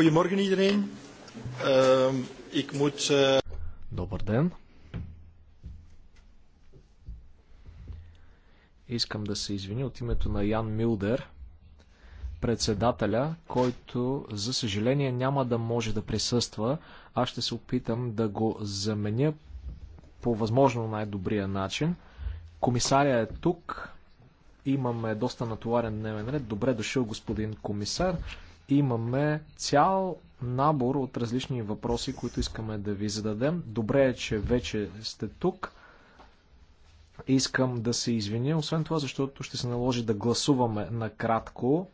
Goedemorgen iedereen. Uh, ik moet. Uh... Добър ден. Искам да се извиня от името на Ян Милдер, председателя, който за съжаление няма да може да присъства. Аз ще се опитам да го заменя по възможно най-добрия начин. Комисаря е тук. Имаме доста натоварен дневен ред. Добре дошъл, господин комисар имаме цял набор от различни въпроси, които искаме да ви зададем. Добре е, че вече сте тук. Искам да се извиня, освен това, защото ще се наложи да гласуваме накратко.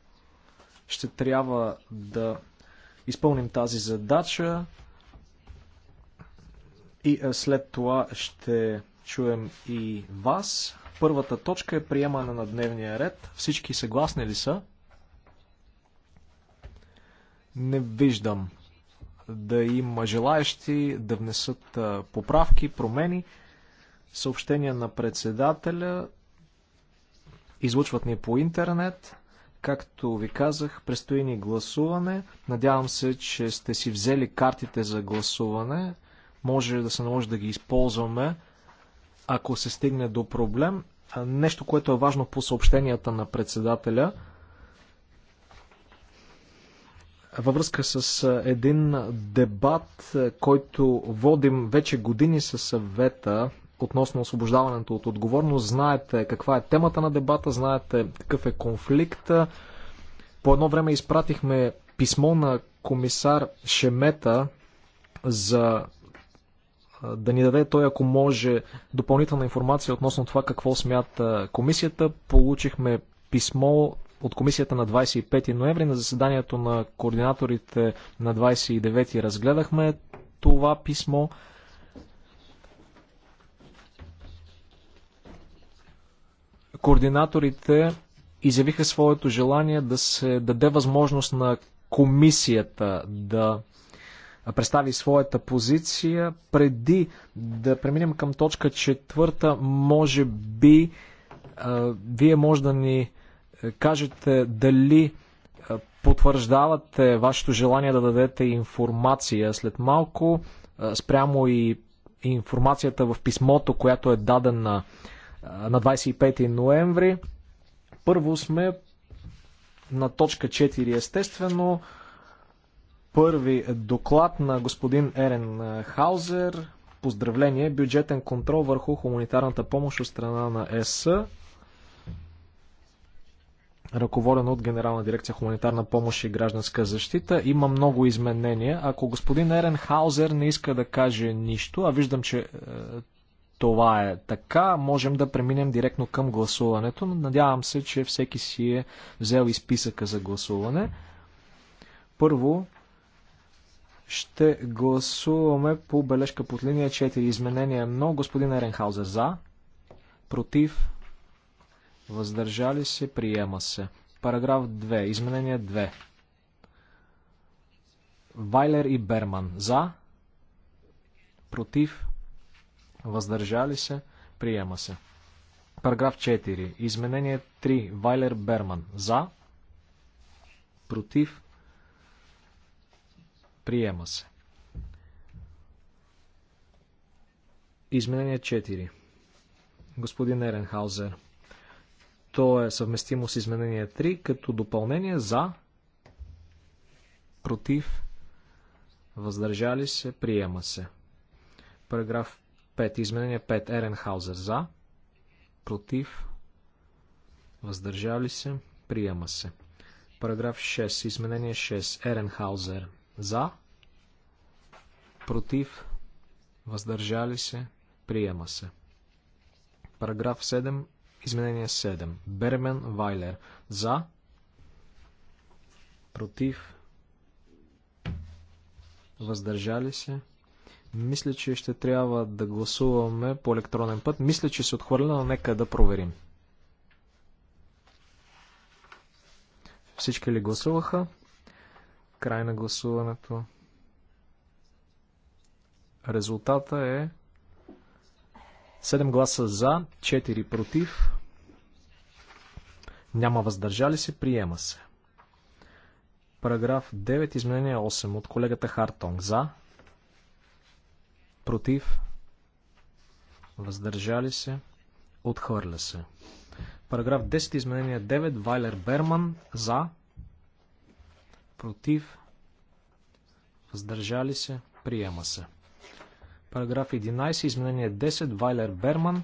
Ще трябва да изпълним тази задача и е, след това ще чуем и вас. Първата точка е приемане на дневния ред. Всички съгласни ли са? Не виждам да има желаящи да внесат поправки, промени. Съобщения на председателя излучват ни по интернет. Както ви казах, предстои ни гласуване. Надявам се, че сте си взели картите за гласуване. Може да се наложи да ги използваме, ако се стигне до проблем. Нещо, което е важно по съобщенията на председателя – във връзка с един дебат, който водим вече години със съвета относно освобождаването от отговорност. Знаете каква е темата на дебата, знаете какъв е конфликт. По едно време изпратихме писмо на комисар Шемета за да ни даде той, ако може, допълнителна информация относно това какво смята комисията. Получихме писмо от комисията на 25 ноември. На заседанието на координаторите на 29 разгледахме това писмо. Координаторите изявиха своето желание да се даде възможност на комисията да представи своята позиция. Преди да преминем към точка четвърта, може би вие може да ни кажете дали е, потвърждавате вашето желание да дадете информация след малко е, спрямо и информацията в писмото, която е дадена е, на 25 ноември. Първо сме на точка 4 естествено. Първи доклад на господин Ерен Хаузер. Поздравление, бюджетен контрол върху хуманитарната помощ от страна на ЕС ръководен от Генерална дирекция Хуманитарна помощ и гражданска защита. Има много изменения. Ако господин Еренхаузер не иска да каже нищо, а виждам, че е, това е така, можем да преминем директно към гласуването. Надявам се, че всеки си е взел изписъка за гласуване. Първо, ще гласуваме по бележка под линия 4. изменения, но господин Еренхаузер за, против, въздържали се, приема се. Параграф 2, изменение 2. Вайлер и Берман. За, против, въздържали се, приема се. Параграф 4. Изменение 3. Вайлер Берман. За, против, приема се. Изменение 4. Господин Еренхаузер. То е съвместимо с изменение 3 като допълнение за, против, въздържали се, приема се. Параграф 5. Изменение 5. Еренхаузер за, против, въздържали се, приема се. Параграф 6. Изменение 6. Еренхаузер за, против, въздържали се, приема се. Параграф 7. Изменение 7. Бермен Вайлер. За. Против. Въздържали се. Мисля, че ще трябва да гласуваме по електронен път. Мисля, че се отхвърля, но нека да проверим. Всички ли гласуваха? Край на гласуването. Резултата е 7 гласа за, 4 против, няма въздържали се, приема се. Параграф 9, изменение 8 от колегата Хартонг. За. Против. Въздържали се. Отхвърля се. Параграф 10, изменение 9. Вайлер Берман. За. Против. Въздържали се. Приема се. Параграф 11, изменение 10. Вайлер Берман.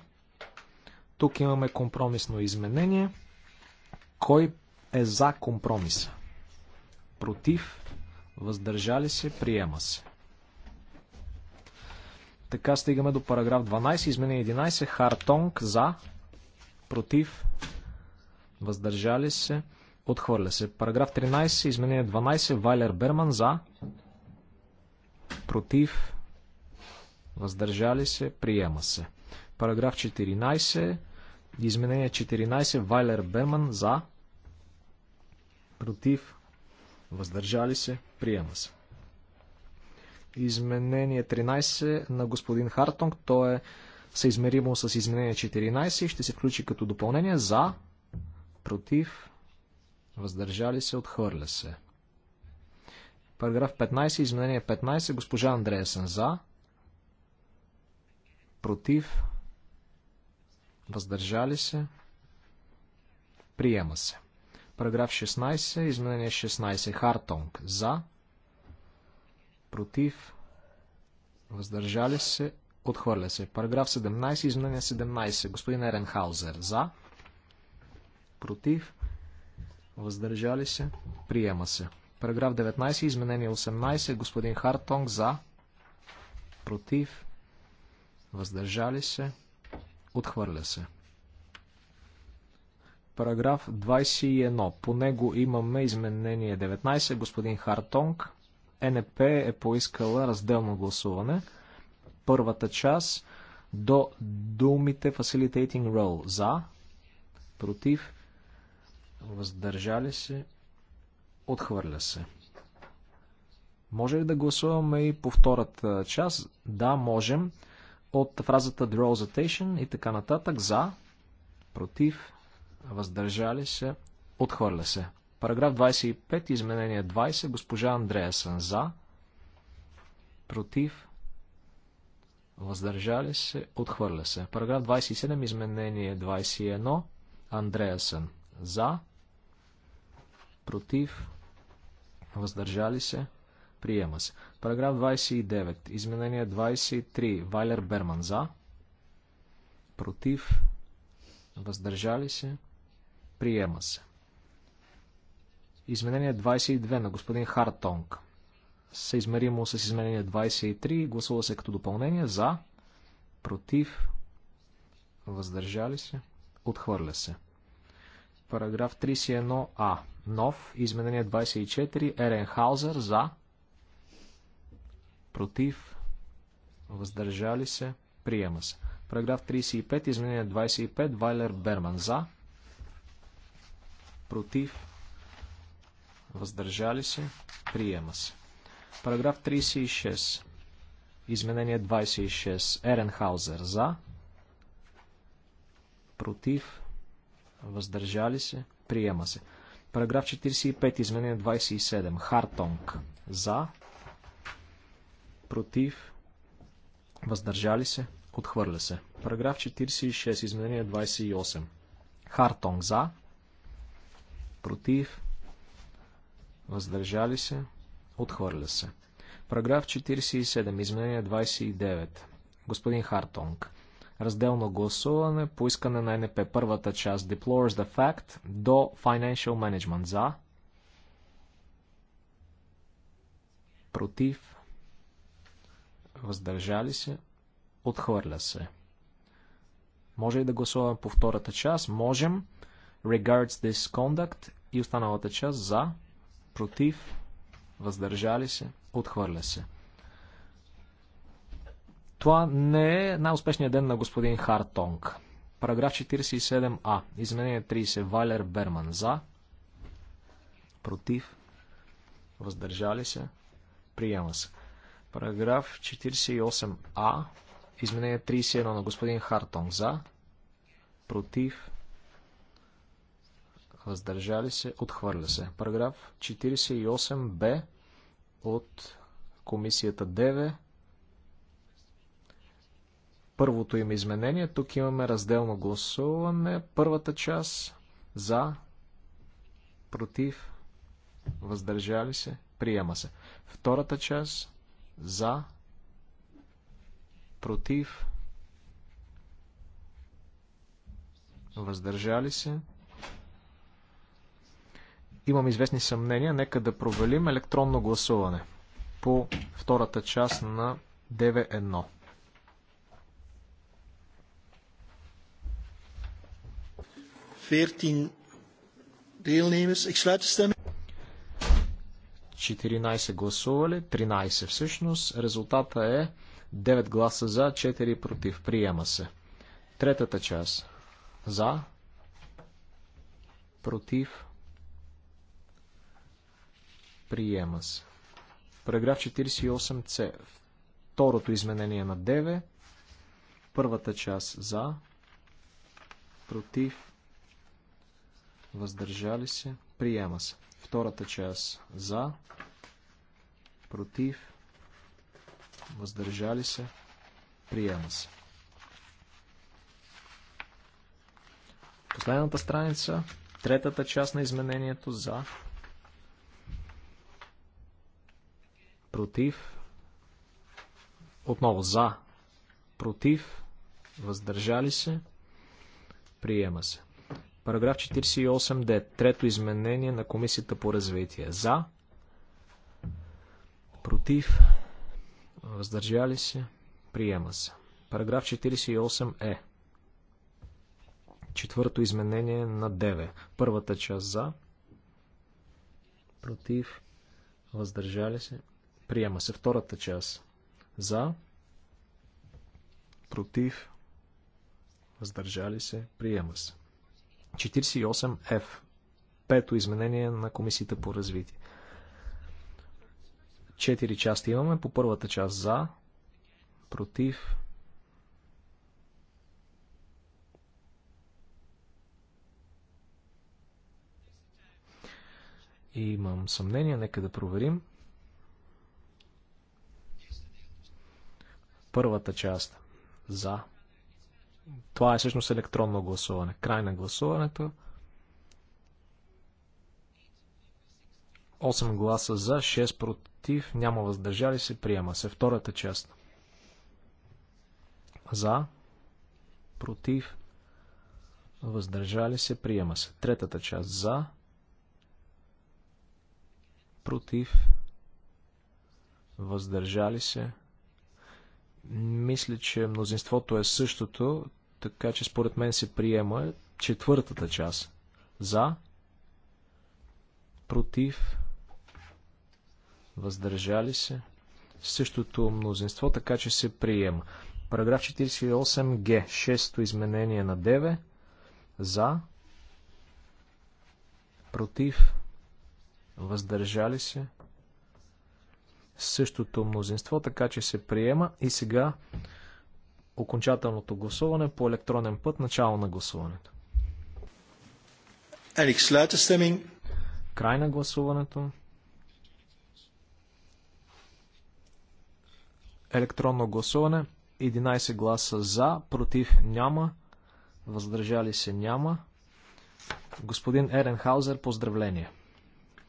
Тук имаме компромисно изменение. Кой е за компромиса? Против? Въздържали се? Приема се. Така стигаме до параграф 12, изменение 11. Хартонг за, против, въздържали се, отхвърля се. Параграф 13, изменение 12. Вайлер Берман за, против, въздържали се, приема се. Параграф 14, изменение 14. Вайлер Берман за, против, въздържали се, приема се. Изменение 13 на господин Хартонг, то е съизмеримо с изменение 14 и ще се включи като допълнение за, против, въздържали се, отхвърля се. Параграф 15, изменение 15, госпожа Андреесен за, против, въздържали се, приема се. Параграф 16, изменение 16. Хартонг. За. Против. Въздържали се. Отхвърля се. Параграф 17, изменение 17. Господин Еренхаузер. За. Против. Въздържали се. Приема се. Параграф 19, изменение 18. Господин Хартонг. За. Против. Въздържали се. Отхвърля се. Параграф 21. По него имаме изменение 19. Господин Хартонг. НП е поискала разделно гласуване. Първата част до думите Facilitating Role. За. Против. Въздържали се. Отхвърля се. Може ли да гласуваме и по втората част? Да, можем. От фразата Draw Attention и така нататък. За. Против въздържали се, отхвърля се. Параграф 25, изменение 20, госпожа Андрея за, против, въздържали се, отхвърля се. Параграф 27, изменение 21, Андреасън за, против, въздържали се, приема се. Параграф 29, изменение 23, Вайлер Берман за, против, въздържали се, Приема се. Изменение 22 на господин Хартонг. Съизмеримо с изменение 23. Гласува се като допълнение. За. Против. Въздържали се. Отхвърля се. Параграф 31а. Нов. Изменение 24. Еренхаузер. За. Против. Въздържали се. Приема се. Параграф 35. Изменение 25. Вайлер Берман. За против, въздържали се, приема се. Параграф 36. Изменение 26. Еренхаузер за, против, въздържали се, приема се. Параграф 45. Изменение 27. Хартонг за, против, въздържали се, отхвърля се. Параграф 46. Изменение 28. Хартонг за, против, въздържали се, отхвърля се. Параграф 47, изменение 29. Господин Хартонг. Разделно гласуване, поискане на НП. Първата част, Deplores the Fact, до Financial Management. За. Против. Въздържали се. Отхвърля се. Може ли да гласуваме по втората част? Можем regards this conduct и останалата част за, против, въздържали се, отхвърля се. Това не е най-успешният ден на господин Хартонг. Параграф 47а. Изменение 30. Валер Берман. За. Против. Въздържали се. Приема се. Параграф 48а. Изменение 31 на господин Хартонг. За. Против въздържали се, отхвърля се. Параграф 48б от комисията 9. Първото им изменение. Тук имаме разделно гласуване. Първата част за, против, въздържали се, приема се. Втората част за, против, въздържали се, Имам известни съмнения. Нека да провалим електронно гласуване по втората част на 9.1. deelnemers. Ik sluit de stemming. 14 гласували, 13 всъщност. Резултата е 9 гласа за, 4 против. Приема се. Третата част. За. Против. Приема се. Параграф 48c. Второто изменение на 9. Първата част за. Против. Въздържали се. Приема се. Втората част за. Против. Въздържали се. Приема се. Последната страница. Третата част на изменението за против, отново за, против, въздържали се, приема се. Параграф 48д. Трето изменение на Комисията по развитие. За, против, въздържали се, приема се. Параграф 48е. Четвърто изменение на 9. Първата част за, против, въздържали се, Приема се втората част. За. Против. Въздържали се. Приема се. 48F. Пето изменение на Комисията по развитие. Четири части имаме. По първата част за. Против. И имам съмнение, нека да проверим. Първата част. За. Това е всъщност електронно гласуване. Край на гласуването. 8 гласа за, 6 против, няма въздържали се, приема се. Втората част. За, против, въздържали се, приема се. Третата част. За, против, въздържали се, мисля, че мнозинството е същото, така че според мен се приема четвъртата част. За, против, въздържали се. Същото мнозинство, така че се приема. Параграф 48 Г. Шесто изменение на 9. За, против, въздържали се същото мнозинство, така че се приема. И сега окончателното гласуване по електронен път, начало на гласуването. Край на гласуването. Електронно гласуване. 11 гласа за, против няма, въздържали се няма. Господин Еренхаузер, поздравления.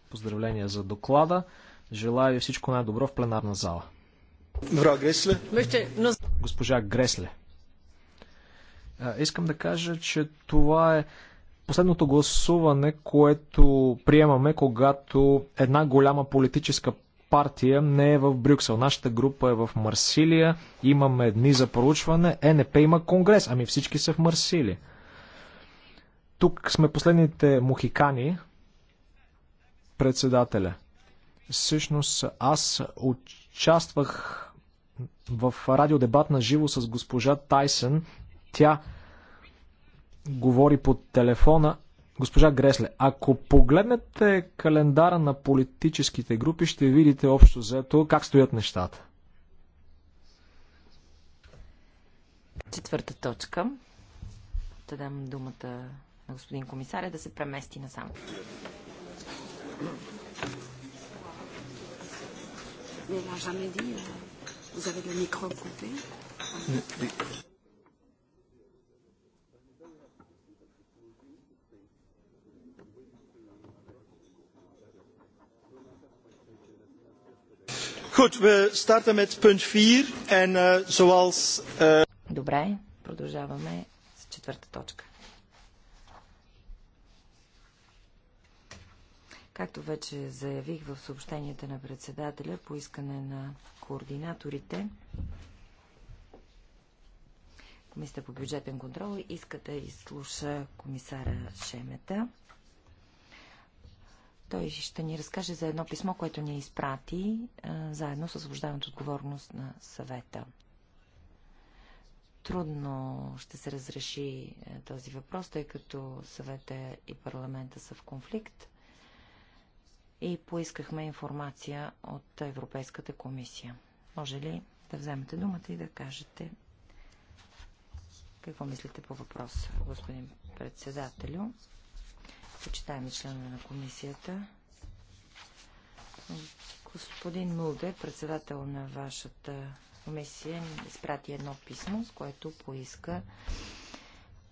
Поздравления за доклада. Желая ви всичко най-добро в пленарна зала. Гресле. Госпожа Гресле. Искам да кажа, че това е последното гласуване, което приемаме, когато една голяма политическа партия не е в Брюксел. Нашата група е в Марсилия, имаме дни за проучване, е, ЕНП има конгрес, ами всички са в Марсилия. Тук сме последните мухикани, председателя. Всъщност аз участвах в радиодебат на живо с госпожа Тайсън. Тя говори по телефона. Госпожа Гресле, ако погледнете календара на политическите групи, ще видите общо заето как стоят нещата. Четвърта точка. Да дам думата на господин комисаря да се премести насам. Mais il n'a jamais dit, euh, vous avez le micro coupé. Goed, we starten met punt 4 en uh, zoals... Uh... Добре, продължаваме с четвърта точка. Както вече заявих в съобщенията на председателя по искане на координаторите, Комисията по бюджетен контрол иска да изслуша комисара Шемета. Той ще ни разкаже за едно писмо, което ни изпрати заедно с освобождаването отговорност на съвета. Трудно ще се разреши е, този въпрос, тъй като съвета и парламента са в конфликт и поискахме информация от Европейската комисия. Може ли да вземете думата и да кажете какво мислите по въпрос, господин председателю? Почитаеми членове на комисията. Господин Мулде, председател на вашата комисия, изпрати едно писмо, с което поиска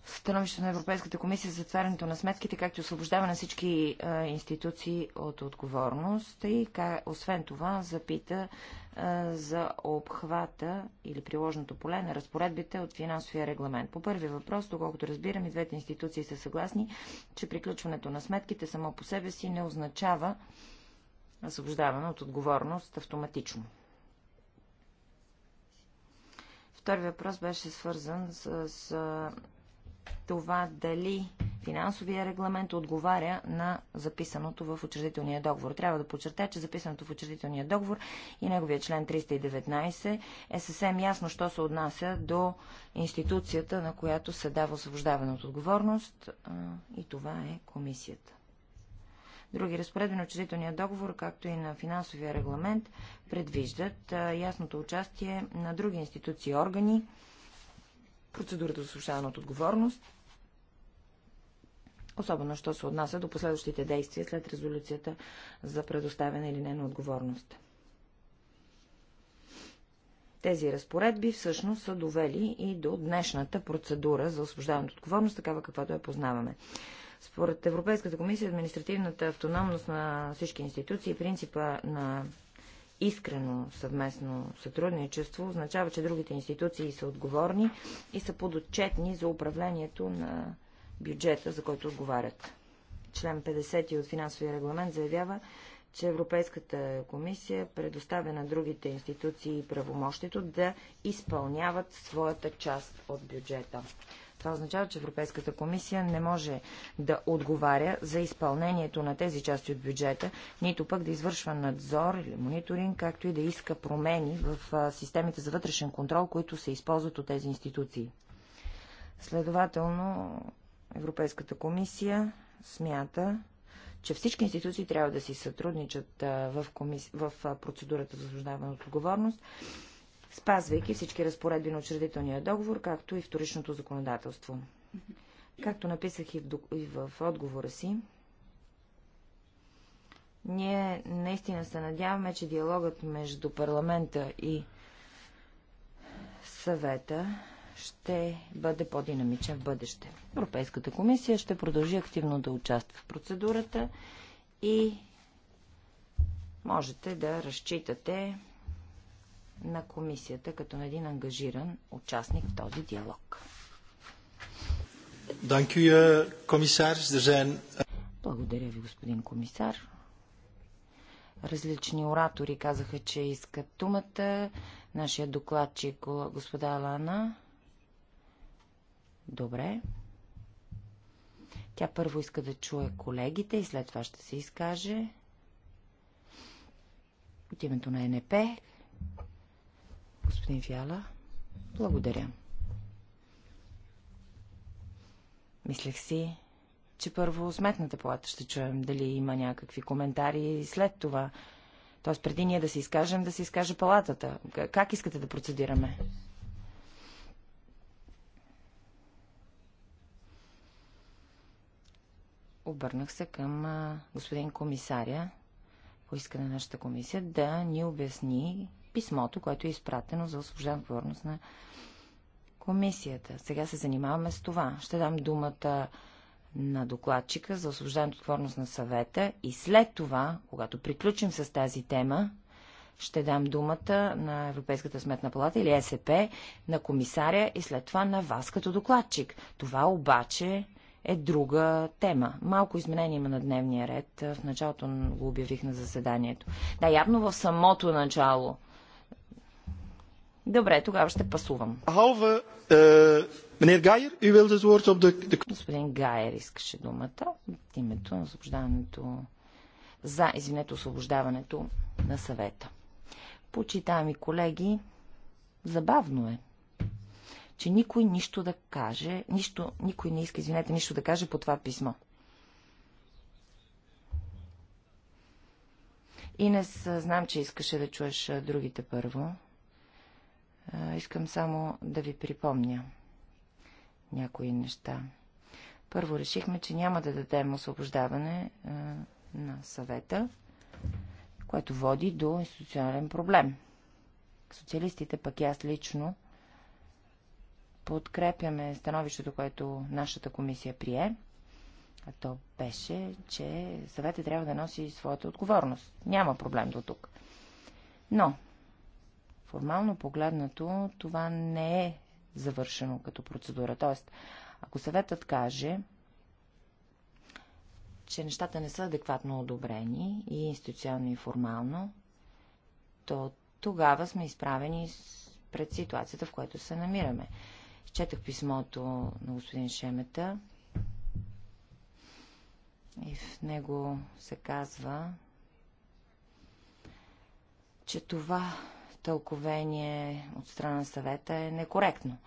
становището на Европейската комисия за затварянето на сметките, както и освобождаване на всички а, институции от отговорност. И освен това запита а, за обхвата или приложното поле на разпоредбите от финансовия регламент. По първи въпрос, доколкото разбирам, и двете институции са съгласни, че приключването на сметките само по себе си не означава освобождаване от отговорност автоматично. Втори въпрос беше свързан с, с това дали финансовия регламент отговаря на записаното в учредителния договор. Трябва да подчертая, че записаното в учредителния договор и неговия член 319 е съвсем ясно, що се отнася до институцията, на която се дава освобождаване от отговорност и това е комисията. Други разпоредби на учредителния договор, както и на финансовия регламент, предвиждат ясното участие на други институции и органи, процедурата за освобождаване от отговорност, особено, що се отнася до последващите действия след резолюцията за предоставяне или не на отговорност. Тези разпоредби всъщност са довели и до днешната процедура за освобождаване от отговорност, такава каквато я познаваме. Според Европейската комисия, административната автономност на всички институции и принципа на искрено съвместно сътрудничество означава, че другите институции са отговорни и са подотчетни за управлението на бюджета, за който отговарят. Член 50 от финансовия регламент заявява, че Европейската комисия предоставя на другите институции правомощието да изпълняват своята част от бюджета. Това означава, че Европейската комисия не може да отговаря за изпълнението на тези части от бюджета, нито пък да извършва надзор или мониторинг, както и да иска промени в системите за вътрешен контрол, които се използват от тези институции. Следователно, Европейската комисия смята, че всички институции трябва да си сътрудничат в, комис... в процедурата за освобождаване от отговорност спазвайки всички разпоредби на учредителния договор, както и вторичното законодателство. Както написах и в, и в отговора си, ние наистина се надяваме, че диалогът между парламента и съвета ще бъде по-динамичен в бъдеще. Европейската комисия ще продължи активно да участва в процедурата и можете да разчитате на комисията като на един ангажиран участник в този диалог. Eh, er eh, Благодаря ви, господин комисар. Различни оратори казаха, че искат думата. Нашия докладчик, господа Алана. Добре. Тя първо иска да чуе колегите и след това ще се изкаже. От името на НП, господин Фиала, Благодаря. Мислех си, че първо сметната плата ще чуем дали има някакви коментари и след това. Тоест, преди ние да се изкажем, да се изкаже палатата. Как искате да процедираме? Обърнах се към господин комисаря, поиска на нашата комисия, да ни обясни писмото, което е изпратено за освобождена отговорност на комисията. Сега се занимаваме с това. Ще дам думата на докладчика за освобождането отговорност на съвета и след това, когато приключим с тази тема, ще дам думата на Европейската сметна палата или ЕСП, на комисаря и след това на вас като докладчик. Това обаче е друга тема. Малко изменение има на дневния ред. В началото го обявих на заседанието. Да, явно в самото начало – Добре, тогава ще пасувам. Халва, eh, Meneer Гайер, и wilde het woord op Господин Гайер искаше думата от името на освобождаването... За, извинете, освобождаването на съвета. Почитаеми колеги, забавно е, че никой нищо да каже, нищо, никой не иска, извинете, нищо да каже по това писмо. Инес, знам, че искаше да чуеш другите първо. Искам само да ви припомня някои неща. Първо решихме, че няма да дадем освобождаване на съвета, което води до институционален проблем. Социалистите, пък и аз лично, подкрепяме становището, което нашата комисия прие, а то беше, че съветът трябва да носи своята отговорност. Няма проблем до тук. Но Формално погледнато, това не е завършено като процедура. Тоест, ако съветът каже, че нещата не са адекватно одобрени и институционно и формално, то тогава сме изправени пред ситуацията, в която се намираме. Изчетах писмото на господин Шемета и в него се казва, че това тълковение от страна на съвета е некоректно.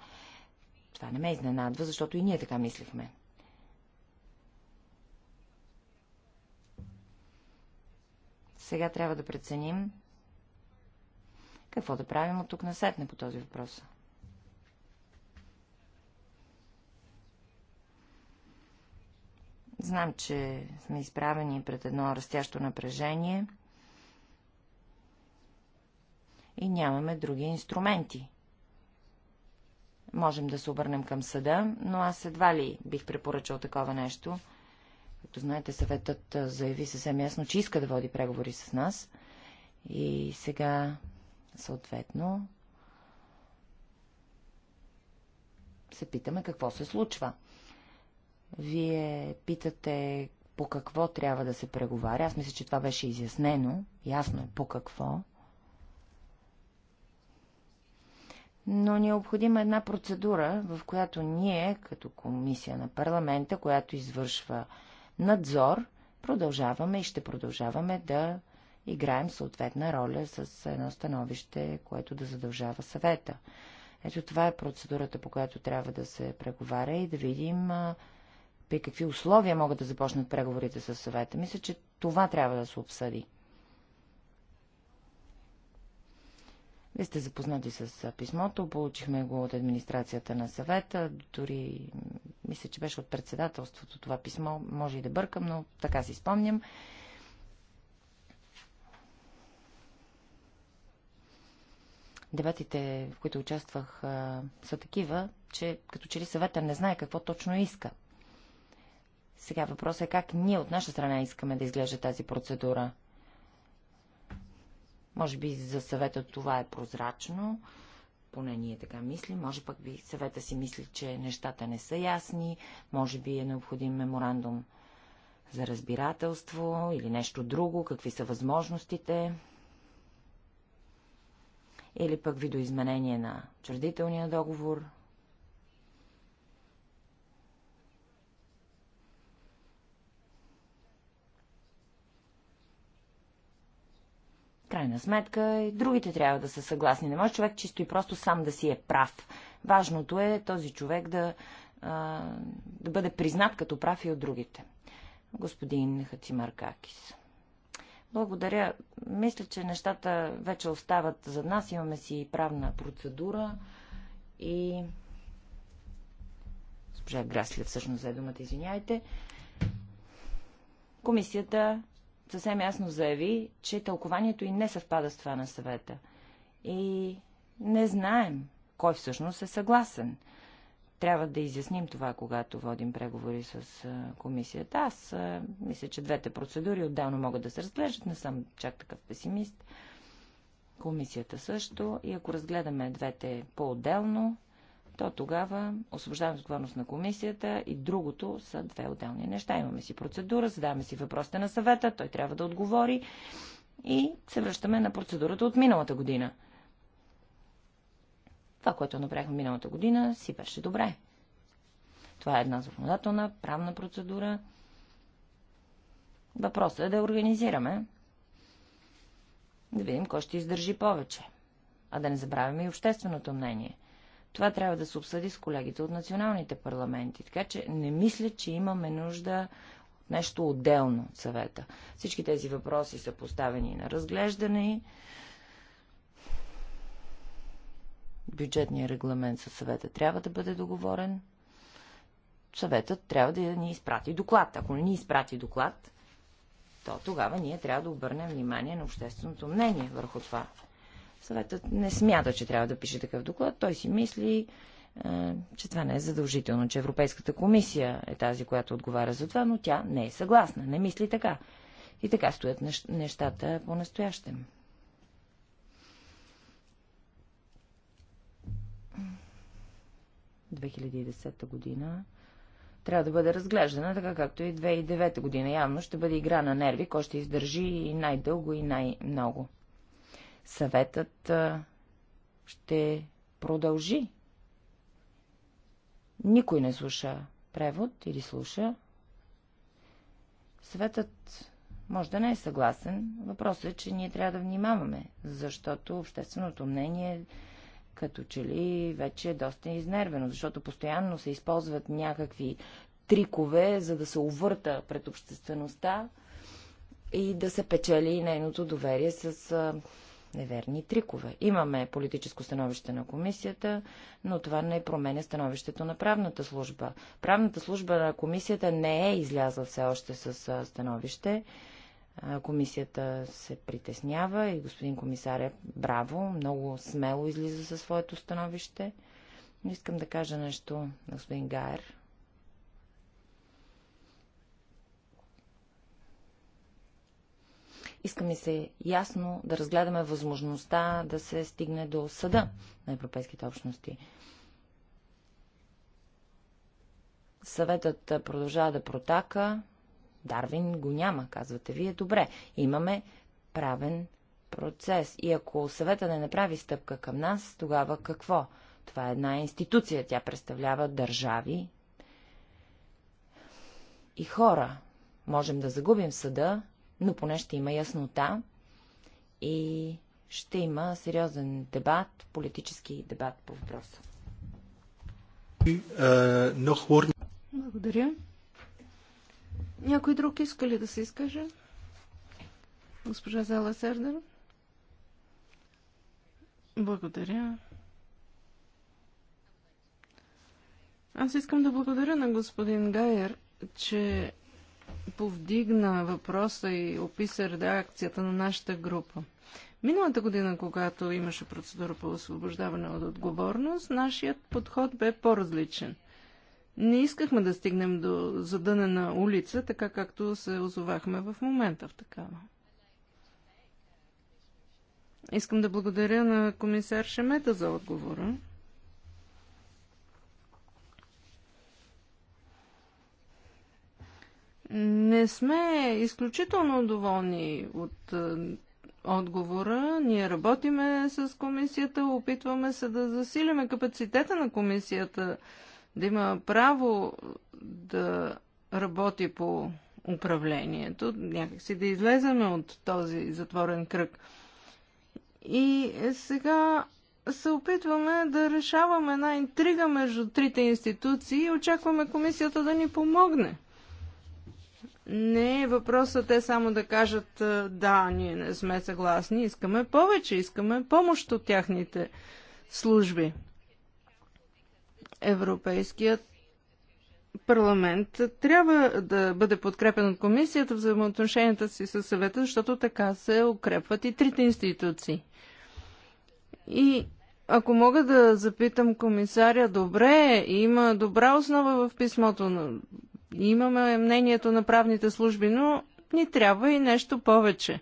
Това не ме изненадва, защото и ние така мислихме. Сега трябва да преценим какво да правим от тук насетне по този въпрос. Знам, че сме изправени пред едно растящо напрежение – и нямаме други инструменти. Можем да се обърнем към съда, но аз едва ли бих препоръчал такова нещо. Като знаете, съветът заяви съвсем ясно, че иска да води преговори с нас. И сега, съответно, се питаме какво се случва. Вие питате по какво трябва да се преговаря. Аз мисля, че това беше изяснено. Ясно е по какво. но ни е необходима една процедура, в която ние, като комисия на парламента, която извършва надзор, продължаваме и ще продължаваме да играем съответна роля с едно становище, което да задължава съвета. Ето това е процедурата, по която трябва да се преговаря и да видим при какви условия могат да започнат преговорите с съвета. Мисля, че това трябва да се обсъди. Вие сте запознати с писмото, получихме го от администрацията на съвета, дори мисля, че беше от председателството това писмо, може и да бъркам, но така си спомням. Дебатите, в които участвах, са такива, че като че ли съвета не знае какво точно иска. Сега въпросът е как ние от наша страна искаме да изглежда тази процедура – може би за съвета това е прозрачно, поне ние така мислим, може пък би съвета си мисли, че нещата не са ясни, може би е необходим меморандум за разбирателство или нещо друго, какви са възможностите, или пък видоизменение на чердителния договор – крайна сметка и другите трябва да са съгласни. Не може човек чисто и просто сам да си е прав. Важното е този човек да, да бъде признат като прав и от другите. Господин Хацимаркакис. Благодаря. Мисля, че нещата вече остават за нас. Имаме си правна процедура и... Госпожа Грасле всъщност взе думата, извиняйте. Комисията съвсем ясно заяви, че тълкованието и не съвпада с това на съвета. И не знаем кой всъщност е съгласен. Трябва да изясним това, когато водим преговори с комисията. Аз мисля, че двете процедури отделно могат да се разглеждат. Не съм чак такъв песимист. Комисията също. И ако разгледаме двете по-отделно, то тогава освобождаваме отговорност на комисията и другото са две отделни неща. Имаме си процедура, задаваме си въпросите на съвета, той трябва да отговори и се връщаме на процедурата от миналата година. Това, което направихме миналата година, си беше добре. Това е една законодателна, правна процедура. Въпросът е да организираме, да видим кой ще издържи повече, а да не забравяме и общественото мнение. Това трябва да се обсъди с колегите от националните парламенти. Така че не мисля, че имаме нужда от нещо отделно от съвета. Всички тези въпроси са поставени на разглеждане. Бюджетният регламент със съвета трябва да бъде договорен. Съветът трябва да ни изпрати доклад. Ако не ни изпрати доклад, то тогава ние трябва да обърнем внимание на общественото мнение върху това. Съветът не смята, че трябва да пише такъв доклад. Той си мисли, че това не е задължително, че Европейската комисия е тази, която отговаря за това, но тя не е съгласна, не мисли така. И така стоят нещата по-настоящем. 2010 година трябва да бъде разглеждана, така както и 2009 година. Явно ще бъде игра на нерви, кой ще издържи и най-дълго и най-много съветът ще продължи. Никой не слуша превод или слуша. Съветът може да не е съгласен. Въпросът е, че ние трябва да внимаваме, защото общественото мнение като че ли вече е доста изнервено, защото постоянно се използват някакви трикове, за да се увърта пред обществеността и да се печели нейното доверие с неверни трикове. Имаме политическо становище на комисията, но това не променя становището на правната служба. Правната служба на комисията не е излязла все още с становище. Комисията се притеснява и господин комисаря, браво, много смело излиза със своето становище. Но искам да кажа нещо на господин Гайер. Иска ми се ясно да разгледаме възможността да се стигне до съда на европейските общности. Съветът продължава да протака. Дарвин го няма, казвате вие. Добре, имаме правен процес. И ако съвета не направи стъпка към нас, тогава какво? Това е една институция. Тя представлява държави и хора. Можем да загубим съда, но поне ще има яснота и ще има сериозен дебат, политически дебат по въпроса. Е, благодаря. Някой друг иска ли да се изкаже? Госпожа Зала Сердер? Благодаря. Аз искам да благодаря на господин Гайер, че повдигна въпроса и описа реакцията на нашата група. Миналата година, когато имаше процедура по освобождаване от отговорност, нашият подход бе по-различен. Не искахме да стигнем до задънена улица, така както се озовахме в момента в такава. Искам да благодаря на комисар Шемета за отговора. Не сме изключително доволни от е, отговора. Ние работиме с комисията, опитваме се да засилиме капацитета на комисията, да има право да работи по управлението, някакси да излеземе от този затворен кръг. И сега се опитваме да решаваме една интрига между трите институции и очакваме комисията да ни помогне. Не е въпросът те само да кажат да, ние не сме съгласни, искаме повече, искаме помощ от тяхните служби. Европейският парламент трябва да бъде подкрепен от комисията в взаимоотношенията си с съвета, защото така се укрепват и трите институции. И ако мога да запитам комисаря, добре, има добра основа в писмото, имаме мнението на правните служби, но ни трябва и нещо повече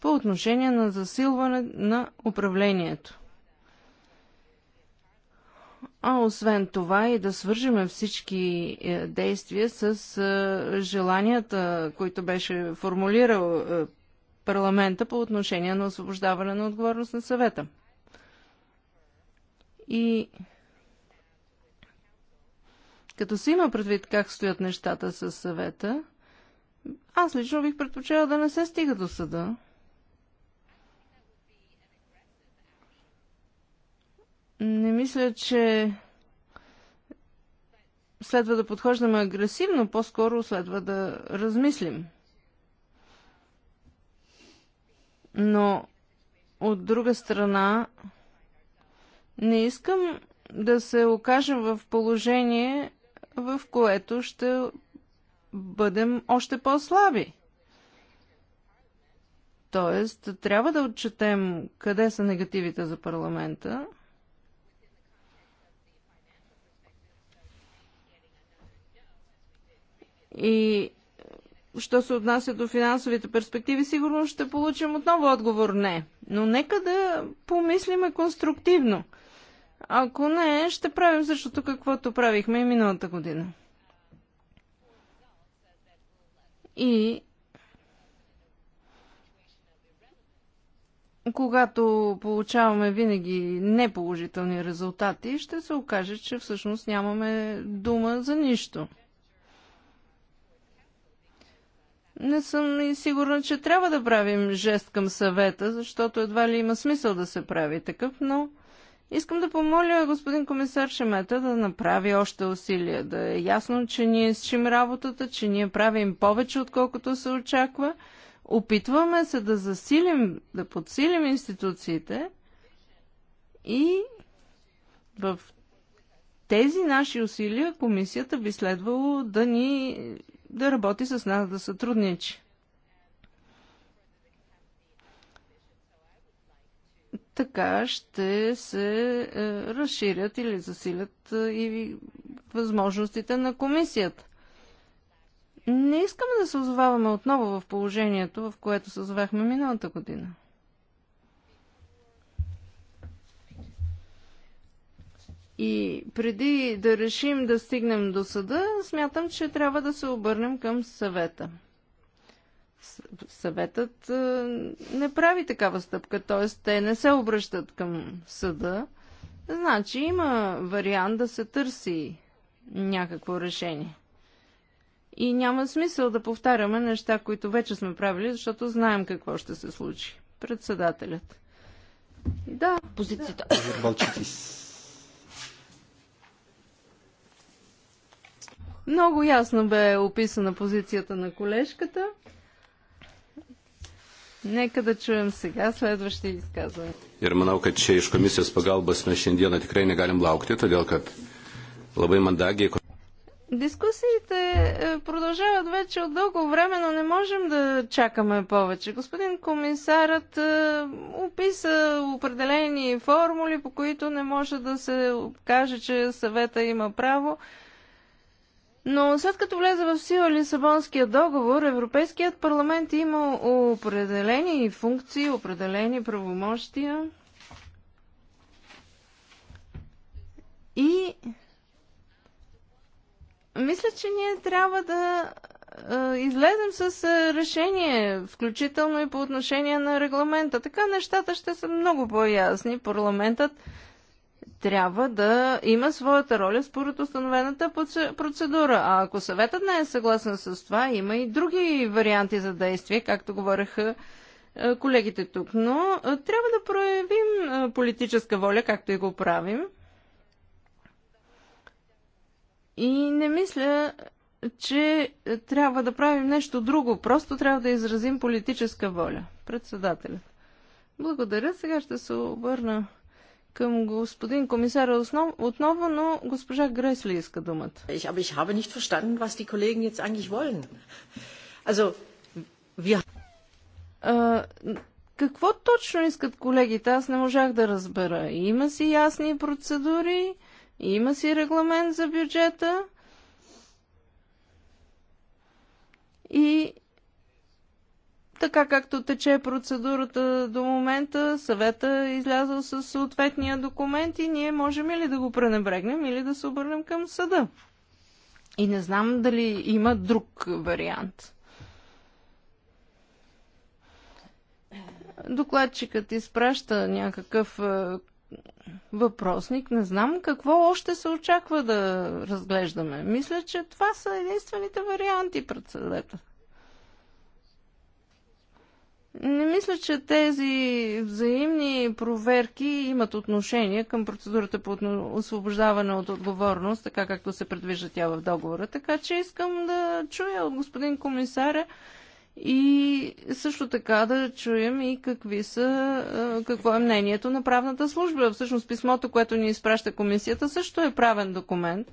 по отношение на засилване на управлението. А освен това и да свържем всички е, действия с е, желанията, които беше формулирал е, парламента по отношение на освобождаване на отговорност на съвета. И като се има предвид как стоят нещата с съвета, аз лично бих предпочела да не се стига до съда. Не мисля, че следва да подхождаме агресивно, по-скоро следва да размислим. Но от друга страна, не искам да се окажем в положение, в което ще бъдем още по-слаби. Тоест, трябва да отчетем къде са негативите за парламента. И що се отнася до финансовите перспективи, сигурно ще получим отново отговор не. Но нека да помислиме конструктивно – ако не, ще правим същото каквото правихме и миналата година. И когато получаваме винаги неположителни резултати, ще се окаже, че всъщност нямаме дума за нищо. Не съм и сигурна, че трябва да правим жест към съвета, защото едва ли има смисъл да се прави такъв, но Искам да помоля господин комисар Шемета да направи още усилия, да е ясно, че ние изчим работата, че ние правим повече, отколкото се очаква. Опитваме се да засилим, да подсилим институциите и в тези наши усилия комисията би следвало да ни да работи с нас, да сътрудничи. така ще се е, разширят или засилят е, и възможностите на комисията. Не искаме да се озоваваме отново в положението, в което се озовахме миналата година. И преди да решим да стигнем до съда, смятам, че трябва да се обърнем към съвета съветът е, не прави такава стъпка, т.е. те не се обръщат към съда. Значи има вариант да се търси някакво решение. И няма смисъл да повтаряме неща, които вече сме правили, защото знаем какво ще се случи. Председателят. Да. Позицията. Да. Много ясно бе описана позицията на колежката. Нека да чуем сега следващи изказвания. Ir manau, kad čia iš komisijos pagalbos mes šiandieną tikrai negalim laukti, todėl kad labai mandagiai. Дискусиите е, продължават вече от дълго време, но не можем да чакаме повече. Господин комисарът е, описа определени формули, по които не може да се каже, че съвета има право. Но след като влезе в сила Лисабонския договор, Европейският парламент има определени функции, определени правомощия. И мисля, че ние трябва да излезем с решение, включително и по отношение на регламента. Така нещата ще са много по-ясни. Парламентът трябва да има своята роля според установената процедура. А ако съветът не е съгласен с това, има и други варианти за действие, както говореха е, колегите тук. Но е, трябва да проявим е, политическа воля, както и го правим. И не мисля, че трябва да правим нещо друго. Просто трябва да изразим политическа воля. Председателят. Благодаря. Сега ще се обърна към господин комисаря отново, но госпожа Гресли иска думата. Ich, aber ich habe nicht verstanden, was die Kollegen jetzt eigentlich wollen. Also, wir... а, какво точно искат колегите? Аз не можах да разбера. Има си ясни процедури, има си регламент за бюджета и така както тече процедурата до момента, съвета е излязъл с съответния документ и ние можем или да го пренебрегнем, или да се обърнем към съда. И не знам дали има друг вариант. Докладчикът изпраща някакъв е, въпросник. Не знам какво още се очаква да разглеждаме. Мисля, че това са единствените варианти пред съдета. Не мисля, че тези взаимни проверки имат отношение към процедурата по освобождаване от отговорност, така както се предвижда тя в договора. Така че искам да чуя от господин комисаря и също така да чуем и какви са, е, какво е мнението на правната служба. Всъщност писмото, което ни изпраща комисията, също е правен документ.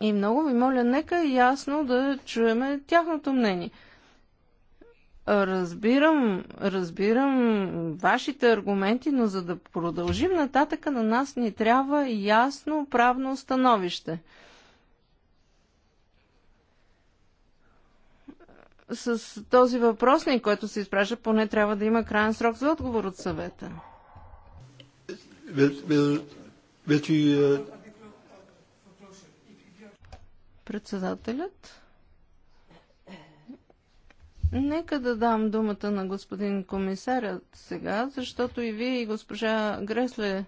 И много ви моля, нека ясно да чуем тяхното мнение. Разбирам, разбирам вашите аргументи, но за да продължим нататъка на нас ни трябва ясно правно становище. С този въпросник, който се изпраща, поне трябва да има крайен срок за отговор от съвета. Uh, Председателят? Нека да дам думата на господин комисарят сега, защото и вие и госпожа Гресле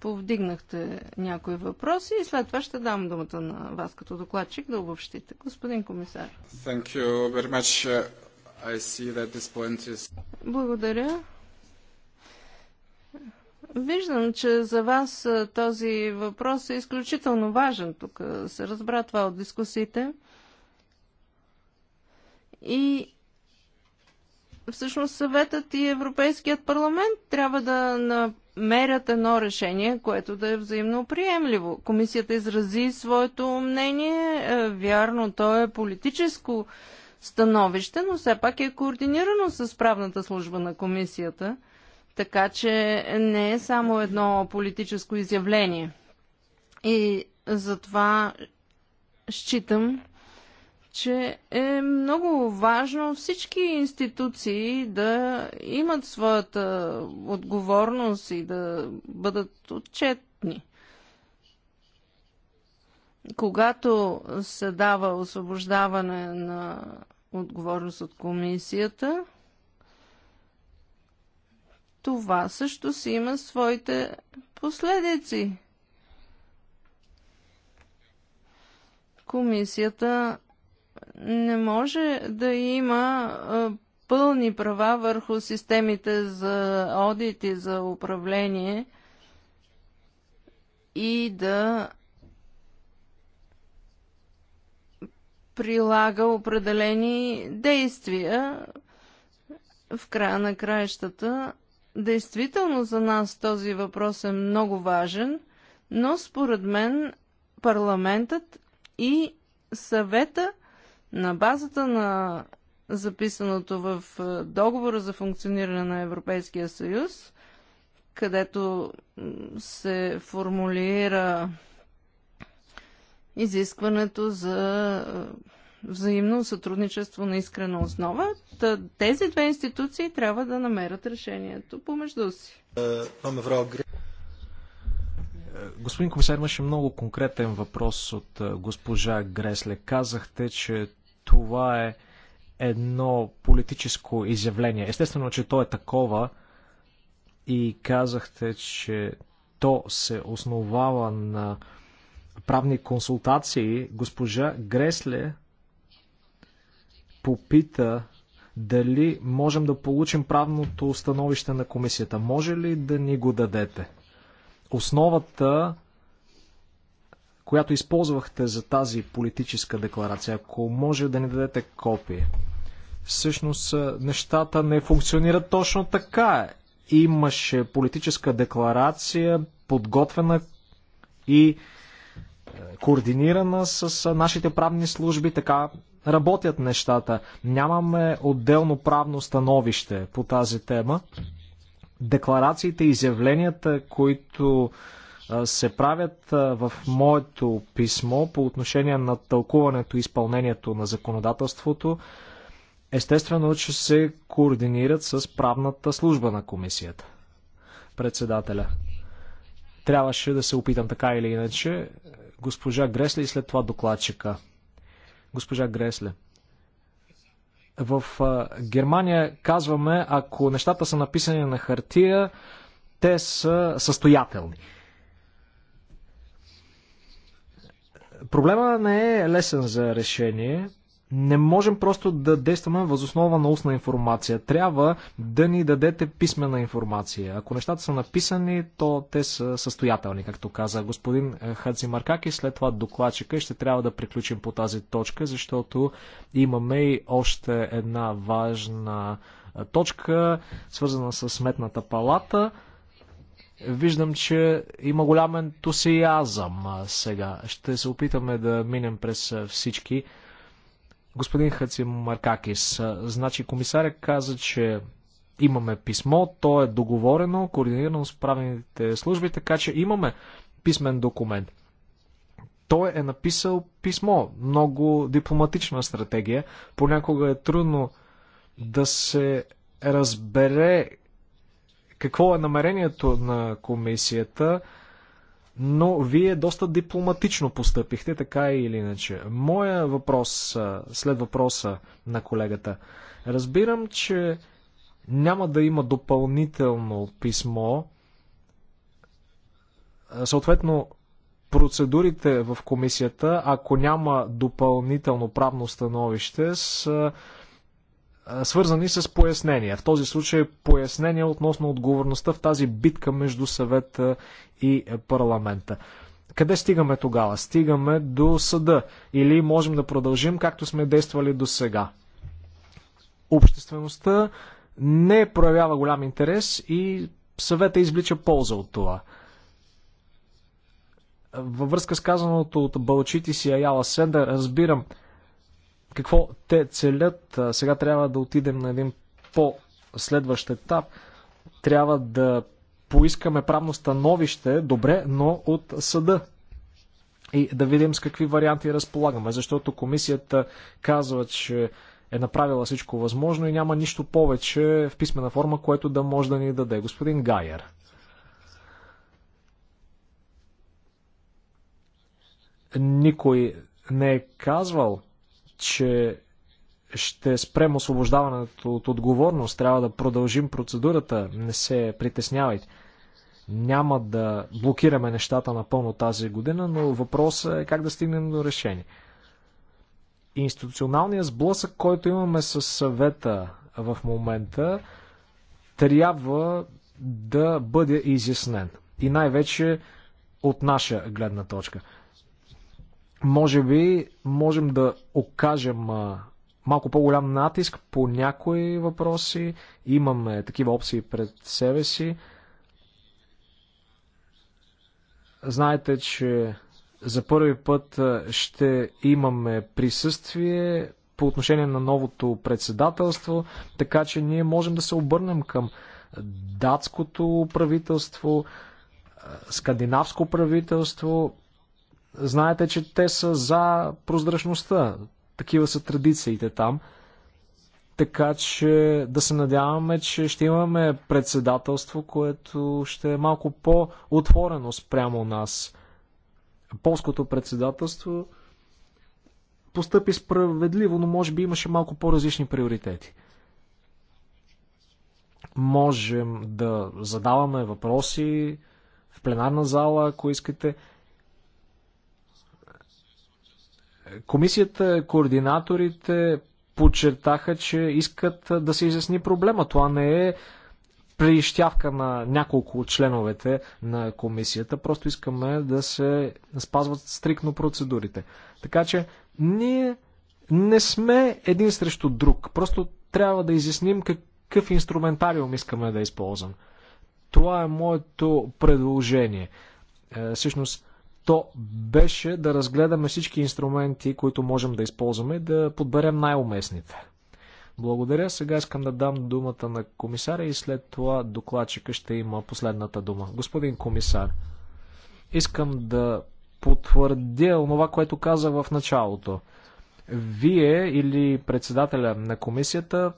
повдигнахте някои въпроси и след това ще дам думата на вас като докладчик да обобщите. Господин комисар. Is... Благодаря. Виждам, че за вас uh, този въпрос е изключително важен. Тук uh, се разбра това от дискусиите. И всъщност съветът и Европейският парламент трябва да намерят едно решение, което да е взаимно приемливо. Комисията изрази своето мнение, е, вярно, то е политическо становище, но все пак е координирано с правната служба на комисията, така че не е само едно политическо изявление. И затова считам, че е много важно всички институции да имат своята отговорност и да бъдат отчетни. Когато се дава освобождаване на отговорност от комисията, това също си има своите последици. Комисията не може да има пълни права върху системите за одит и за управление и да прилага определени действия в края на краищата. Действително за нас този въпрос е много важен, но според мен парламентът и съвета – на базата на записаното в е, договора за функциониране на Европейския съюз, където се формулира изискването за е, взаимно сътрудничество на искрена основа, тези две институции трябва да намерят решението помежду си. Господин комисар, имаше много конкретен въпрос от е, госпожа Гресле. Казахте, че това е едно политическо изявление. Естествено, че то е такова и казахте, че то се основава на правни консултации. Госпожа Гресле попита дали можем да получим правното становище на комисията. Може ли да ни го дадете? Основата която използвахте за тази политическа декларация. Ако може да ни дадете копие. Всъщност нещата не функционират точно така. Имаше политическа декларация, подготвена и е, координирана с нашите правни служби, така работят нещата. Нямаме отделно правно становище по тази тема. Декларациите и изявленията, които се правят в моето писмо по отношение на тълкуването и изпълнението на законодателството, естествено, че се координират с правната служба на комисията. Председателя. Трябваше да се опитам така или иначе. Госпожа Гресле и след това докладчика. Госпожа Гресле. В Германия казваме, ако нещата са написани на хартия, те са състоятелни. Проблема не е лесен за решение. Не можем просто да действаме възоснова на устна информация. Трябва да ни дадете писмена информация. Ако нещата са написани, то те са състоятелни, както каза господин Маркаки, След това докладчика ще трябва да приключим по тази точка, защото имаме и още една важна точка, свързана с сметната палата – Виждам, че има голям ентусиазъм сега. Ще се опитаме да минем през всички. Господин Хаци Маркакис, значи комисаря каза, че имаме писмо, то е договорено, координирано с правените служби, така че имаме писмен документ. Той е написал писмо, много дипломатична стратегия. Понякога е трудно да се разбере какво е намерението на комисията, но вие доста дипломатично постъпихте, така или иначе. Моя въпрос, след въпроса на колегата. Разбирам, че няма да има допълнително писмо. Съответно, процедурите в комисията, ако няма допълнително правно становище, са свързани с пояснения. В този случай пояснения относно отговорността в тази битка между съвета и парламента. Къде стигаме тогава? Стигаме до съда или можем да продължим както сме действали до сега? Обществеността не проявява голям интерес и съвета извлича полза от това. Във връзка с казаното от Балчити си Аяла Сендер, разбирам, какво те целят. Сега трябва да отидем на един по-следващ етап. Трябва да поискаме правно становище, добре, но от съда. И да видим с какви варианти разполагаме, защото комисията казва, че е направила всичко възможно и няма нищо повече в писмена форма, което да може да ни даде господин Гайер. Никой не е казвал, че ще спрем освобождаването от отговорност. Трябва да продължим процедурата. Не се притеснявайте. Няма да блокираме нещата напълно тази година, но въпросът е как да стигнем до решение. Институционалният сблъсък, който имаме с съвета в момента, трябва да бъде изяснен. И най-вече от наша гледна точка може би можем да окажем малко по-голям натиск по някои въпроси. Имаме такива опции пред себе си. Знаете, че за първи път ще имаме присъствие по отношение на новото председателство, така че ние можем да се обърнем към датското правителство, скандинавско правителство, Знаете, че те са за прозрачността. Такива са традициите там. Така че да се надяваме, че ще имаме председателство, което ще е малко по-отворено спрямо нас. Полското председателство постъпи справедливо, но може би имаше малко по-различни приоритети. Можем да задаваме въпроси в пленарна зала, ако искате. Комисията, координаторите подчертаха, че искат да се изясни проблема. Това не е прищявка на няколко от членовете на комисията. Просто искаме да се спазват стрикно процедурите. Така че ние не сме един срещу друг. Просто трябва да изясним какъв инструментариум искаме да използвам. Това е моето предложение. Е, всъщност, то беше да разгледаме всички инструменти, които можем да използваме и да подберем най-уместните. Благодаря. Сега искам да дам думата на комисаря и след това докладчика ще има последната дума. Господин комисар, искам да потвърдя онова, което каза в началото. Вие или председателя на комисията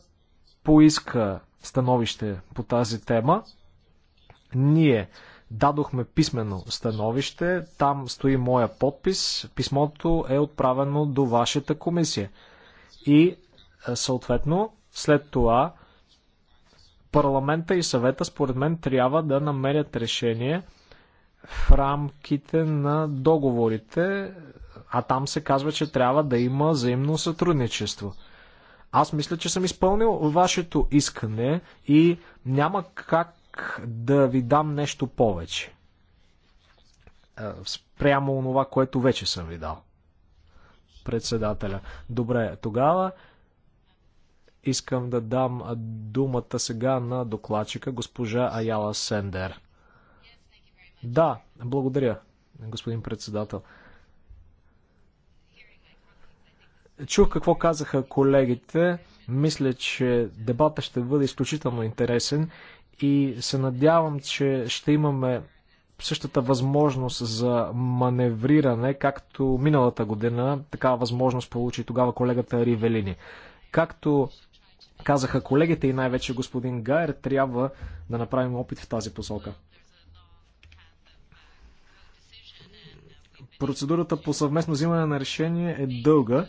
поиска становище по тази тема. Ние дадохме писмено становище, там стои моя подпис, писмото е отправено до вашата комисия. И е, съответно, след това парламента и съвета, според мен, трябва да намерят решение в рамките на договорите, а там се казва, че трябва да има взаимно сътрудничество. Аз мисля, че съм изпълнил вашето искане и няма как да ви дам нещо повече. Спрямо това, което вече съм ви дал. Председателя. Добре, тогава искам да дам думата сега на докладчика госпожа Аяла Сендер. Да, благодаря, господин председател. Чух какво казаха колегите. Мисля, че дебата ще бъде изключително интересен и се надявам, че ще имаме същата възможност за маневриране, както миналата година такава възможност получи тогава колегата Ривелини. Както казаха колегите и най-вече господин Гайер, трябва да направим опит в тази посока. Процедурата по съвместно взимане на решение е дълга.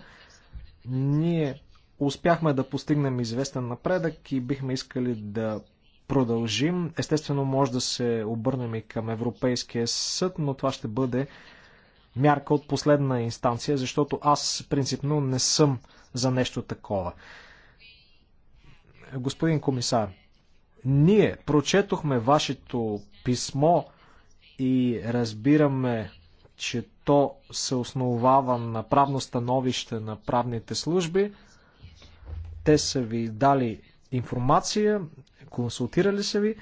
Ние успяхме да постигнем известен напредък и бихме искали да продължим. Естествено, може да се обърнем и към Европейския съд, но това ще бъде мярка от последна инстанция, защото аз принципно не съм за нещо такова. Господин комисар, ние прочетохме вашето писмо и разбираме, че то се основава на правно становище на правните служби. Те са ви дали информация, Консултирали са ви?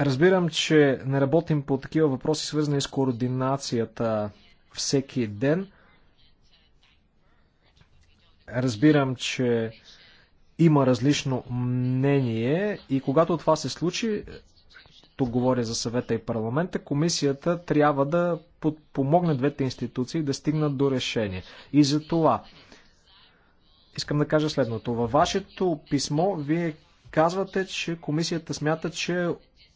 Разбирам, че не работим по такива въпроси, свързани с координацията всеки ден. Разбирам, че има различно мнение и когато това се случи, тук говоря за съвета и парламента, комисията трябва да подпомогне двете институции да стигнат до решение. И за това искам да кажа следното. Във вашето писмо вие казвате, че комисията смята, че е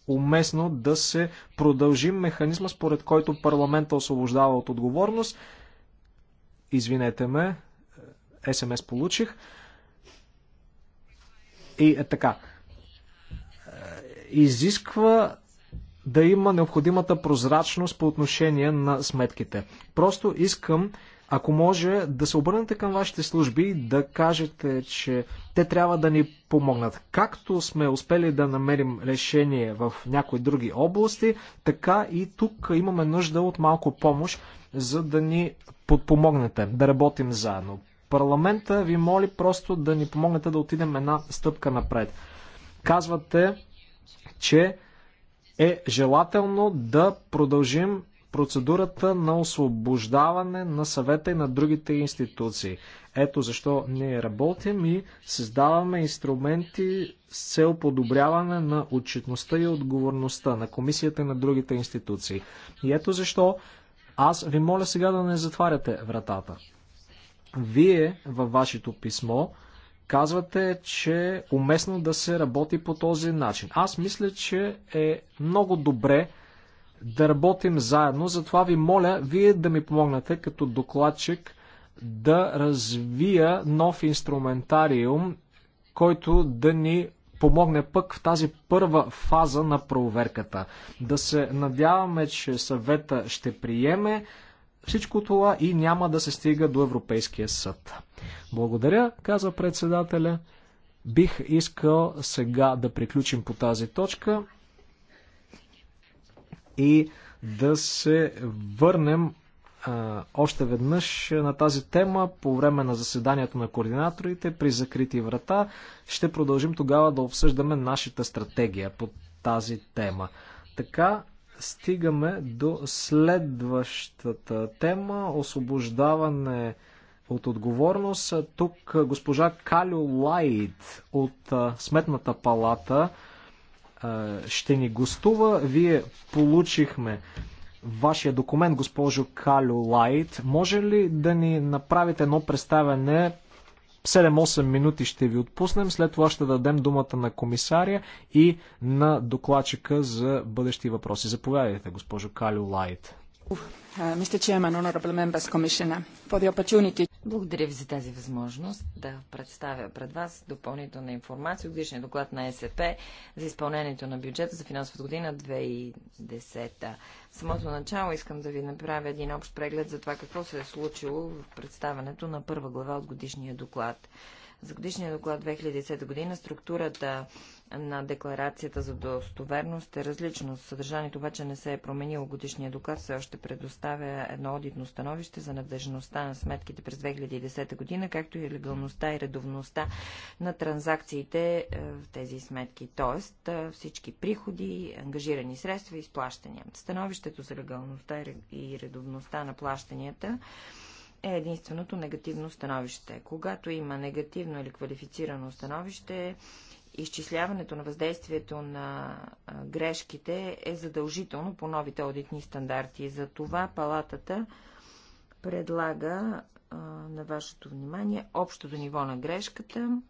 уместно да се продължи механизма, според който парламента освобождава от отговорност. Извинете ме, СМС е, получих. И е така. Е, изисква да има необходимата прозрачност по отношение на сметките. Просто искам ако може да се обърнете към вашите служби, и да кажете, че те трябва да ни помогнат. Както сме успели да намерим решение в някои други области, така и тук имаме нужда от малко помощ, за да ни подпомогнете, да работим заедно. Парламента ви моли просто да ни помогнете да отидем една стъпка напред. Казвате, че е желателно да продължим процедурата на освобождаване на съвета и на другите институции. Ето защо ние работим и създаваме инструменти с цел подобряване на отчетността и отговорността на комисията и на другите институции. И ето защо аз ви моля сега да не затваряте вратата. Вие във вашето писмо казвате, че уместно да се работи по този начин. Аз мисля, че е много добре да работим заедно. Затова ви моля, вие да ми помогнете като докладчик да развия нов инструментариум, който да ни помогне пък в тази първа фаза на проверката. Да се надяваме, че съвета ще приеме всичко това и няма да се стига до Европейския съд. Благодаря, каза председателя. Бих искал сега да приключим по тази точка и да се върнем а, още веднъж на тази тема по време на заседанието на координаторите при закрити врата. Ще продължим тогава да обсъждаме нашата стратегия по тази тема. Така стигаме до следващата тема освобождаване от отговорност. Тук госпожа Калю Лайт от Сметната палата ще ни гостува. Вие получихме вашия документ, госпожо Калю Лайт. Може ли да ни направите едно представяне 7-8 минути ще ви отпуснем, след това ще дадем думата на комисаря и на докладчика за бъдещи въпроси. Заповядайте, госпожо Калю Лайт. Uh, Благодаря ви за тази възможност да представя пред вас допълнителна информация от годишния доклад на СП за изпълнението на бюджета за финансовата година 2010. В самото начало искам да ви направя един общ преглед за това какво се е случило в представането на първа глава от годишния доклад. За годишния доклад 2010 година структурата на декларацията за достоверност е различно. Съдържанието обаче не се е променило. Годишния доклад все още предоставя едно одитно становище за надежността на сметките през 2010 година, както и легалността и редовността на транзакциите е, в тези сметки, т.е. всички приходи, ангажирани средства и изплащания. Становището за легалността и редовността на плащанията е единственото негативно становище. Когато има негативно или квалифицирано становище, изчисляването на въздействието на грешките е задължително по новите аудитни стандарти. За това палатата предлага на вашето внимание общото ниво на грешката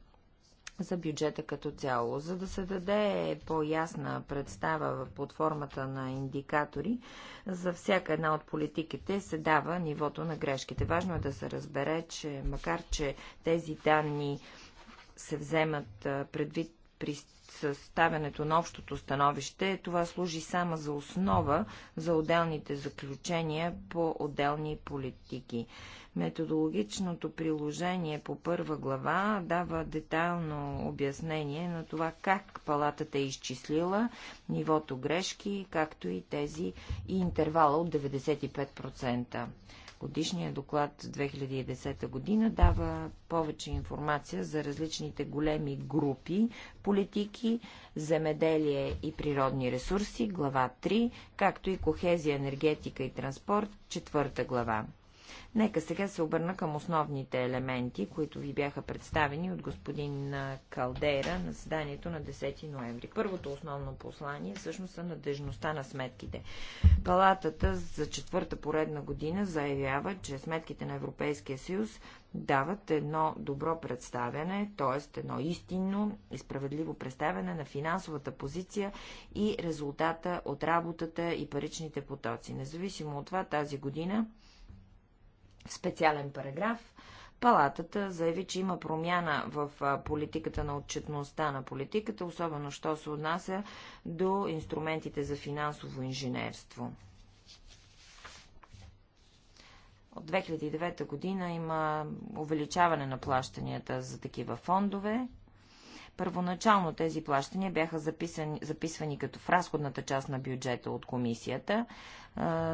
за бюджета като цяло. За да се даде по-ясна представа под формата на индикатори, за всяка една от политиките се дава нивото на грешките. Важно е да се разбере, че макар, че тези данни се вземат предвид при съставянето на общото становище, това служи само за основа за отделните заключения по отделни политики. Методологичното приложение по първа глава дава детайлно обяснение на това как палатата е изчислила нивото грешки, както и тези и интервала от 95%. Годишният доклад 2010 година дава повече информация за различните големи групи политики, земеделие и природни ресурси, глава 3, както и кохезия, енергетика и транспорт, четвърта глава. Нека сега се обърна към основните елементи, които ви бяха представени от господин Калдейра на заданието на 10 ноември. Първото основно послание всъщност е надежността на сметките. Палатата за четвърта поредна година заявява, че сметките на Европейския съюз дават едно добро представяне, т.е. едно истинно и справедливо представяне на финансовата позиция и резултата от работата и паричните потоци. Независимо от това, тази година в специален параграф, Палатата заяви, че има промяна в политиката на отчетността на политиката, особено що се отнася до инструментите за финансово инженерство. От 2009 година има увеличаване на плащанията за такива фондове. Първоначално тези плащания бяха записани, записвани като в разходната част на бюджета от комисията.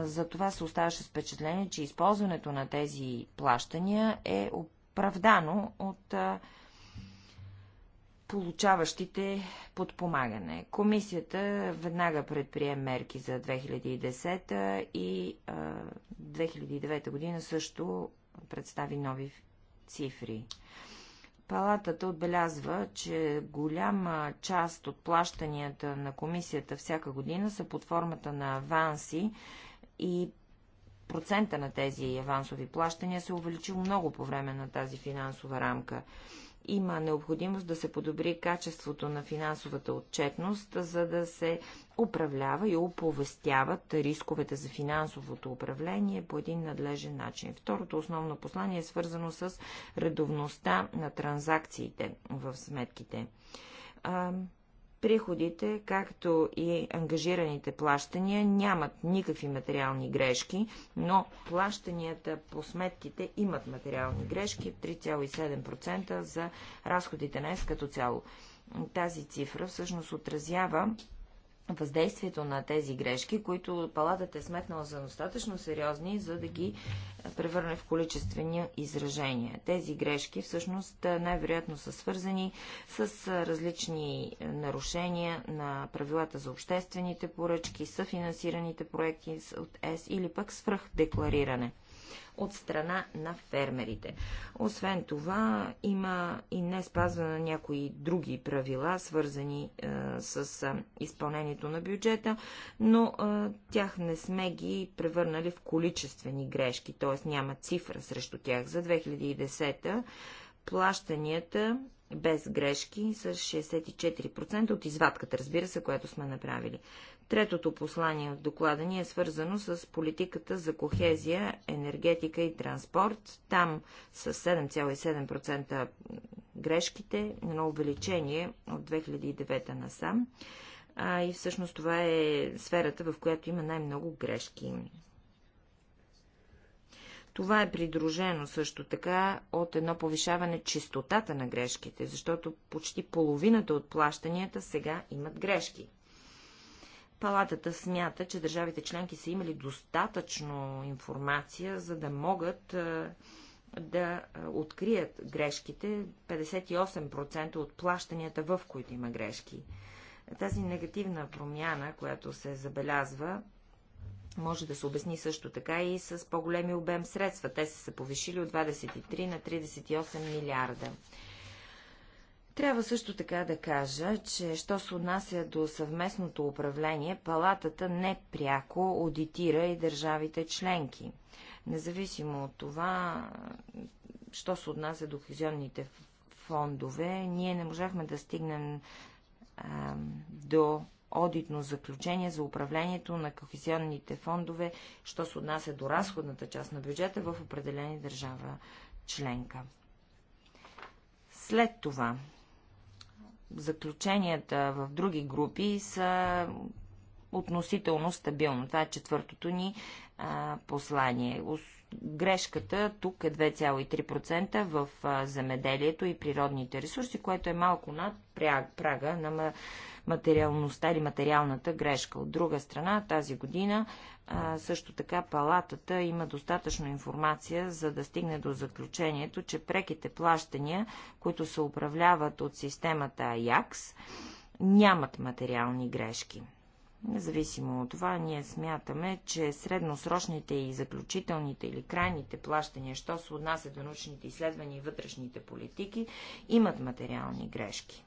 За това се оставаше впечатление, че използването на тези плащания е оправдано от получаващите подпомагане. Комисията веднага предприе мерки за 2010 и 2009 година също представи нови цифри. Палатата отбелязва, че голяма част от плащанията на комисията всяка година са под формата на аванси и процента на тези авансови плащания се е увеличил много по време на тази финансова рамка. Има необходимост да се подобри качеството на финансовата отчетност, за да се управлява и оповестяват рисковете за финансовото управление по един надлежен начин. Второто основно послание е свързано с редовността на транзакциите в сметките приходите, както и ангажираните плащания нямат никакви материални грешки, но плащанията по сметките имат материални грешки 3,7% за разходите на ЕС като цяло. Тази цифра всъщност отразява въздействието на тези грешки, които палатата е сметнала за достатъчно сериозни, за да ги превърне в количествени изражения. Тези грешки всъщност е, най-вероятно са свързани с е, различни е, нарушения на правилата за обществените поръчки, съфинансираните проекти от ЕС или пък свръхдеклариране от страна на фермерите. Освен това, има и не спазване на някои други правила, свързани е, с е, изпълнението на бюджета, но е, тях не сме ги превърнали в количествени грешки, т.е. няма цифра срещу тях. За 2010 плащанията без грешки с 64% от извадката, разбира се, която сме направили. Третото послание от доклада ни е свързано с политиката за кохезия, енергетика и транспорт. Там с 7,7% грешките на увеличение от 2009 насам. А, и всъщност това е сферата, в която има най-много грешки. Това е придружено също така от едно повишаване чистотата на грешките, защото почти половината от плащанията сега имат грешки. Палатата смята, че държавите членки са имали достатъчно информация, за да могат да открият грешките, 58% от плащанията, в които има грешки. Тази негативна промяна, която се забелязва, може да се обясни също така и с по-големи обем средства. Те са се повишили от 23 на 38 милиарда. Трябва също така да кажа, че що се отнася до съвместното управление, палатата не пряко аудитира и държавите членки. Независимо от това, що се отнася до хизионните фондове, ние не можахме да стигнем а, до одитно заключение за управлението на кохезионните фондове, що се отнася до разходната част на бюджета в определени държава членка. След това заключенията в други групи са относително стабилно. Това е четвъртото ни а, послание. Грешката тук е 2,3% в земеделието и природните ресурси, което е малко над прага на материалността или материалната грешка. От друга страна, тази година също така палатата има достатъчно информация, за да стигне до заключението, че преките плащания, които се управляват от системата АЯКС, нямат материални грешки. Независимо от това, ние смятаме, че средносрочните и заключителните или крайните плащания, що се отнася до научните изследвания и вътрешните политики, имат материални грешки.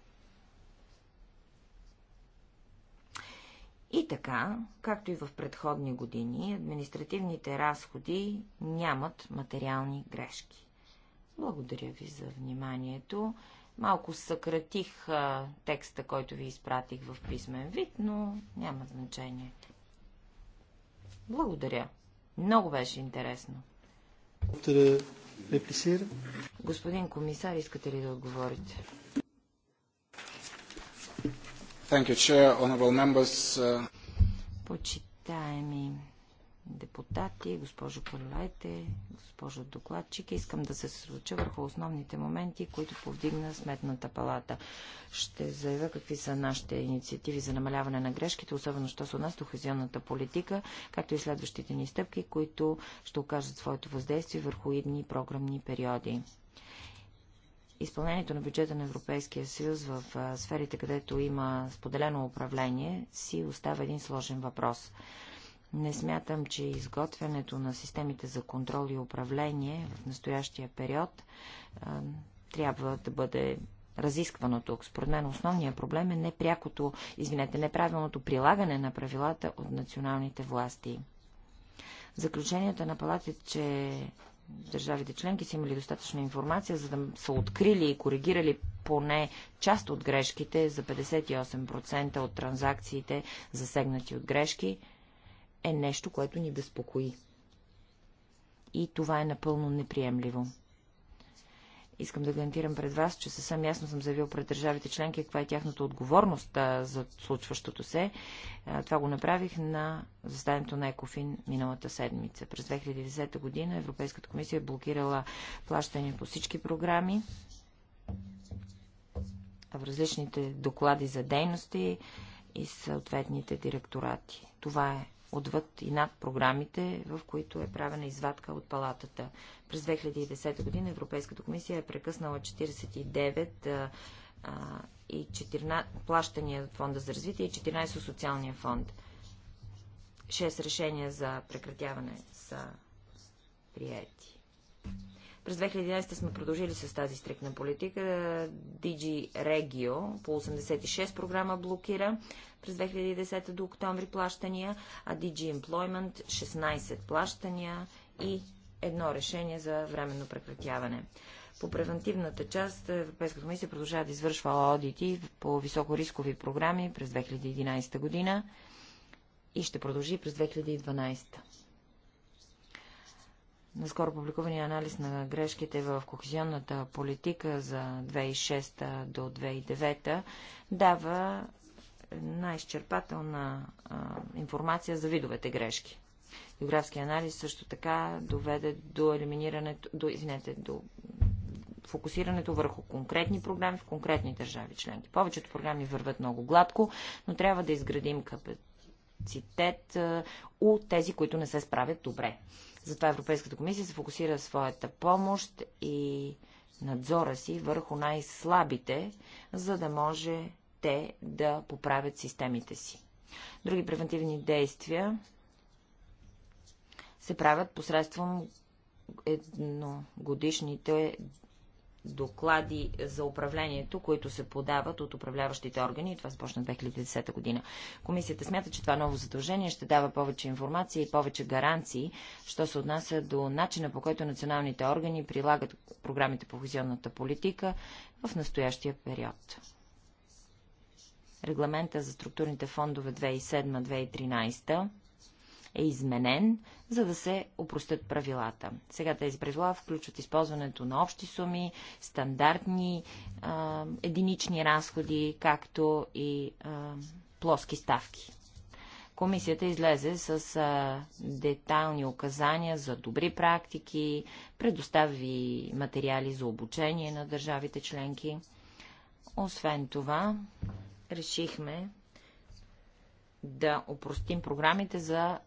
И така, както и в предходни години, административните разходи нямат материални грешки. Благодаря ви за вниманието. Малко съкратих а, текста, който ви изпратих в писмен вид, но няма значение. Благодаря. Много беше интересно. Господин комисар, искате ли да отговорите? Thank you, Chair, honorable members. Uh, Почитаеми депутати, госпожо Парлайте, госпожо докладчик. Искам да се съсредоточа върху основните моменти, които повдигна Сметната палата. Ще заявя какви са нашите инициативи за намаляване на грешките, особено що са у нас хазионната политика, както и следващите ни стъпки, които ще окажат своето въздействие върху идни програмни периоди изпълнението на бюджета на Европейския съюз в сферите, където има споделено управление, си остава един сложен въпрос. Не смятам, че изготвянето на системите за контрол и управление в настоящия период трябва да бъде разисквано тук. Според мен основният проблем е непрякото, извинете, неправилното прилагане на правилата от националните власти. Заключенията на палатите, че държавите членки са имали достатъчно информация, за да са открили и коригирали поне част от грешките за 58% от транзакциите, засегнати от грешки, е нещо, което ни безпокои. И това е напълно неприемливо. Искам да гарантирам пред вас, че съвсем ясно съм заявил пред държавите членки каква е тяхната отговорност а, за случващото се. А, това го направих на заседанието на Екофин миналата седмица. През 2010 година Европейската комисия е блокирала плащане по всички програми в различните доклади за дейности и съответните директорати. Това е отвъд и над програмите, в които е правена извадка от палатата. През 2010 година Европейската комисия е прекъснала 49 а, и 14, плащания от фонда за развитие и 14 социалния фонд. 6 решения за прекратяване са приети. През 2011 сме продължили с тази стрикна политика. DG Regio по 86 програма блокира през 2010 до октомври плащания, а DG Employment 16 плащания и едно решение за временно прекратяване. По превентивната част Европейската комисия продължава да извършва аудити по високорискови програми през 2011 година и ще продължи през 2012 наскоро публикувания е анализ на грешките в кохезионната политика за 2006 до 2009 дава най-изчерпателна информация за видовете грешки. Географски анализ също така доведе до елиминирането, до, извинете, до фокусирането върху конкретни програми в конкретни държави членки. Повечето програми върват много гладко, но трябва да изградим капацитет у тези, които не се справят добре. Затова Европейската комисия се фокусира своята помощ и надзора си върху най-слабите, за да може те да поправят системите си. Други превентивни действия се правят посредством едногодишните доклади за управлението, които се подават от управляващите органи и това започна 2010 година. Комисията смята, че това ново задължение ще дава повече информация и повече гаранции, що се отнася до начина по който националните органи прилагат програмите по хозионната политика в настоящия период. Регламента за структурните фондове 2007-2013 е изменен, за да се опростят правилата. Сега тези правила включват използването на общи суми, стандартни а, единични разходи, както и а, плоски ставки. Комисията излезе с а, детайлни указания за добри практики, предостави материали за обучение на държавите членки. Освен това, решихме да опростим програмите за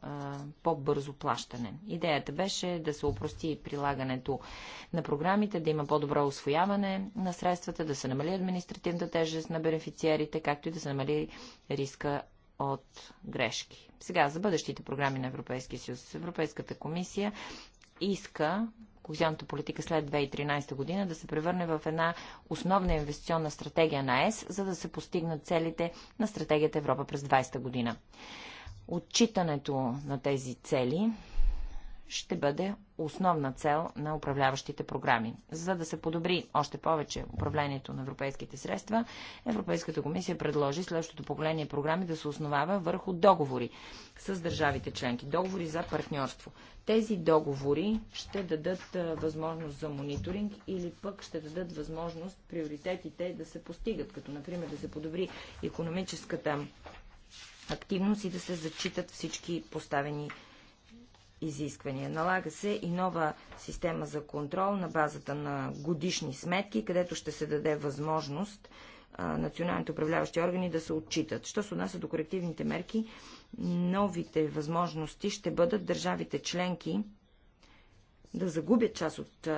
по-бързо плащане. Идеята беше да се опрости прилагането на програмите, да има по-добро освояване на средствата, да се намали административната тежест на бенефициерите, както и да се намали риска от грешки. Сега за бъдещите програми на Европейския съюз. Европейската комисия иска кохезионната политика след 2013 година да се превърне в една основна инвестиционна стратегия на ЕС, за да се постигнат целите на стратегията Европа през 2020 година. Отчитането на тези цели ще бъде основна цел на управляващите програми. За да се подобри още повече управлението на европейските средства, Европейската комисия предложи следващото поколение програми да се основава върху договори с държавите членки, договори за партньорство. Тези договори ще дадат възможност за мониторинг или пък ще дадат възможност приоритетите да се постигат, като например да се подобри економическата активност и да се зачитат всички поставени цели изисквания. Налага се и нова система за контрол на базата на годишни сметки, където ще се даде възможност националните управляващи органи да се отчитат. Що се отнася до корективните мерки, новите възможности ще бъдат държавите членки да загубят част от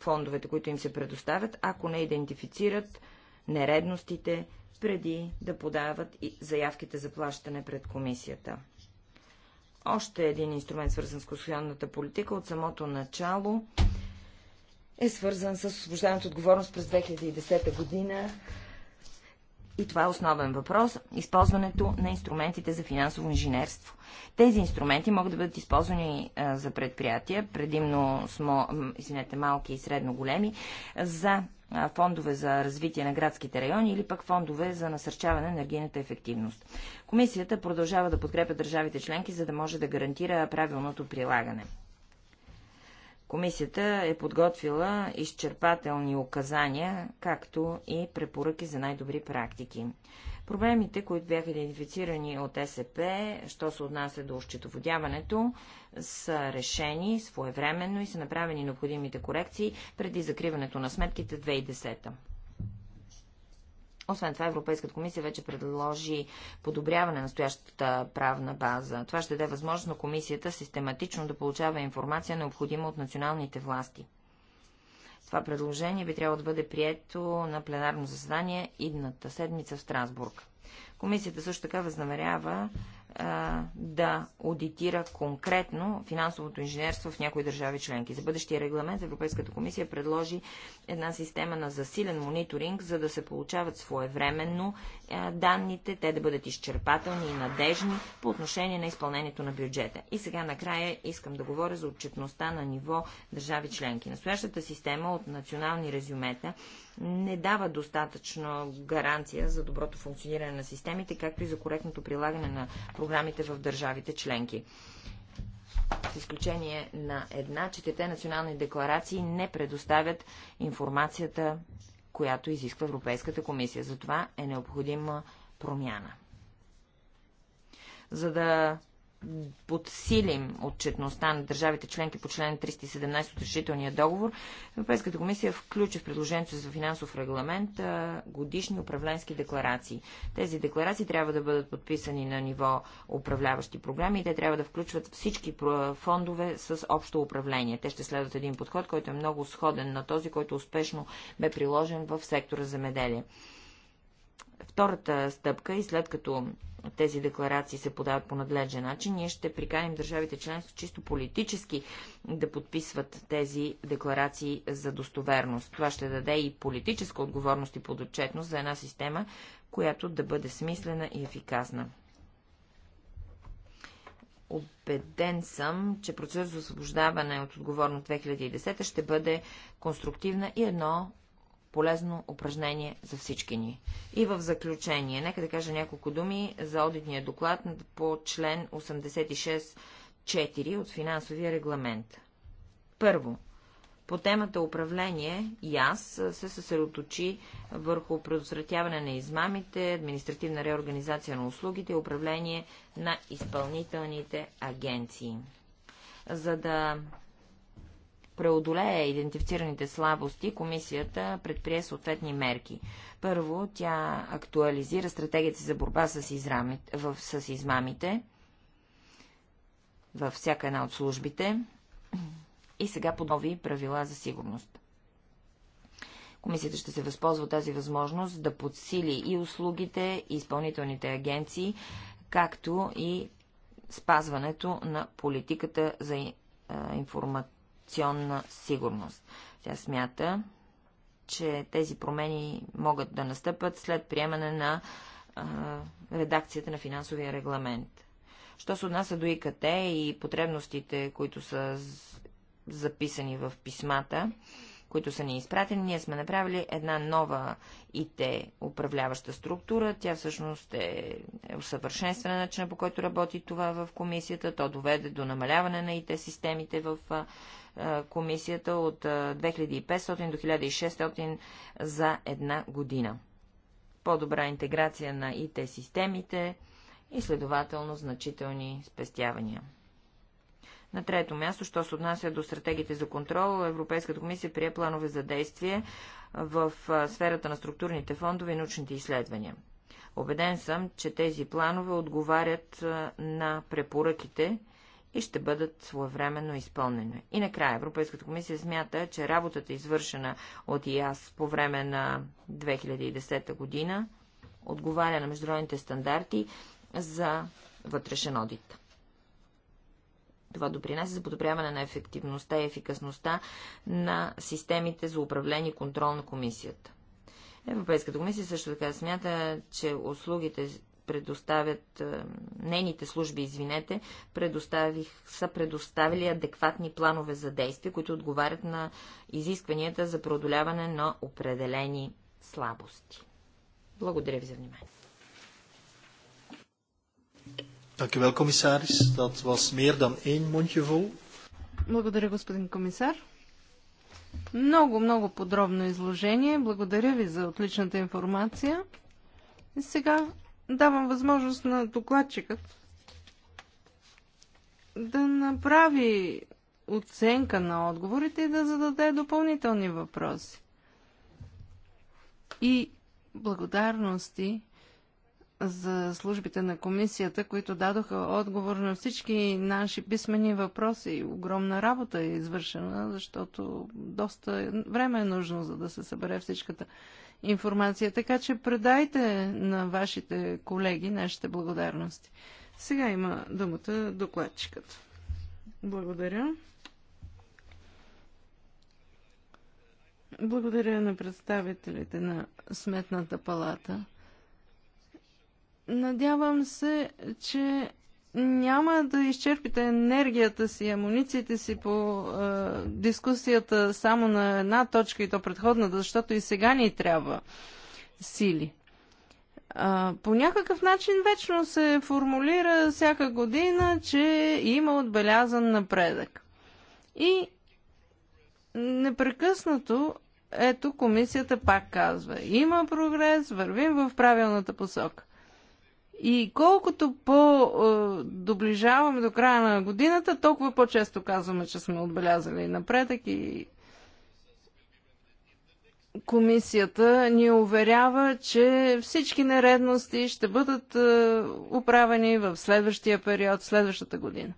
фондовете, които им се предоставят, ако не идентифицират нередностите преди да подават заявките за плащане пред комисията. Още един инструмент, свързан с конституционната политика от самото начало, е свързан с освобождаването отговорност през 2010 година. И това е основен въпрос – използването на инструментите за финансово инженерство. Тези инструменти могат да бъдат използвани за предприятия, предимно смо, извинете, малки и средно големи, за фондове за развитие на градските райони или пък фондове за насърчаване на енергийната ефективност. Комисията продължава да подкрепя държавите членки, за да може да гарантира правилното прилагане. Комисията е подготвила изчерпателни указания, както и препоръки за най-добри практики. Проблемите, които бяха идентифицирани от СП, що се отнася до счетоводяването, са решени своевременно и са направени необходимите корекции преди закриването на сметките 2010. -та. Освен това, Европейската комисия вече предложи подобряване на стоящата правна база. Това ще даде възможност на комисията систематично да получава информация, необходима от националните власти. Това предложение би трябвало да бъде прието на пленарно заседание идната седмица в Страсбург. Комисията също така възнамерява да аудитира конкретно финансовото инженерство в някои държави членки. За бъдещия регламент Европейската комисия предложи една система на засилен мониторинг, за да се получават своевременно данните, те да бъдат изчерпателни и надежни по отношение на изпълнението на бюджета. И сега накрая искам да говоря за отчетността на ниво държави членки. Настоящата система от национални резюмета не дава достатъчно гаранция за доброто функциониране на системите, както и за коректното прилагане на програмите в държавите членки. С изключение на една, четирите национални декларации не предоставят информацията, която изисква Европейската комисия. Затова е необходима промяна. За да подсилим отчетността на държавите членки по член 317 от решителния договор, Европейската комисия включи в предложението за финансов регламент годишни управленски декларации. Тези декларации трябва да бъдат подписани на ниво управляващи програми и те трябва да включват всички фондове с общо управление. Те ще следват един подход, който е много сходен на този, който успешно бе приложен в сектора меделие. Втората стъпка и след като тези декларации се подават по надлежен начин, ние ще приканим държавите членство чисто политически да подписват тези декларации за достоверност. Това ще даде и политическа отговорност и подотчетност за една система, която да бъде смислена и ефикасна. Обеден съм, че процес за освобождаване от отговорност 2010 ще бъде конструктивна и едно полезно упражнение за всички ни. И в заключение, нека да кажа няколко думи за одитния доклад по член 86.4 от финансовия регламент. Първо, по темата управление и аз се съсредоточи върху предотвратяване на измамите, административна реорганизация на услугите и управление на изпълнителните агенции. За да преодолее идентифицираните слабости, комисията предприе съответни мерки. Първо, тя актуализира стратегията си за борба с, израмите, в, с измамите във всяка една от службите и сега по нови правила за сигурност. Комисията ще се възползва тази възможност да подсили и услугите, и изпълнителните агенции, както и спазването на политиката за информация информационна сигурност. Тя смята, че тези промени могат да настъпат след приемане на а, редакцията на финансовия регламент. Що се отнася до ИКТ и потребностите, които са записани в писмата, които са ни изпратени, ние сме направили една нова ИТ управляваща структура. Тя всъщност е усъвършенствена начина по който работи това в комисията. То доведе до намаляване на ИТ системите в комисията от 2500 до 1600 за една година. По-добра интеграция на ИТ системите и следователно значителни спестявания. На трето място, що се отнася до стратегиите за контрол, Европейската комисия прие планове за действие в сферата на структурните фондове и научните изследвания. Обеден съм, че тези планове отговарят на препоръките и ще бъдат своевременно изпълнени. И накрая Европейската комисия смята, че работата, извършена от ИАС по време на 2010 година, отговаря на международните стандарти за вътрешен одит. Това допринася за подобряване на ефективността и ефикасността на системите за управление и контрол на комисията. Европейската комисия също така смята, че услугите предоставят, е, нейните служби, извинете, предоставих, са предоставили адекватни планове за действие, които отговарят на изискванията за преодоляване на определени слабости. Благодаря ви за вниманието. Dank u wel, commissaris. Dat was meer dan één mondje vol. Благодаря, господин комисар. Много, много подробно изложение. Благодаря ви за отличната информация. И сега давам възможност на докладчикът да направи оценка на отговорите и да зададе допълнителни въпроси. И благодарности за службите на комисията, които дадоха отговор на всички наши писмени въпроси. Огромна работа е извършена, защото доста време е нужно, за да се събере всичката информация. Така че предайте на вашите колеги нашите благодарности. Сега има думата докладчикът. Благодаря. Благодаря на представителите на Сметната палата. Надявам се, че няма да изчерпите енергията си, амунициите си по е, дискусията само на една точка и то предходната, защото и сега ни трябва сили. А, по някакъв начин вечно се формулира всяка година, че има отбелязан напредък. И непрекъснато, ето комисията пак казва, има прогрес, вървим в правилната посока. И колкото по-доближаваме до края на годината, толкова по-често казваме, че сме отбелязали напредък и комисията ни уверява, че всички нередности ще бъдат е, управени в следващия период, следващата година.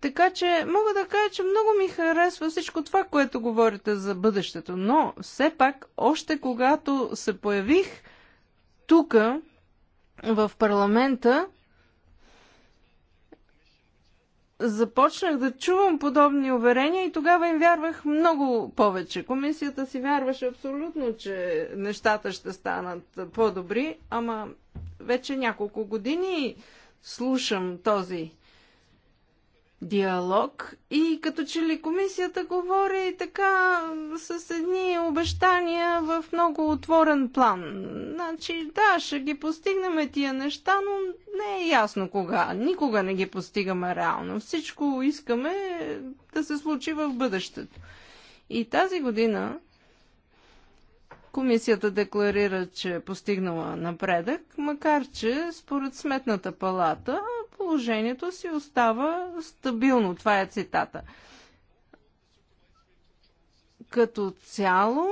Така че мога да кажа, че много ми харесва всичко това, което говорите за бъдещето, но все пак, още когато се появих тука, в парламента, започнах да чувам подобни уверения и тогава им вярвах много повече. Комисията си вярваше абсолютно, че нещата ще станат по-добри, ама вече няколко години слушам този диалог и като че ли комисията говори така с едни обещания в много отворен план. Значи, да, ще ги постигнем тия неща, но не е ясно кога. Никога не ги постигаме реално. Всичко искаме да се случи в бъдещето. И тази година комисията декларира, че е постигнала напредък, макар че според сметната палата положението си остава стабилно. Това е цитата. Като цяло,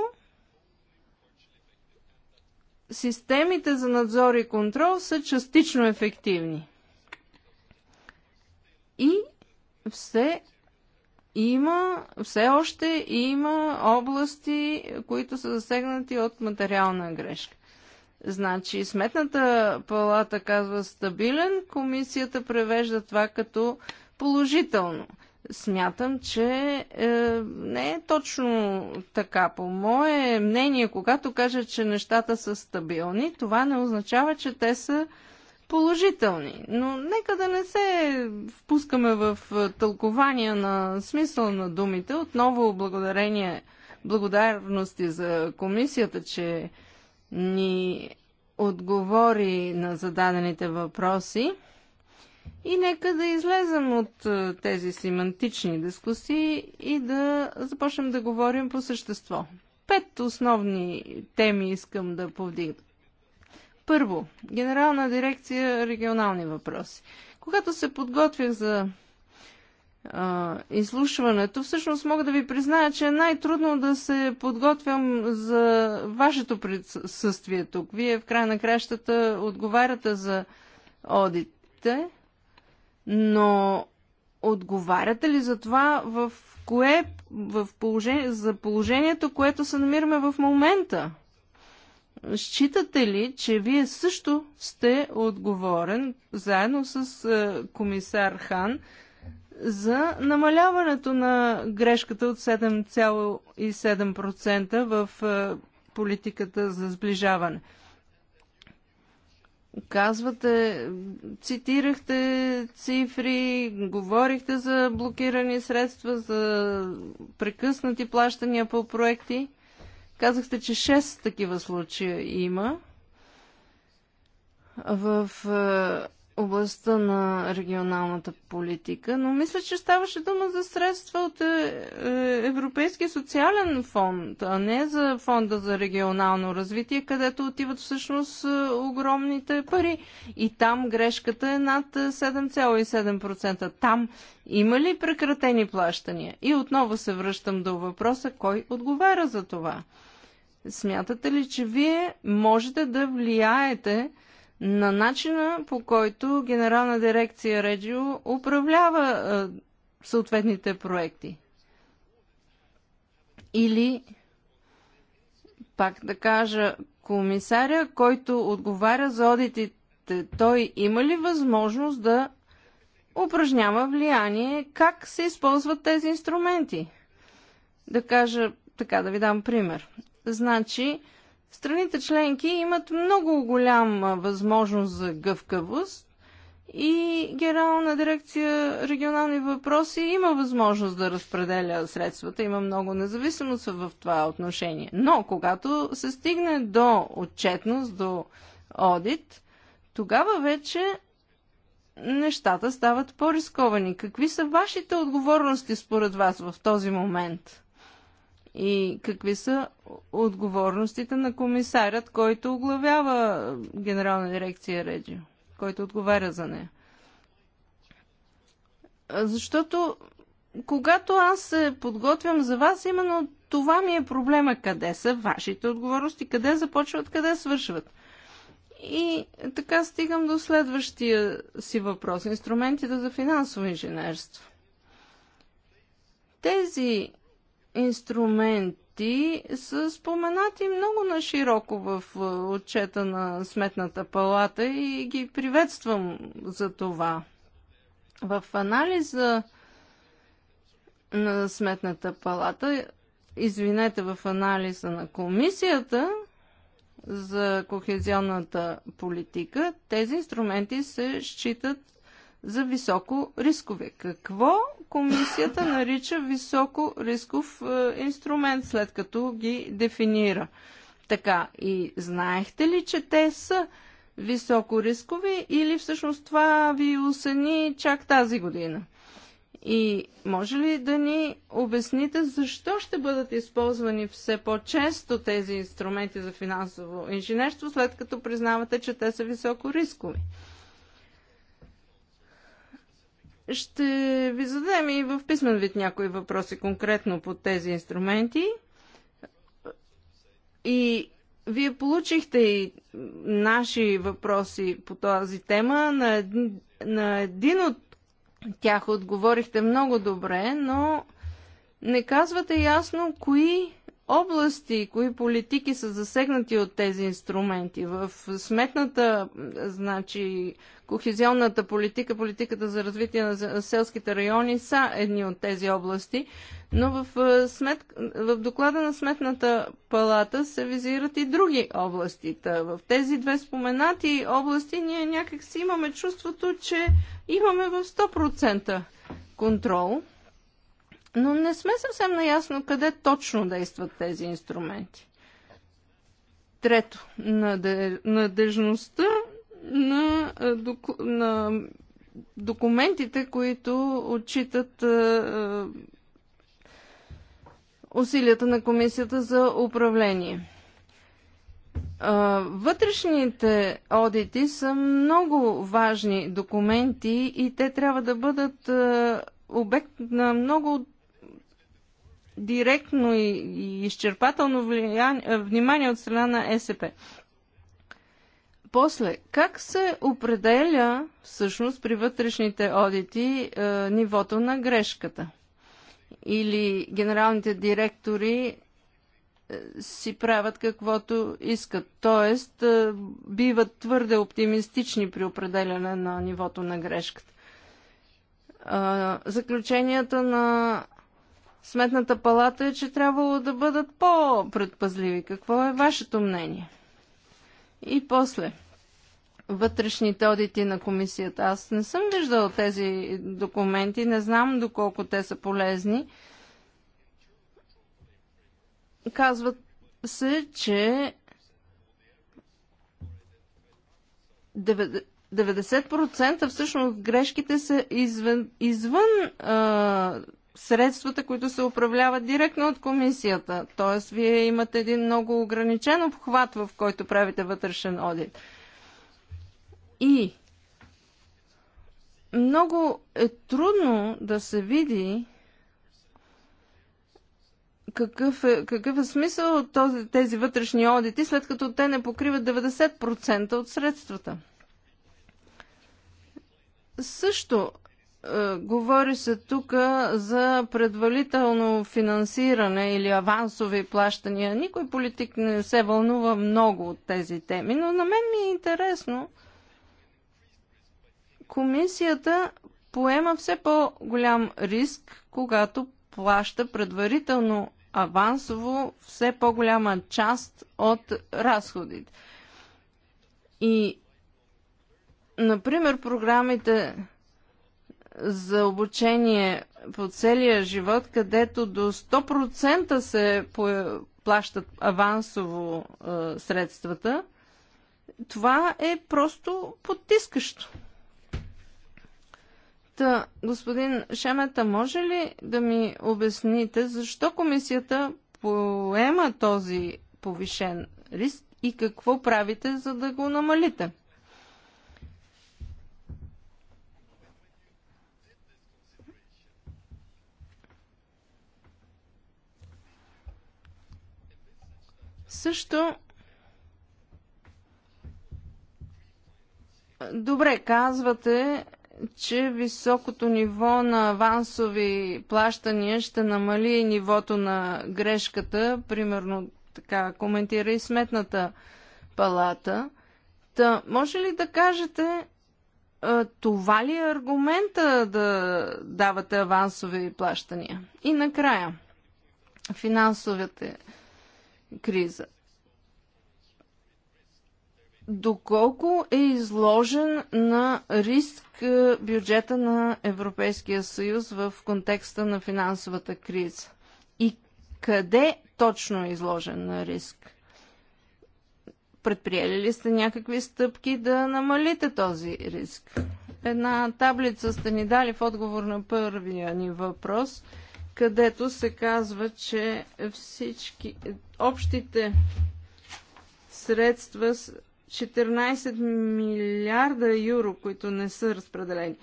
системите за надзор и контрол са частично ефективни. И все има, все още има области, които са засегнати от материална грешка. Значи сметната палата казва стабилен, комисията превежда това като положително. Смятам, че е, не е точно така. По мое мнение, когато кажа, че нещата са стабилни, това не означава, че те са положителни. Но нека да не се впускаме в е, тълкования на смисъл на думите. Отново благодарение, благодарности за комисията, че ни отговори на зададените въпроси. И нека да излезем от е, тези семантични дискусии и да започнем да говорим по същество. Пет основни теми искам да повдигна. Първо, Генерална дирекция регионални въпроси. Когато се подготвях за а, изслушването, всъщност мога да ви призная, че е най-трудно да се подготвям за вашето присъствие тук. Вие в край на кращата отговаряте за одитите, но отговаряте ли за това в кое, в положение, за положението, което се намираме в момента? Считате ли, че вие също сте отговорен, заедно с е, комисар Хан, за намаляването на грешката от 7,7% в е, политиката за сближаване. Казвате, цитирахте цифри, говорихте за блокирани средства, за прекъснати плащания по проекти. Казахте, че 6 такива случая има. В е, областта на регионалната политика, но мисля, че ставаше дума за средства от е, е, Европейския социален фонд, а не за фонда за регионално развитие, където отиват всъщност е, огромните пари. И там грешката е над 7,7%. Там има ли прекратени плащания? И отново се връщам до въпроса, кой отговаря за това? Смятате ли, че вие можете да влияете на начина по който Генерална дирекция Реджио управлява а, е, съответните проекти. Или, пак да кажа, комисаря, който отговаря за одитите, той има ли възможност да упражнява влияние как се използват тези инструменти? Да кажа, така да ви дам пример. Значи, страните членки имат много голяма възможност за гъвкавост и Генерална дирекция регионални въпроси има възможност да разпределя средствата, има много независимост в това отношение. Но когато се стигне до отчетност, до одит, тогава вече нещата стават по-рисковани. Какви са вашите отговорности според вас в този момент? и какви са отговорностите на комисарят, който оглавява Генерална дирекция Реджио, който отговаря за нея. Защото когато аз се подготвям за вас, именно това ми е проблема. Къде са вашите отговорности, къде започват, къде свършват. И така стигам до следващия си въпрос. Инструментите за финансово инженерство. Тези инструменти са споменати много нашироко в е, отчета на Сметната палата и ги приветствам за това. В анализа на Сметната палата, извинете, в анализа на комисията за кохезионната политика, тези инструменти се считат за високо рискове. Какво комисията нарича високо рисков е, инструмент, след като ги дефинира. Така, и знаехте ли, че те са високо рискови или всъщност това ви осени чак тази година? И може ли да ни обясните защо ще бъдат използвани все по-често тези инструменти за финансово инженерство, след като признавате, че те са високо рискови? Ще ви зададем и в писмен вид някои въпроси конкретно по тези инструменти. И вие получихте и наши въпроси по тази тема. На един, на един от тях отговорихте много добре, но не казвате ясно кои области, кои политики са засегнати от тези инструменти. В сметната, значи, кохезионната политика, политиката за развитие на селските райони са едни от тези области, но в, смет... в доклада на сметната палата се визират и други области. в тези две споменати области ние някак си имаме чувството, че имаме в 100% контрол – но не сме съвсем наясно къде точно действат тези инструменти. Трето, надежността на, е, док, на документите, които отчитат а, е, е, усилията на Комисията за управление. Вътрешните одити са много важни документи и те трябва да бъдат обект на много директно и изчерпателно е, внимание от страна на СП. После, как се определя всъщност при вътрешните одити е, нивото на грешката? Или генералните директори е, си правят каквото искат. Тоест, е, биват твърде оптимистични при определяне на нивото на грешката. Заключенията на Сметната палата е, че трябвало да бъдат по-предпазливи. Какво е вашето мнение? И после, вътрешните одити на комисията. Аз не съм виждала тези документи, не знам доколко те са полезни. Казват се, че 90% всъщност грешките са извън, извън а, средствата, които се управляват директно от комисията. Тоест, вие имате един много ограничен обхват, в който правите вътрешен одит. И много е трудно да се види какъв е, какъв е смисъл от този, тези вътрешни одити, след като те не покриват 90% от средствата. Също е, говори се тук за предварително финансиране или авансови плащания. Никой политик не се вълнува много от тези теми, но на мен ми е интересно. Комисията поема все по-голям риск, когато плаща предварително авансово все по-голяма част от разходите. И, например, програмите за обучение по целия живот, където до 100% се плащат авансово е, средствата, това е просто потискащо. Та, господин Шемета, може ли да ми обясните защо комисията поема този повишен риск и какво правите, за да го намалите? Също добре казвате, че високото ниво на авансови плащания ще намали нивото на грешката, примерно така коментира и сметната палата. Та, може ли да кажете, това ли е аргумента да давате авансови плащания? И накрая, финансовите криза. Доколко е изложен на риск е, бюджета на Европейския съюз в контекста на финансовата криза? И къде точно е изложен на риск? Предприели ли сте някакви стъпки да намалите този риск? Една таблица сте ни дали в отговор на първия ни въпрос – където се казва, че всички общите средства 14 милиарда евро, които не са разпределени.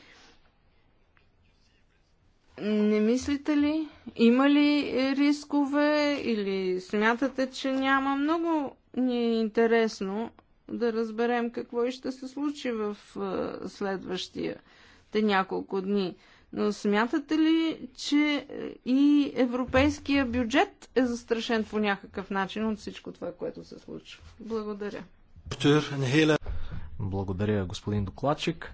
Не мислите ли? Има ли рискове или смятате, че няма? Много ни е интересно да разберем какво и ще се случи в следващия те няколко дни. Но е, смятате ли, че е, и европейския бюджет е застрашен по някакъв начин от всичко това, което се случва? Благодаря. Благодаря, господин докладчик.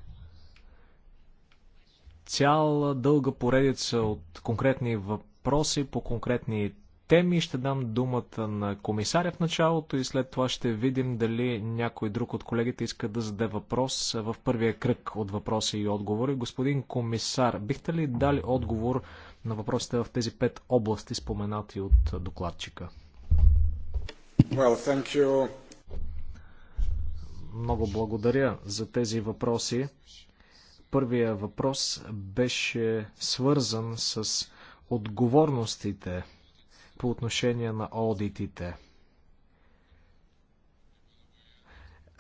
Цяла дълга поредица от конкретни въпроси по конкретни теми. Ще дам думата на комисаря в началото и след това ще видим дали някой друг от колегите иска да зададе въпрос в първия кръг от въпроси и отговори. Господин комисар, бихте ли дали отговор на въпросите в тези пет области, споменати от докладчика? Well, thank you. Много благодаря за тези въпроси. Първия въпрос беше свързан с отговорностите по отношение на аудитите.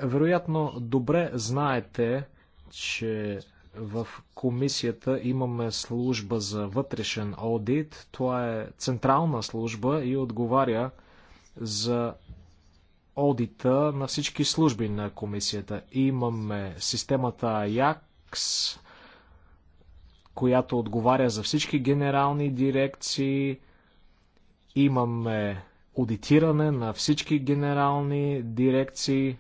Вероятно, добре знаете, че в комисията имаме служба за вътрешен аудит. Това е централна служба и отговаря за аудита на всички служби на комисията. Имаме системата АЯКС, която отговаря за всички генерални дирекции, Имаме аудитиране на всички генерални дирекции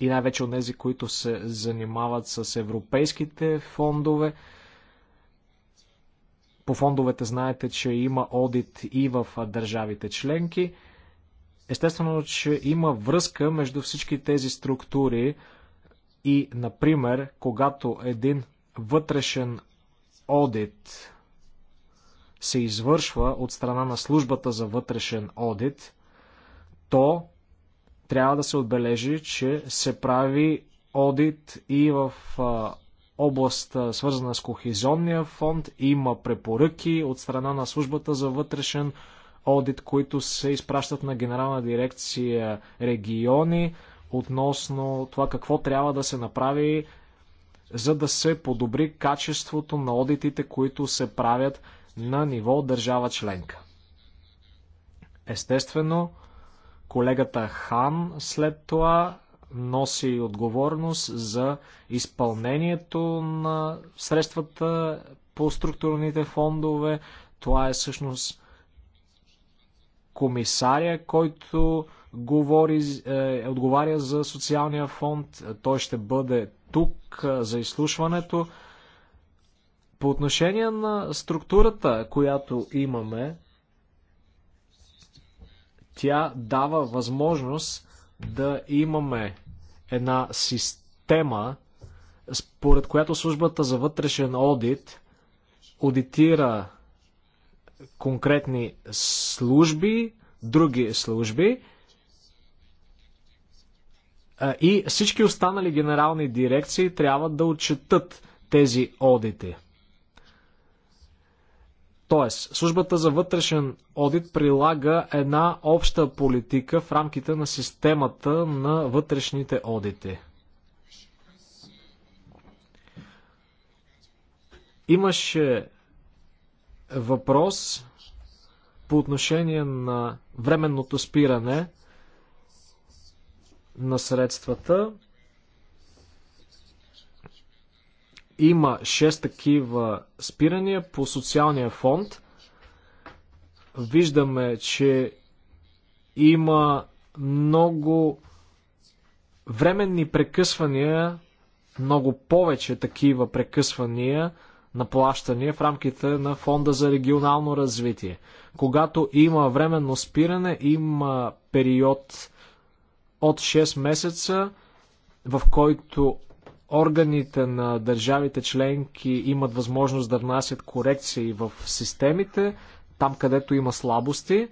и най-вече от тези, които се занимават с европейските фондове. По фондовете знаете, че има одит и в държавите членки. Естествено, че има връзка между всички тези структури и, например, когато един вътрешен одит се извършва от страна на службата за вътрешен одит, то трябва да се отбележи, че се прави одит и в област, свързана с Кохизионния фонд. Има препоръки от страна на службата за вътрешен одит, които се изпращат на Генерална дирекция региони относно това какво трябва да се направи, за да се подобри качеството на одитите, които се правят на ниво държава членка. Естествено, колегата Хан след това носи отговорност за изпълнението на средствата по структурните фондове. Това е всъщност комисаря, който говори, е, отговаря за социалния фонд. Той ще бъде тук е, за изслушването. По отношение на структурата, която имаме, тя дава възможност да имаме една система, според която службата за вътрешен одит аудитира конкретни служби, други служби и всички останали генерални дирекции трябва да отчетат тези одити. Тоест, службата за вътрешен одит прилага една обща политика в рамките на системата на вътрешните одити. Имаше въпрос по отношение на временното спиране на средствата. Има 6 такива спирания по социалния фонд. Виждаме, че има много временни прекъсвания, много повече такива прекъсвания на плащания в рамките на Фонда за регионално развитие. Когато има временно спиране, има период от 6 месеца, в който органите на държавите членки имат възможност да внасят корекции в системите, там където има слабости.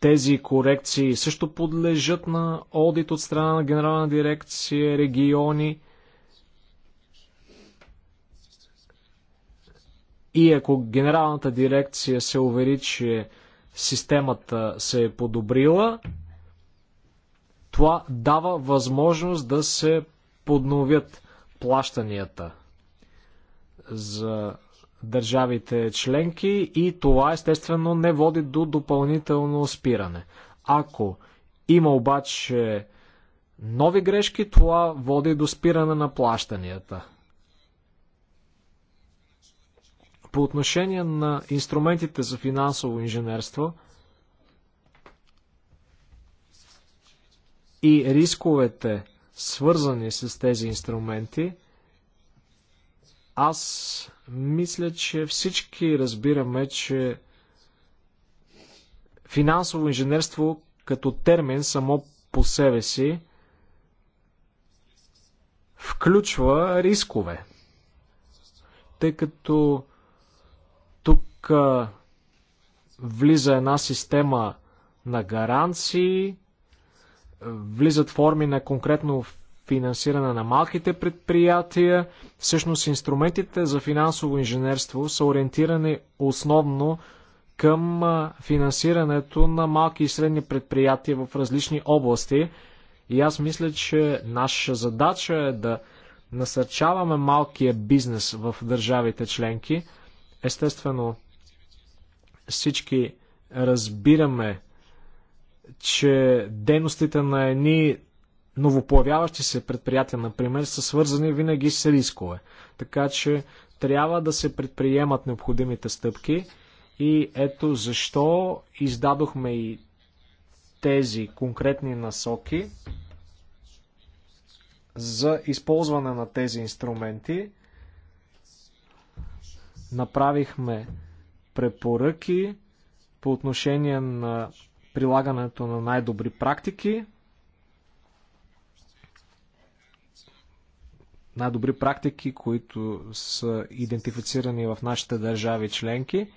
Тези корекции също подлежат на одит от страна на Генерална дирекция региони. И ако Генералната дирекция се увери, че системата се е подобрила, това дава възможност да се подновят плащанията за държавите членки и това естествено не води до допълнително спиране. Ако има обаче нови грешки, това води до спиране на плащанията. По отношение на инструментите за финансово инженерство – и рисковете, свързани с тези инструменти, аз мисля, че всички разбираме, че финансово инженерство като термин само по себе си включва рискове. Тъй като тук влиза една система на гаранции, влизат форми на конкретно финансиране на малките предприятия. Всъщност инструментите за финансово инженерство са ориентирани основно към финансирането на малки и средни предприятия в различни области. И аз мисля, че наша задача е да насърчаваме малкия бизнес в държавите членки. Естествено, всички разбираме че дейностите на едни новоплавяващи се предприятия, например, са свързани винаги с рискове. Така че трябва да се предприемат необходимите стъпки и ето защо издадохме и тези конкретни насоки за използване на тези инструменти. Направихме препоръки по отношение на прилагането на най-добри практики, най-добри практики, които са идентифицирани в нашите държави членки.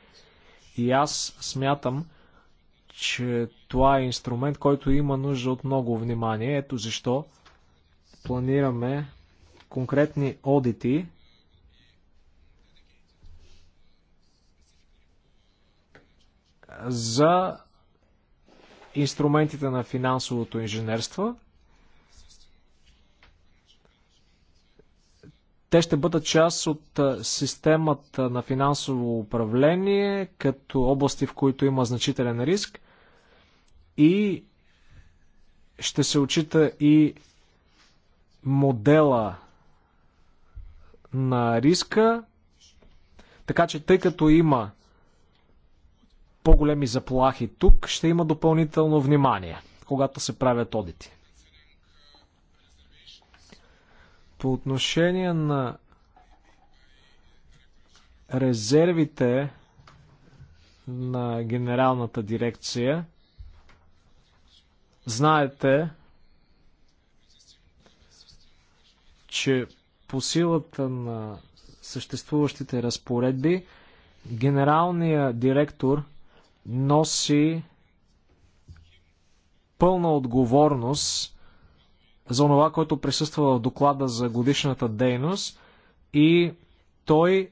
И аз смятам, че това е инструмент, който има нужда от много внимание. Ето защо планираме конкретни одити, за инструментите на финансовото инженерство. Те ще бъдат част от системата на финансово управление като области, в които има значителен риск и ще се очита и модела на риска, така че тъй като има по-големи заплахи тук, ще има допълнително внимание, когато се правят одити. По отношение на резервите на генералната дирекция, знаете, че по силата на съществуващите разпоредби, генералният директор – носи пълна отговорност за това, което присъства в доклада за годишната дейност и той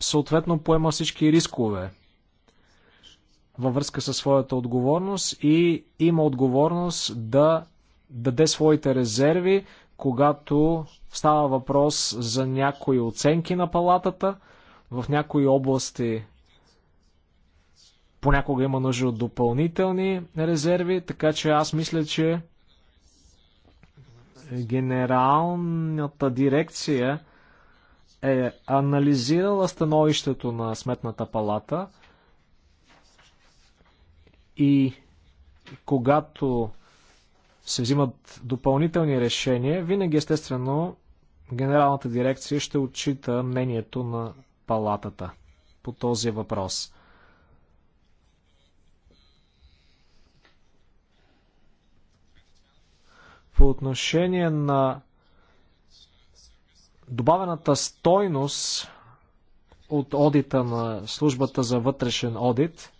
съответно поема всички рискове във връзка със своята отговорност и има отговорност да даде своите резерви, когато става въпрос за някои оценки на палатата. В някои области Понякога има нужда от допълнителни резерви, така че аз мисля, че генералната дирекция е анализирала становището на Сметната палата и когато се взимат допълнителни решения, винаги естествено Генералната дирекция ще отчита мнението на палатата по този въпрос. По отношение на добавената стойност от одита на службата за вътрешен одит,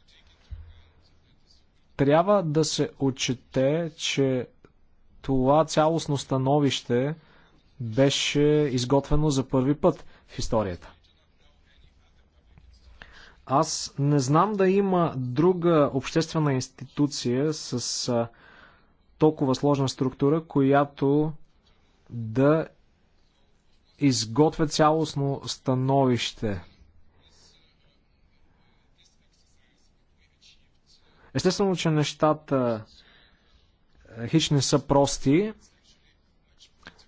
трябва да се отчете, че това цялостно становище беше изготвено за първи път в историята. Аз не знам да има друга обществена институция с толкова сложна структура, която да изготвя цялостно становище. Естествено, че нещата е, хич не са прости,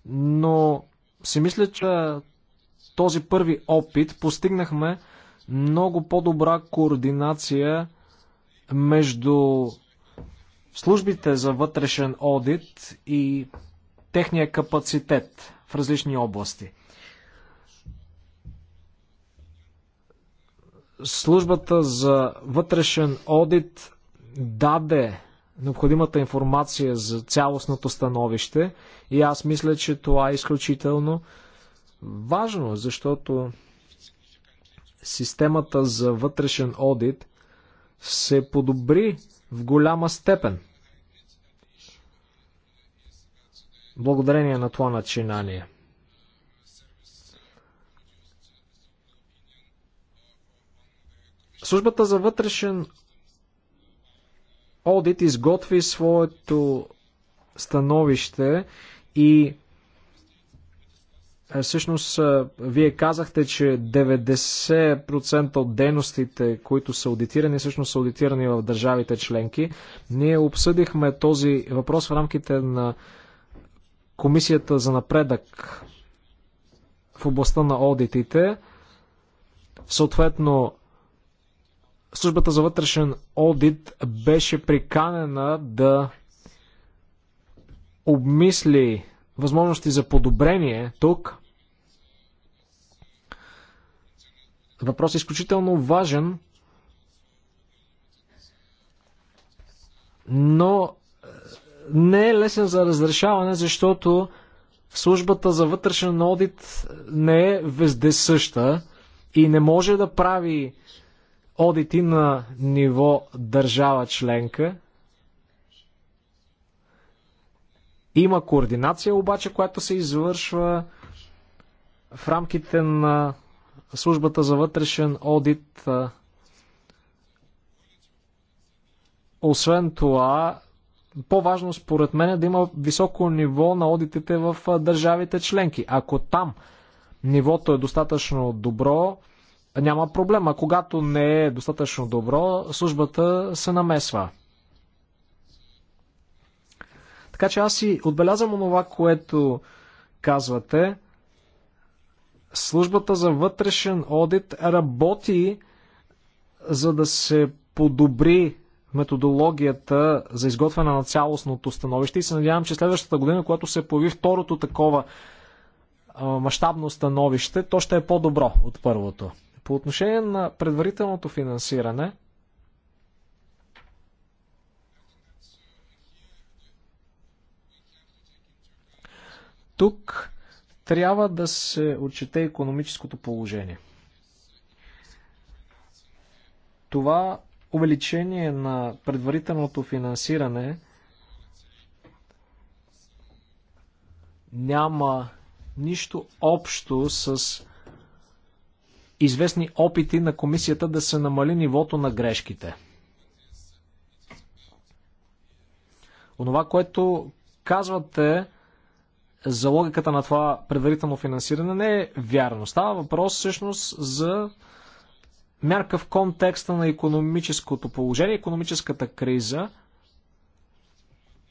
но си мисля, че този първи опит постигнахме много по-добра координация между службите за вътрешен одит и техния капацитет в различни области. Службата за вътрешен одит даде необходимата информация за цялостното становище и аз мисля, че това е изключително важно, защото системата за вътрешен одит се подобри в голяма степен. Благодарение на това начинание. Службата за вътрешен одит изготви своето становище и е, всъщност, е, вие казахте, че 90% от дейностите, които са аудитирани, всъщност са аудитирани в държавите членки. Ние обсъдихме този въпрос в рамките на Комисията за напредък в областта на аудитите. Съответно, службата за вътрешен аудит беше приканена да обмисли възможности за подобрение тук. Въпрос е изключително важен, но е, не е лесен за разрешаване, защото службата за вътрешен одит не е вездесъща и не може да прави одити на ниво държава членка. Има координация обаче, която се извършва в рамките на службата за вътрешен одит. Освен това, по-важно според мен е да има високо ниво на одитите в държавите членки. Ако там нивото е достатъчно добро, няма проблем. А когато не е достатъчно добро, службата се намесва. Така че аз си отбелязвам онова, което казвате. Службата за вътрешен одит работи за да се подобри методологията за изготвяне на цялостното становище и се надявам, че следващата година, когато се появи второто такова мащабно становище, то ще е по-добро от първото. По отношение на предварителното финансиране, тук трябва да се отчете економическото положение. Това увеличение на предварителното финансиране няма нищо общо с известни опити на комисията да се намали нивото на грешките. Онова, което казвате, за логиката на това предварително финансиране не е вярно. Става въпрос всъщност за мярка в контекста на економическото положение, економическата криза.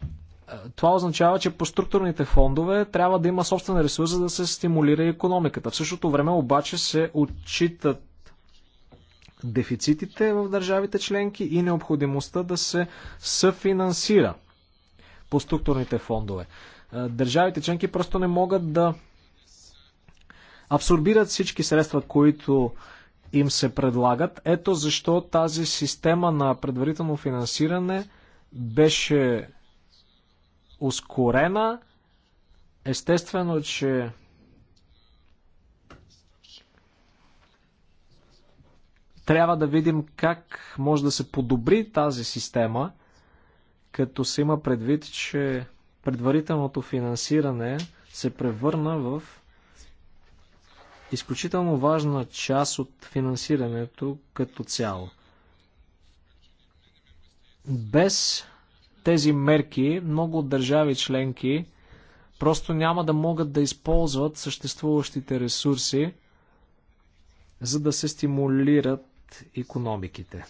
Е, това означава, че по структурните фондове трябва да има собствен ресурс, за да се стимулира економиката. В същото време обаче се отчитат дефицитите в държавите членки и необходимостта да се съфинансира по структурните фондове. Е, държавите членки просто не могат да абсорбират всички средства, които им се предлагат. Ето защо тази система на предварително финансиране беше ускорена. Естествено, че трябва да видим как може да се подобри тази система, като се има предвид, че предварителното финансиране се превърна в изключително важна част от финансирането като цяло. Без тези мерки много държави членки просто няма да могат да използват съществуващите ресурси, за да се стимулират економиките.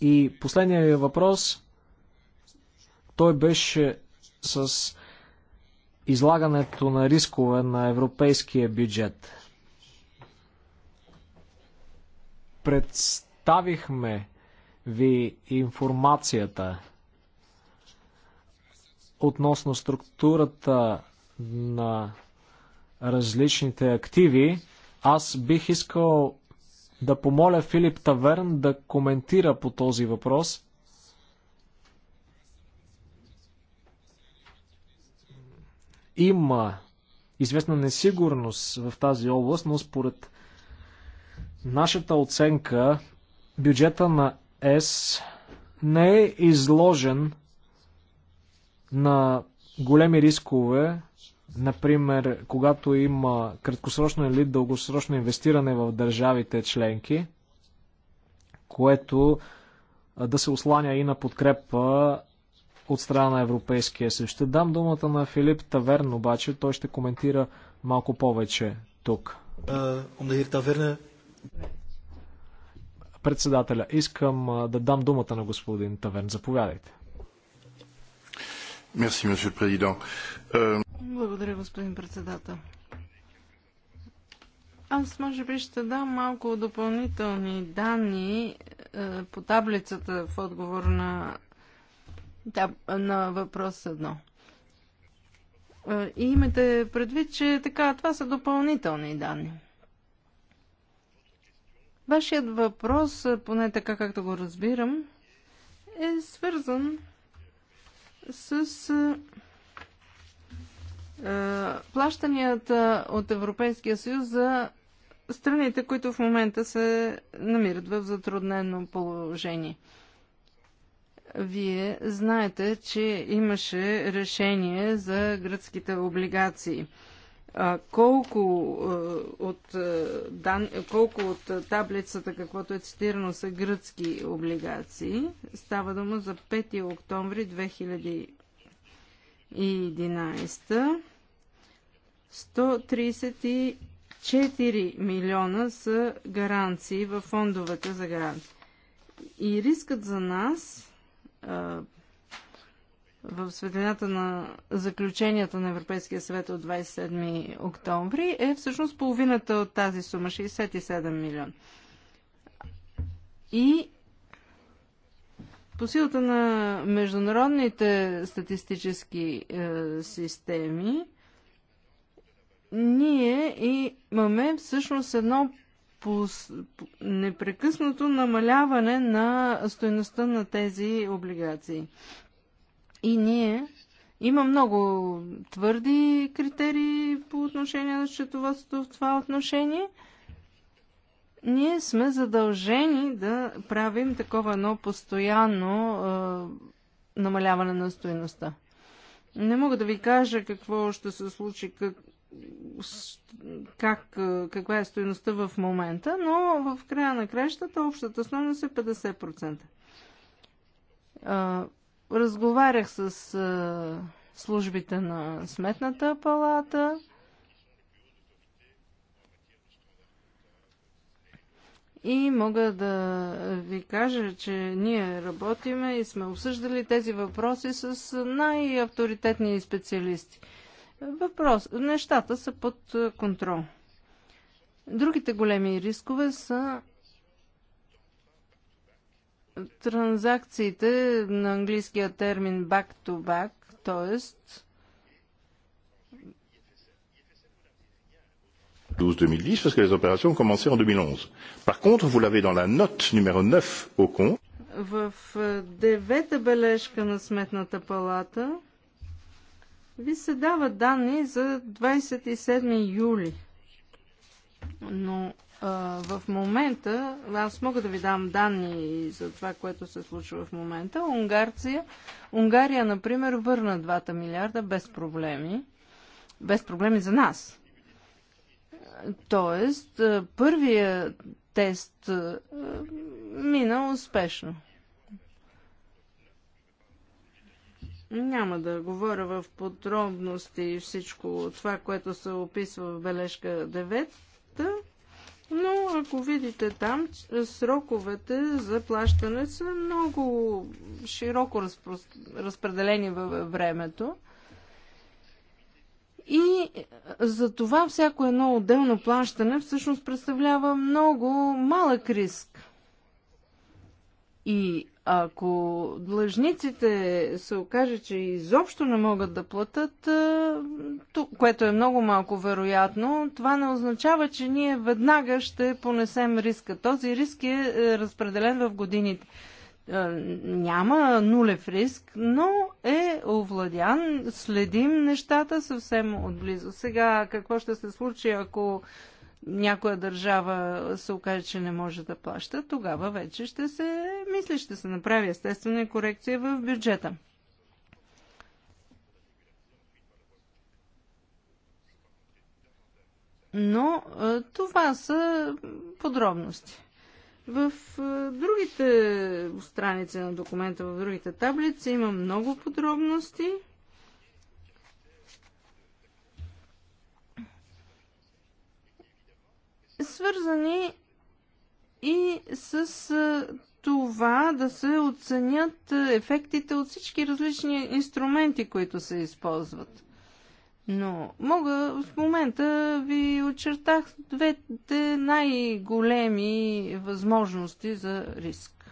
И последният въпрос той беше с излагането на рискове на европейския бюджет. Представихме ви информацията относно структурата на различните активи. Аз бих искал да помоля Филип Таверн да коментира по този въпрос – Има известна несигурност в тази област, но според нашата оценка бюджета на ЕС не е изложен на големи рискове, например, когато има краткосрочно или дългосрочно инвестиране в държавите членки, което да се осланя и на подкрепа от страна на Европейския съюз. Ще дам думата на Филип Таверн, обаче той ще коментира малко повече тук. Е, Председателя, искам да дам думата на господин Таверн. Заповядайте. Е, Благодаря, господин председател. Аз може би ще дам малко допълнителни данни е, по таблицата в отговор на да, на въпрос едно. Е, и имате предвид, че така, това са допълнителни данни. Вашият въпрос, поне така както го разбирам, е свързан с е, плащанията от Европейския съюз за страните, които в момента се намират в затруднено положение. Вие знаете, че имаше решение за гръцките облигации. Колко от, дан... колко от таблицата, каквото е цитирано, са гръцки облигации? Става дума за 5 октомври 2011. 134 милиона са гаранции във фондовете за гаранции. И рискът за нас в светлината на заключенията на Европейския съвет от 27 октомври е всъщност половината от тази сума 67 милион. И по силата на международните статистически е, системи, ние имаме всъщност едно по непрекъснато намаляване на стоеността на тези облигации. И ние има много твърди критерии по отношение на счетоводството в това отношение. Ние сме задължени да правим такова едно постоянно е, намаляване на стоеността. Не мога да ви кажа какво ще се случи, как, как, каква е стоеността в момента, но в края на кращата общата стоеност е 50%. А, разговарях с а, службите на Сметната палата. И мога да ви кажа, че ние работиме и сме обсъждали тези въпроси с най-авторитетни специалисти въпрос. Нещата са под е, контрол. Другите големи рискове са транзакциите на английския термин back-to-back, т.е. В е, девета бележка на Сметната палата ви се дават данни за 27 юли. Но а, в момента, аз мога да ви дам данни за това, което се случва в момента. Унгарция, Унгария, например, върна 2 милиарда без проблеми. Без проблеми за нас. Тоест, първия тест мина успешно. Няма да говоря в подробности всичко това, което се описва в бележка 9, но ако видите там, сроковете за плащане са много широко разпределени във времето. И за това всяко едно отделно плащане всъщност представлява много малък риск. И ако длъжниците се окаже, че изобщо не могат да платят, което е много малко вероятно, това не означава, че ние веднага ще понесем риска. Този риск е, е разпределен в годините. Няма нулев риск, но е овладян. Следим нещата съвсем отблизо. Сега какво ще се случи, ако някоя държава се окаже, че не може да плаща, тогава вече ще се мисли, ще се направи естествена корекция в бюджета. Но това са подробности. В другите страници на документа, в другите таблици има много подробности – свързани и с това да се оценят ефектите от всички различни инструменти, които се използват. Но мога в момента ви очертах двете най-големи възможности за риск.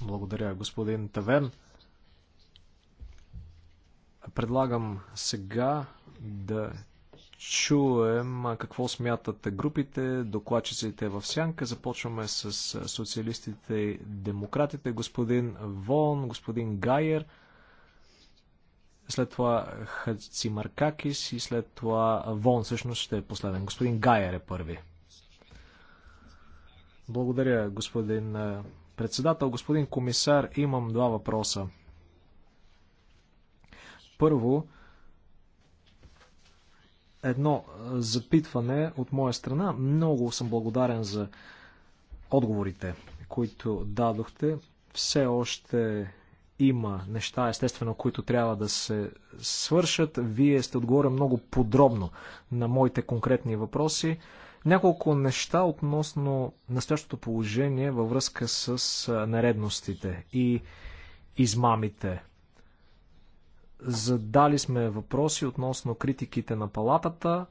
Благодаря, господин Таверн. Предлагам сега да чуем какво смятат групите, докладчиците в сянка. Започваме с социалистите и демократите. Господин Вон, господин Гайер, след това Хацимаркакис и след това Вон всъщност ще е последен. Господин Гайер е първи. Благодаря, господин председател. Господин комисар, имам два въпроса. Първо, едно запитване от моя страна. Много съм благодарен за отговорите, които дадохте. Все още има неща, естествено, които трябва да се свършат. Вие сте отговорили много подробно на моите конкретни въпроси. Няколко неща относно настоящото положение във връзка с наредностите и измамите. Задали сме въпроси относно критиките на палатата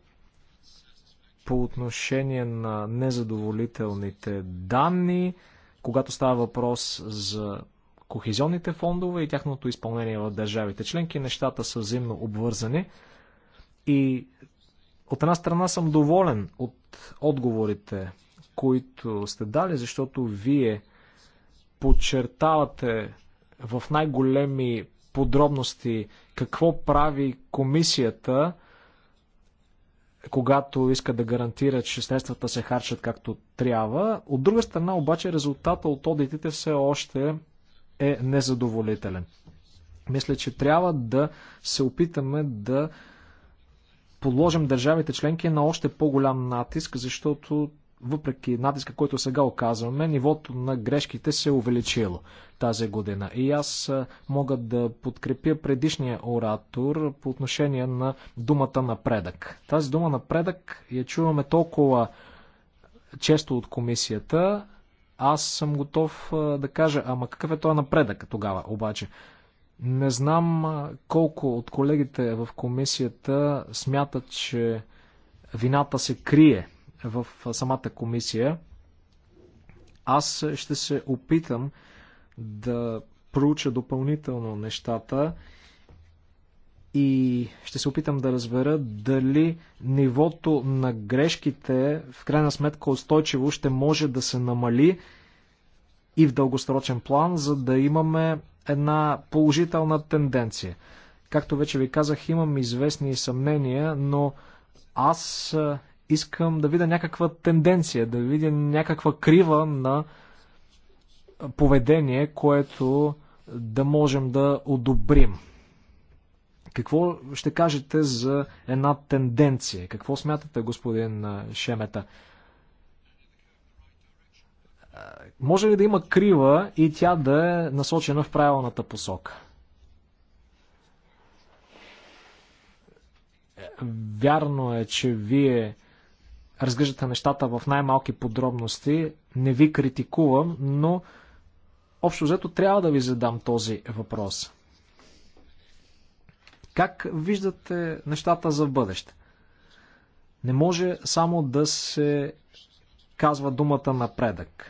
по отношение на незадоволителните данни, когато става въпрос за кохезионните фондове и тяхното изпълнение в държавите членки, нещата са взаимно обвързани. И от една страна съм доволен от отговорите, които сте дали, защото вие подчертавате в най-големи подробности какво прави комисията, когато иска да гарантира, че средствата се харчат както трябва. От друга страна обаче резултата от одитите все още е незадоволителен. Мисля, че трябва да се опитаме да подложим държавите членки на още по-голям натиск, защото въпреки натиска, който сега оказваме, нивото на грешките се е увеличило тази година. И аз мога да подкрепя предишния оратор по отношение на думата напредък. Тази дума напредък я чуваме толкова често от комисията. Аз съм готов да кажа, ама какъв е този напредък тогава обаче? Не знам колко от колегите в комисията смятат, че вината се крие в самата комисия. Аз ще се опитам да проуча допълнително нещата и ще се опитам да разбера дали нивото на грешките в крайна сметка устойчиво ще може да се намали и в дългосрочен план, за да имаме една положителна тенденция. Както вече ви казах, имам известни съмнения, но аз Искам да видя някаква тенденция, да видя някаква крива на поведение, което да можем да одобрим. Какво ще кажете за една тенденция? Какво смятате, господин Шемета? Може ли да има крива и тя да е насочена в правилната посока? Вярно е, че вие разглеждате нещата в най-малки подробности. Не ви критикувам, но общо взето трябва да ви задам този въпрос. Как виждате нещата за бъдеще? Не може само да се казва думата напредък.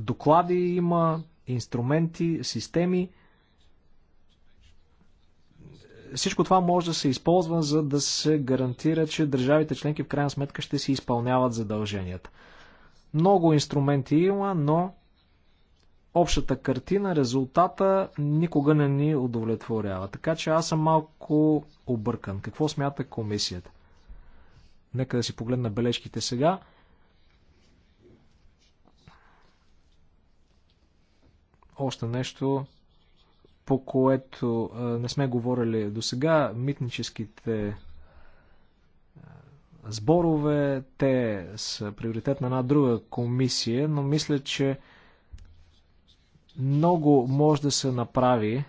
Доклади има, инструменти, системи – всичко това може да се използва, за да се гарантира, че държавите членки в крайна сметка ще си изпълняват задълженията. Много инструменти има, но общата картина, резултата никога не ни удовлетворява. Така че аз съм малко объркан. Какво смята комисията? Нека да си погледна бележките сега. Още нещо по което не сме говорили до сега, митническите сборове, те са приоритет на една друга комисия, но мисля, че много може да се направи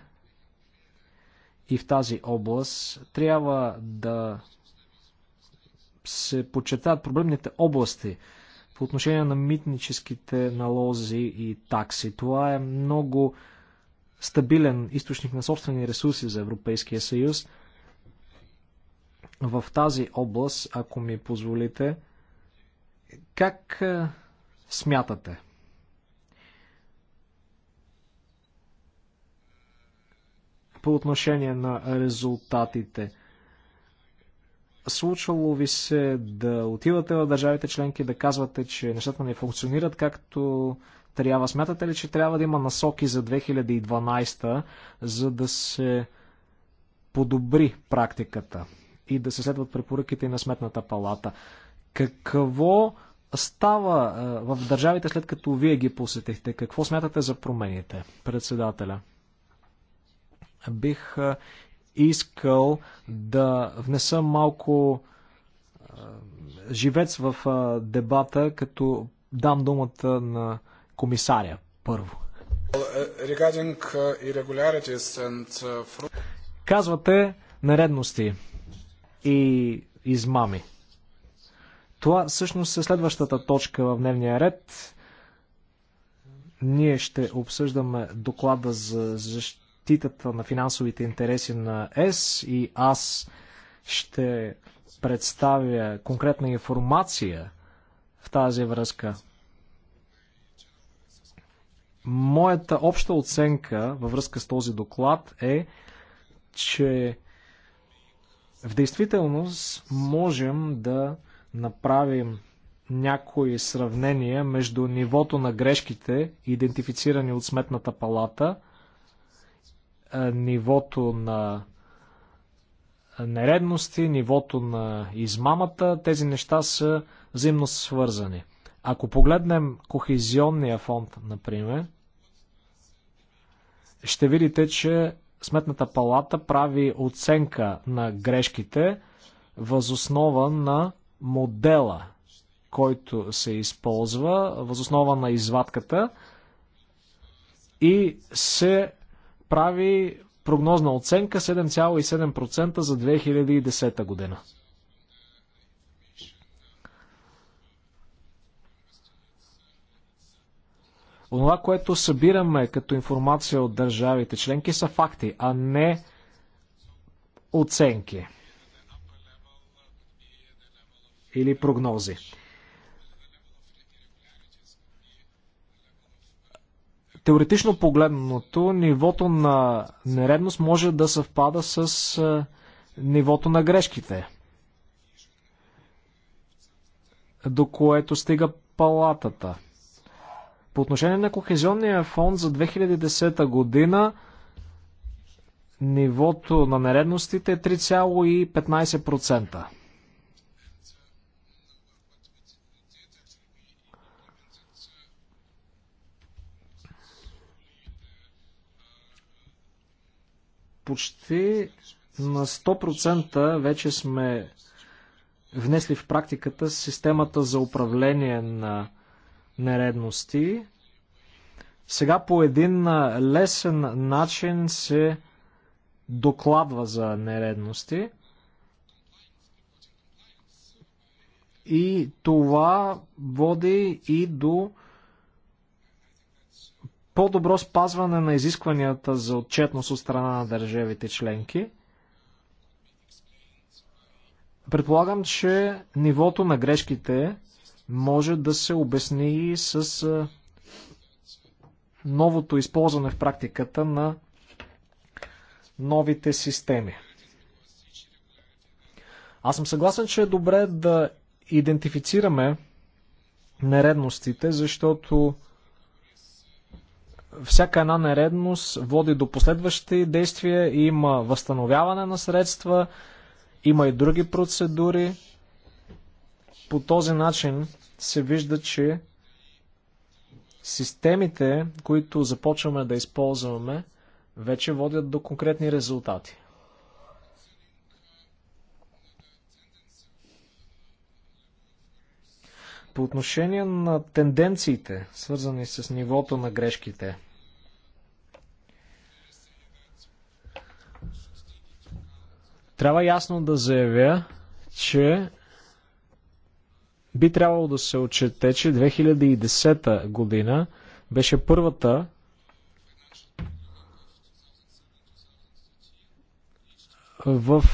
и в тази област. Трябва да се почетат проблемните области по отношение на митническите налози и такси. Това е много стабилен източник на собствени ресурси за Европейския съюз. В тази област, ако ми позволите, как е, смятате? По отношение на резултатите – случвало ви се да отивате в държавите членки, да казвате, че нещата не функционират както трябва. Смятате ли, че трябва да има насоки за 2012, за да се подобри практиката и да се следват препоръките и на Сметната палата? Какво става е, в държавите след като вие ги посетихте? Какво смятате за промените, председателя? Бих е, искал да внеса малко е, живец в дебата, като дам думата на комисаря първо. Uh, uh, Казвате нередности и измами. Това всъщност е следващата точка в дневния ред. Ние ще обсъждаме доклада за защитата на финансовите интереси на ЕС и аз ще представя конкретна информация в тази връзка. Моята обща оценка във връзка с този доклад е, че в действителност можем да направим някои сравнения между нивото на грешките, идентифицирани от Сметната палата, нивото на нередности, нивото на измамата. Тези неща са взаимно свързани. Ако погледнем Кохезионния фонд, например, ще видите, че Сметната палата прави оценка на грешките възоснова на модела, който се използва, възоснова на извадката и се прави прогнозна оценка 7,7% за 2010 година. Онова, което събираме като информация от държавите членки са факти, а не оценки или прогнози. Теоретично погледното, нивото на нередност може да съвпада с нивото на грешките, до което стига палатата – по отношение на Кохезионния фонд за 2010 година, нивото на нередностите е 3,15%. Почти на 100% вече сме внесли в практиката системата за управление на нередности. Сега по един лесен начин се докладва за нередности. И това води и до по-добро спазване на изискванията за отчетност от страна на държавите членки. Предполагам, че нивото на грешките може да се обясни и с новото използване в практиката на новите системи. Аз съм съгласен, че е добре да идентифицираме нередностите, защото всяка една нередност води до последващи действия, има възстановяване на средства, има и други процедури. По този начин се вижда, че системите, които започваме да използваме, вече водят до конкретни резултати. По отношение на тенденциите, свързани с нивото на грешките, трябва ясно да заявя, че би трябвало да се отчете, че 2010 година беше първата в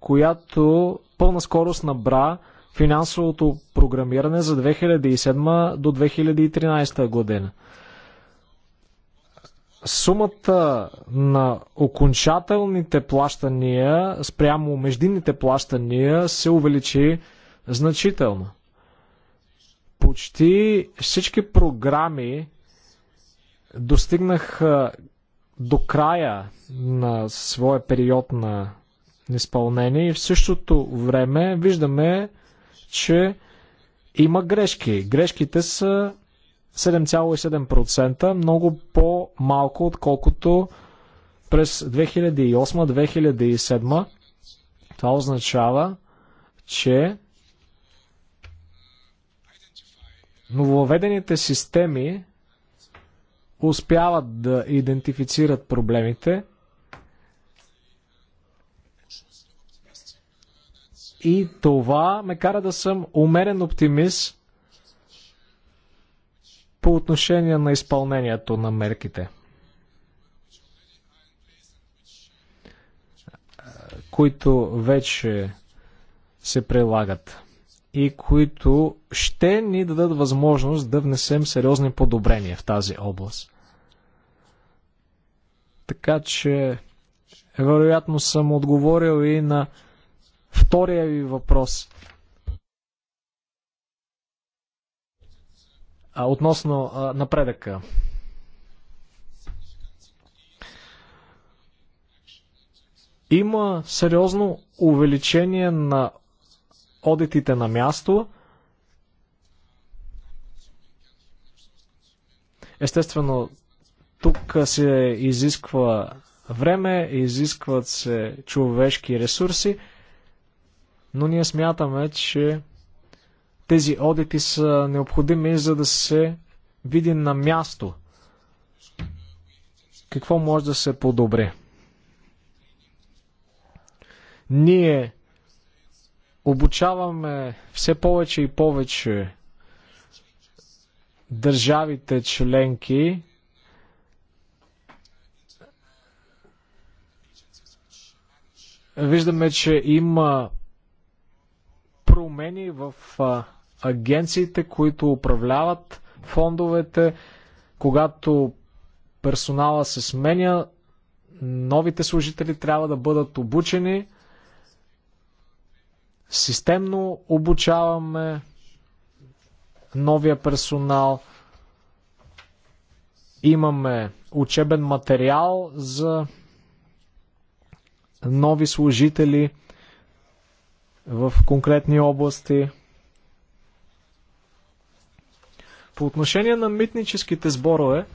която пълна скорост набра финансовото програмиране за 2007 до 2013 година. Сумата на окончателните плащания спрямо междинните плащания се увеличи значително. Почти всички програми достигнаха до края на своя период на изпълнение и в същото време виждаме, че има грешки. Грешките са 7,7%, много по-малко, отколкото през 2008-2007. Това означава, че Нововведените системи успяват да идентифицират проблемите и това ме кара да съм умерен оптимист по отношение на изпълнението на мерките. които вече се прилагат и които ще ни дадат възможност да внесем сериозни подобрения в тази област. Така че, вероятно съм отговорил и на втория ви въпрос. А, относно а, напредъка. Има сериозно увеличение на одитите на място. Естествено, тук се изисква време, изискват се човешки ресурси, но ние смятаме, че тези одити са необходими, за да се види на място какво може да се подобри. Ние Обучаваме все повече и повече държавите членки виждаме, че има промени в агенциите, които управляват фондовете. Когато персонала се сменя, новите служители трябва да бъдат обучени. Системно обучаваме новия персонал. Имаме учебен материал за нови служители в конкретни области. По отношение на митническите сборове,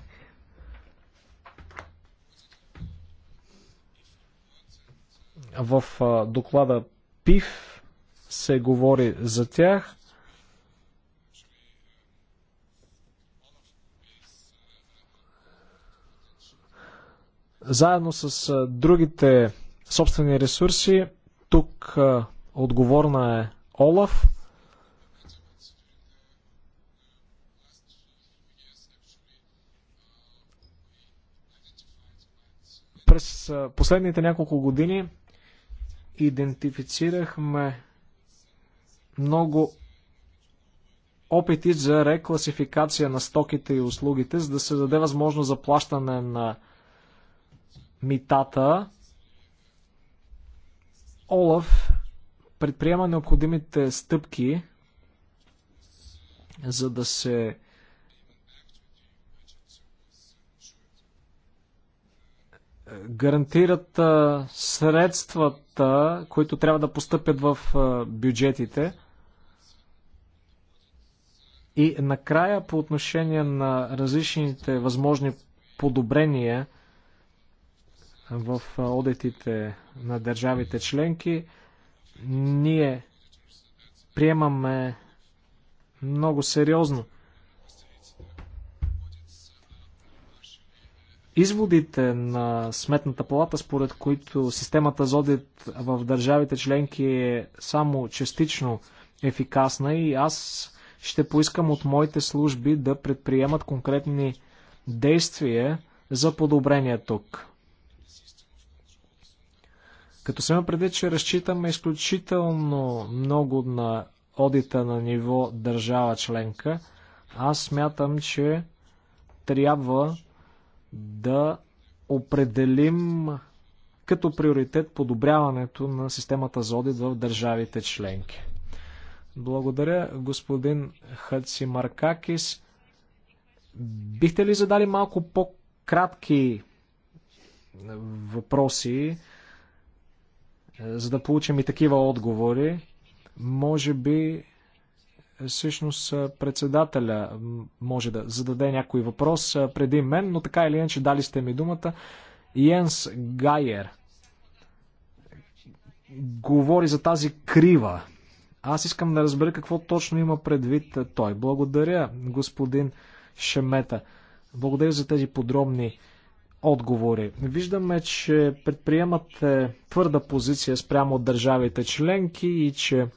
в доклада ПИФ се говори за тях. Заедно с другите собствени ресурси, тук отговорна е Олаф. През последните няколко години идентифицирахме много опити за рекласификация на стоките и услугите, за да се даде възможност за плащане на митата. Олаф предприема необходимите стъпки, за да се гарантират средствата, които трябва да постъпят в бюджетите. И накрая по отношение на различните възможни подобрения в одетите на държавите членки, ние приемаме много сериозно изводите на Сметната палата, според които системата за одит в държавите членки е само частично ефикасна и аз ще поискам от моите служби да предприемат конкретни действия за подобрение тук. Като се има преди, че разчитаме изключително много на одита на ниво държава членка, аз смятам, че трябва да определим като приоритет подобряването на системата за одит в държавите членки. Благодаря, господин Хацимаркакис. Бихте ли задали малко по-кратки въпроси, за да получим и такива отговори? Може би, всъщност, председателя може да зададе някой въпрос преди мен, но така или иначе дали сте ми думата. Йенс Гайер говори за тази крива аз искам да разбера какво точно има предвид е, той. Благодаря, господин Шемета. Благодаря за тези подробни отговори. Виждаме, че предприемате твърда позиция спрямо от държавите членки и че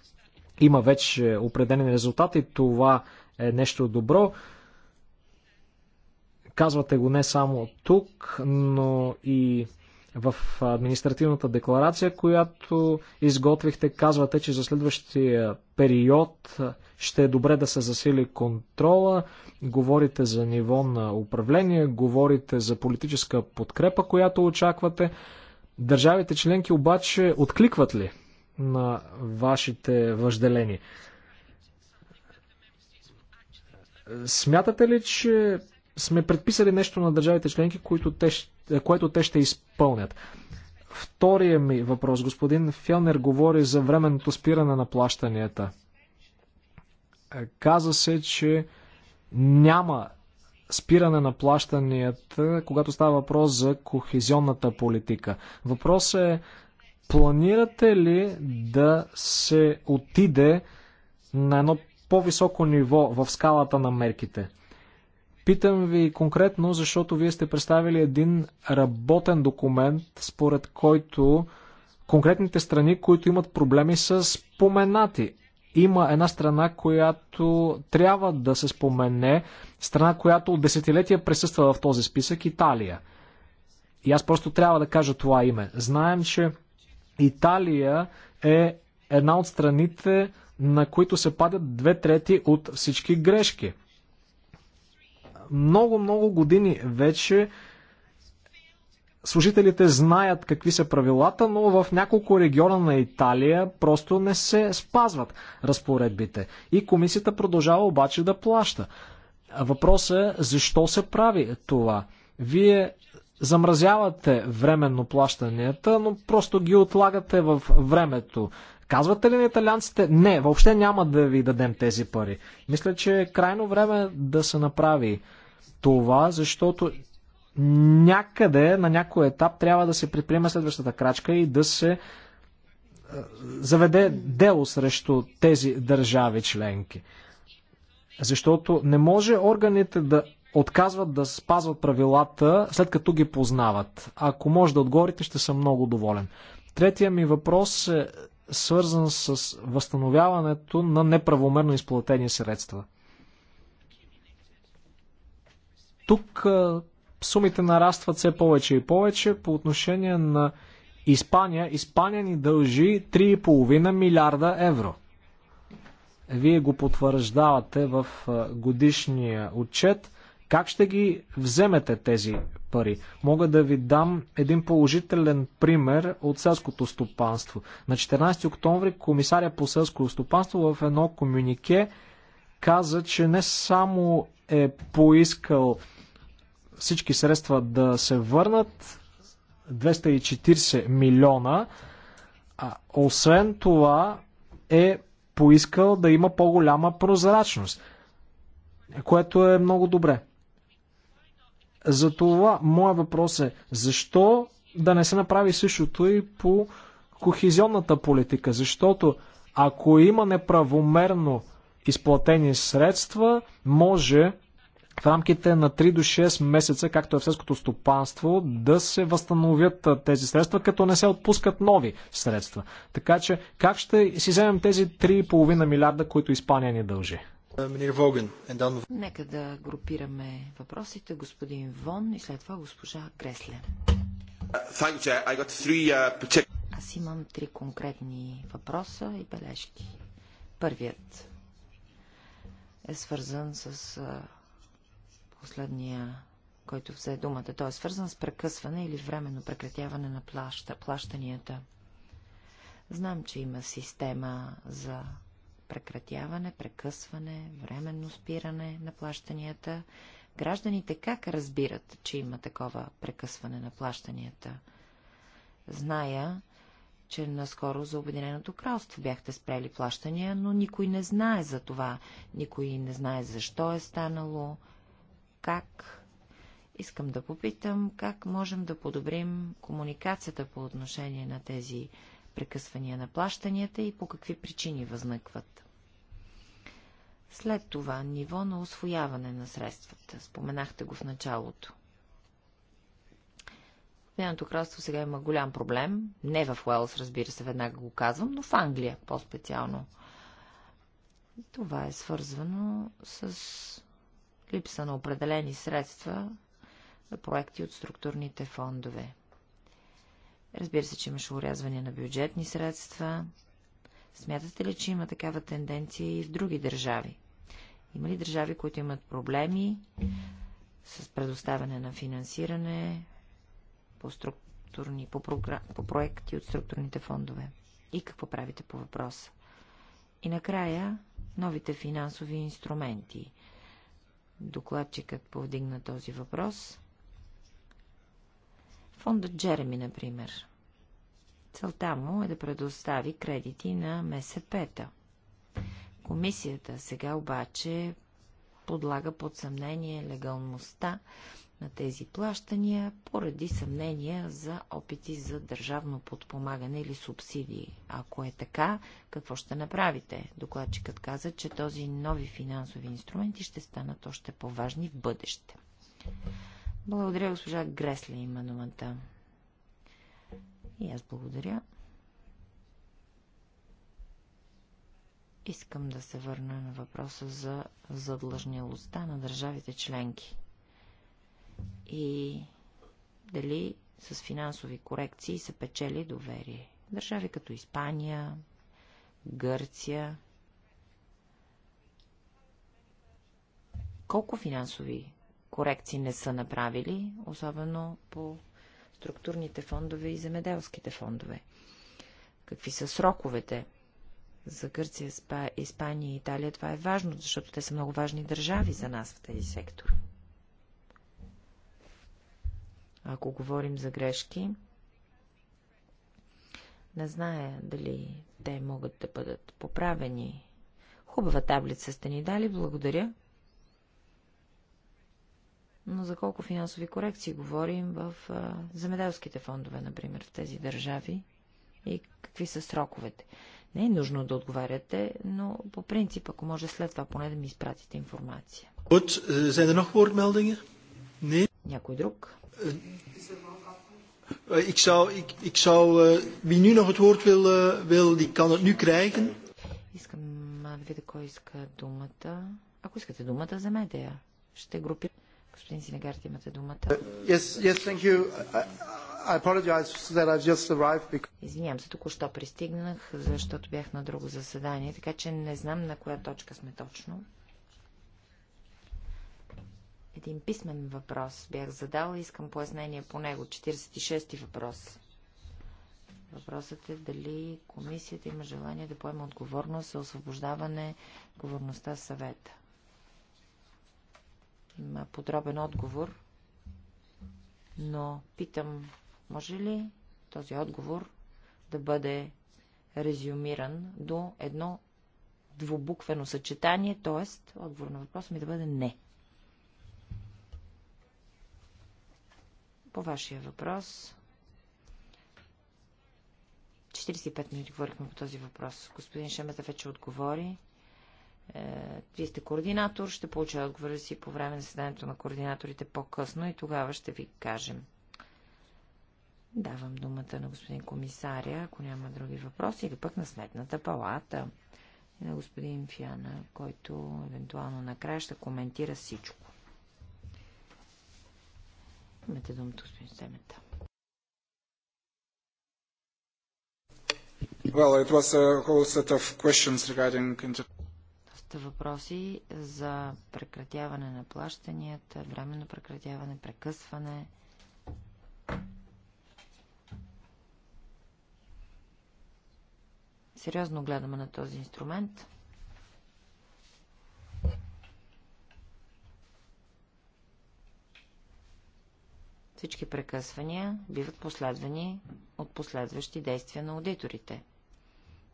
има вече определени резултати. Това е нещо добро. Казвате го не само тук, но и в административната декларация, която изготвихте, казвате, че за следващия период ще е добре да се засили контрола, говорите за ниво на управление, говорите за политическа подкрепа, която очаквате. Държавите членки обаче откликват ли на вашите въжделения? Смятате ли, че сме предписали нещо на държавите членки, което те, което те ще изпълнят. Втория ми въпрос, господин Фелнер говори за временното спиране на плащанията. Каза се, че няма спиране на плащанията, когато става въпрос за кохезионната политика. Въпросът е, планирате ли да се отиде на едно по-високо ниво в скалата на мерките? Питам ви конкретно, защото вие сте представили един работен документ, според който конкретните страни, които имат проблеми, са споменати. Има една страна, която трябва да се спомене, страна, която от десетилетия присъства в този списък Италия. И аз просто трябва да кажа това име. Знаем, че Италия е една от страните, на които се падат две трети от всички грешки – много-много години вече служителите знаят какви са правилата, но в няколко региона на Италия просто не се спазват разпоредбите. И комисията продължава обаче да плаща. Въпросът е защо се прави това. Вие замразявате временно плащанията, но просто ги отлагате в времето. Казвате ли на италианците, не, въобще няма да ви дадем тези пари. Мисля, че е крайно време да се направи това, защото някъде, на някой етап, трябва да се предприема следващата крачка и да се е, заведе дело срещу тези държави членки. Защото не може органите да отказват да спазват правилата, след като ги познават. Ако може да отговорите, ще съм много доволен. Третия ми въпрос е свързан с възстановяването на неправомерно изплатени средства. Тук сумите нарастват все повече и повече по отношение на Испания. Испания ни дължи 3,5 милиарда евро. Вие го потвърждавате в годишния отчет. Как ще ги вземете тези пари. Мога да ви дам един положителен пример от селското стопанство. На 14 октомври комисаря по селско стопанство в едно комюнике каза, че не само е поискал всички средства да се върнат 240 милиона, а освен това е поискал да има по-голяма прозрачност, което е много добре. Затова моя въпрос е, защо да не се направи същото и по кохезионната политика? Защото ако има неправомерно изплатени средства, може в рамките на 3 до 6 месеца, както е в селското стопанство, да се възстановят тези средства, като не се отпускат нови средства. Така че как ще си вземем тези 3,5 милиарда, които Испания ни дължи? Е, Нека да групираме въпросите. Господин Вон и след това госпожа Гресле. Uh, Аз имам три конкретни въпроса и бележки. Първият е свързан с последния, който взе думата. Той е свързан с прекъсване или временно прекратяване на плаща, плащанията. Знам, че има система за прекратяване, прекъсване, временно спиране на плащанията. Гражданите как разбират, че има такова прекъсване на плащанията? Зная, че наскоро за Обединеното кралство бяхте спрели плащания, но никой не знае за това, никой не знае защо е станало, как. Искам да попитам, как можем да подобрим комуникацията по отношение на тези прекъсвания на плащанията и по какви причини възникват. След това ниво на освояване на средствата. Споменахте го в началото. Обединеното кралство сега има голям проблем. Не в Уелс, разбира се, веднага го казвам, но в Англия по-специално. Това е свързвано с липса на определени средства за проекти от структурните фондове. Разбира се, че имаше урязване на бюджетни средства. Смятате ли, че има такава тенденция и в други държави? Има ли държави, които имат проблеми с предоставяне на финансиране по, структурни, по, програ... по проекти от структурните фондове? И какво правите по въпроса? И накрая новите финансови инструменти. Докладчикът повдигна този въпрос. Фонда Джереми, например. Целта му е да предостави кредити на МСП-та. Комисията сега обаче подлага под съмнение легалността на тези плащания поради съмнения за опити за държавно подпомагане или субсидии. Ако е така, какво ще направите? Докладчикът каза, че този нови финансови инструменти ще станат още по-важни в бъдеще. Благодаря, госпожа Гресли има думата. И аз благодаря. Искам да се върна на въпроса за задлъжнялостта на държавите членки. И дали с финансови корекции се печели доверие. Държави като Испания, Гърция. Колко финансови корекции не са направили, особено по структурните фондове и земеделските фондове. Какви са сроковете? За Гърция, Спа, Испания и Италия това е важно, защото те са много важни държави за нас в тези сектор. Ако говорим за грешки, не зная дали те могат да бъдат поправени. Хубава таблица сте ни дали, благодаря но за колко финансови корекции говорим в а, земеделските фондове, например, в тези държави и какви са сроковете. Не е нужно да отговаряте, но по принцип, ако може след това поне да ми изпратите информация. Goed, е, zijn er nog Някой друг? Е, е, ik zou, ik, ik zou, wie nu nog het woord wil, wil, die kan het nu krijgen. Искам да видя кой иска думата. Ако искате думата, вземете я. Ще групирам. Господин Синегард, имате думата. Извинявам се, току-що пристигнах, защото бях на друго заседание, така че не знам на коя точка сме точно. Един писмен въпрос бях задала, искам пояснение по него. 46-ти въпрос. Въпросът е дали комисията има желание да поема отговорност за освобождаване отговорността съвета подробен отговор, но питам, може ли този отговор да бъде резюмиран до едно двубуквено съчетание, т.е. отговор на въпроса ми да бъде не. По вашия въпрос, 45 минути говорихме по този въпрос. Господин Шемета вече отговори. Вие сте координатор, ще получа отговора си по време на седането на координаторите по-късно и тогава ще ви кажем. Давам думата на господин комисаря, ако няма други въпроси, или пък на сметната палата и на господин Фиана, който евентуално накрая ще коментира всичко. Имате думата, господин Семета. Well, it was a whole set of questions regarding въпроси за прекратяване на плащанията, временно прекратяване, прекъсване. Сериозно гледаме на този инструмент. Всички прекъсвания биват последвани от последващи действия на аудиторите.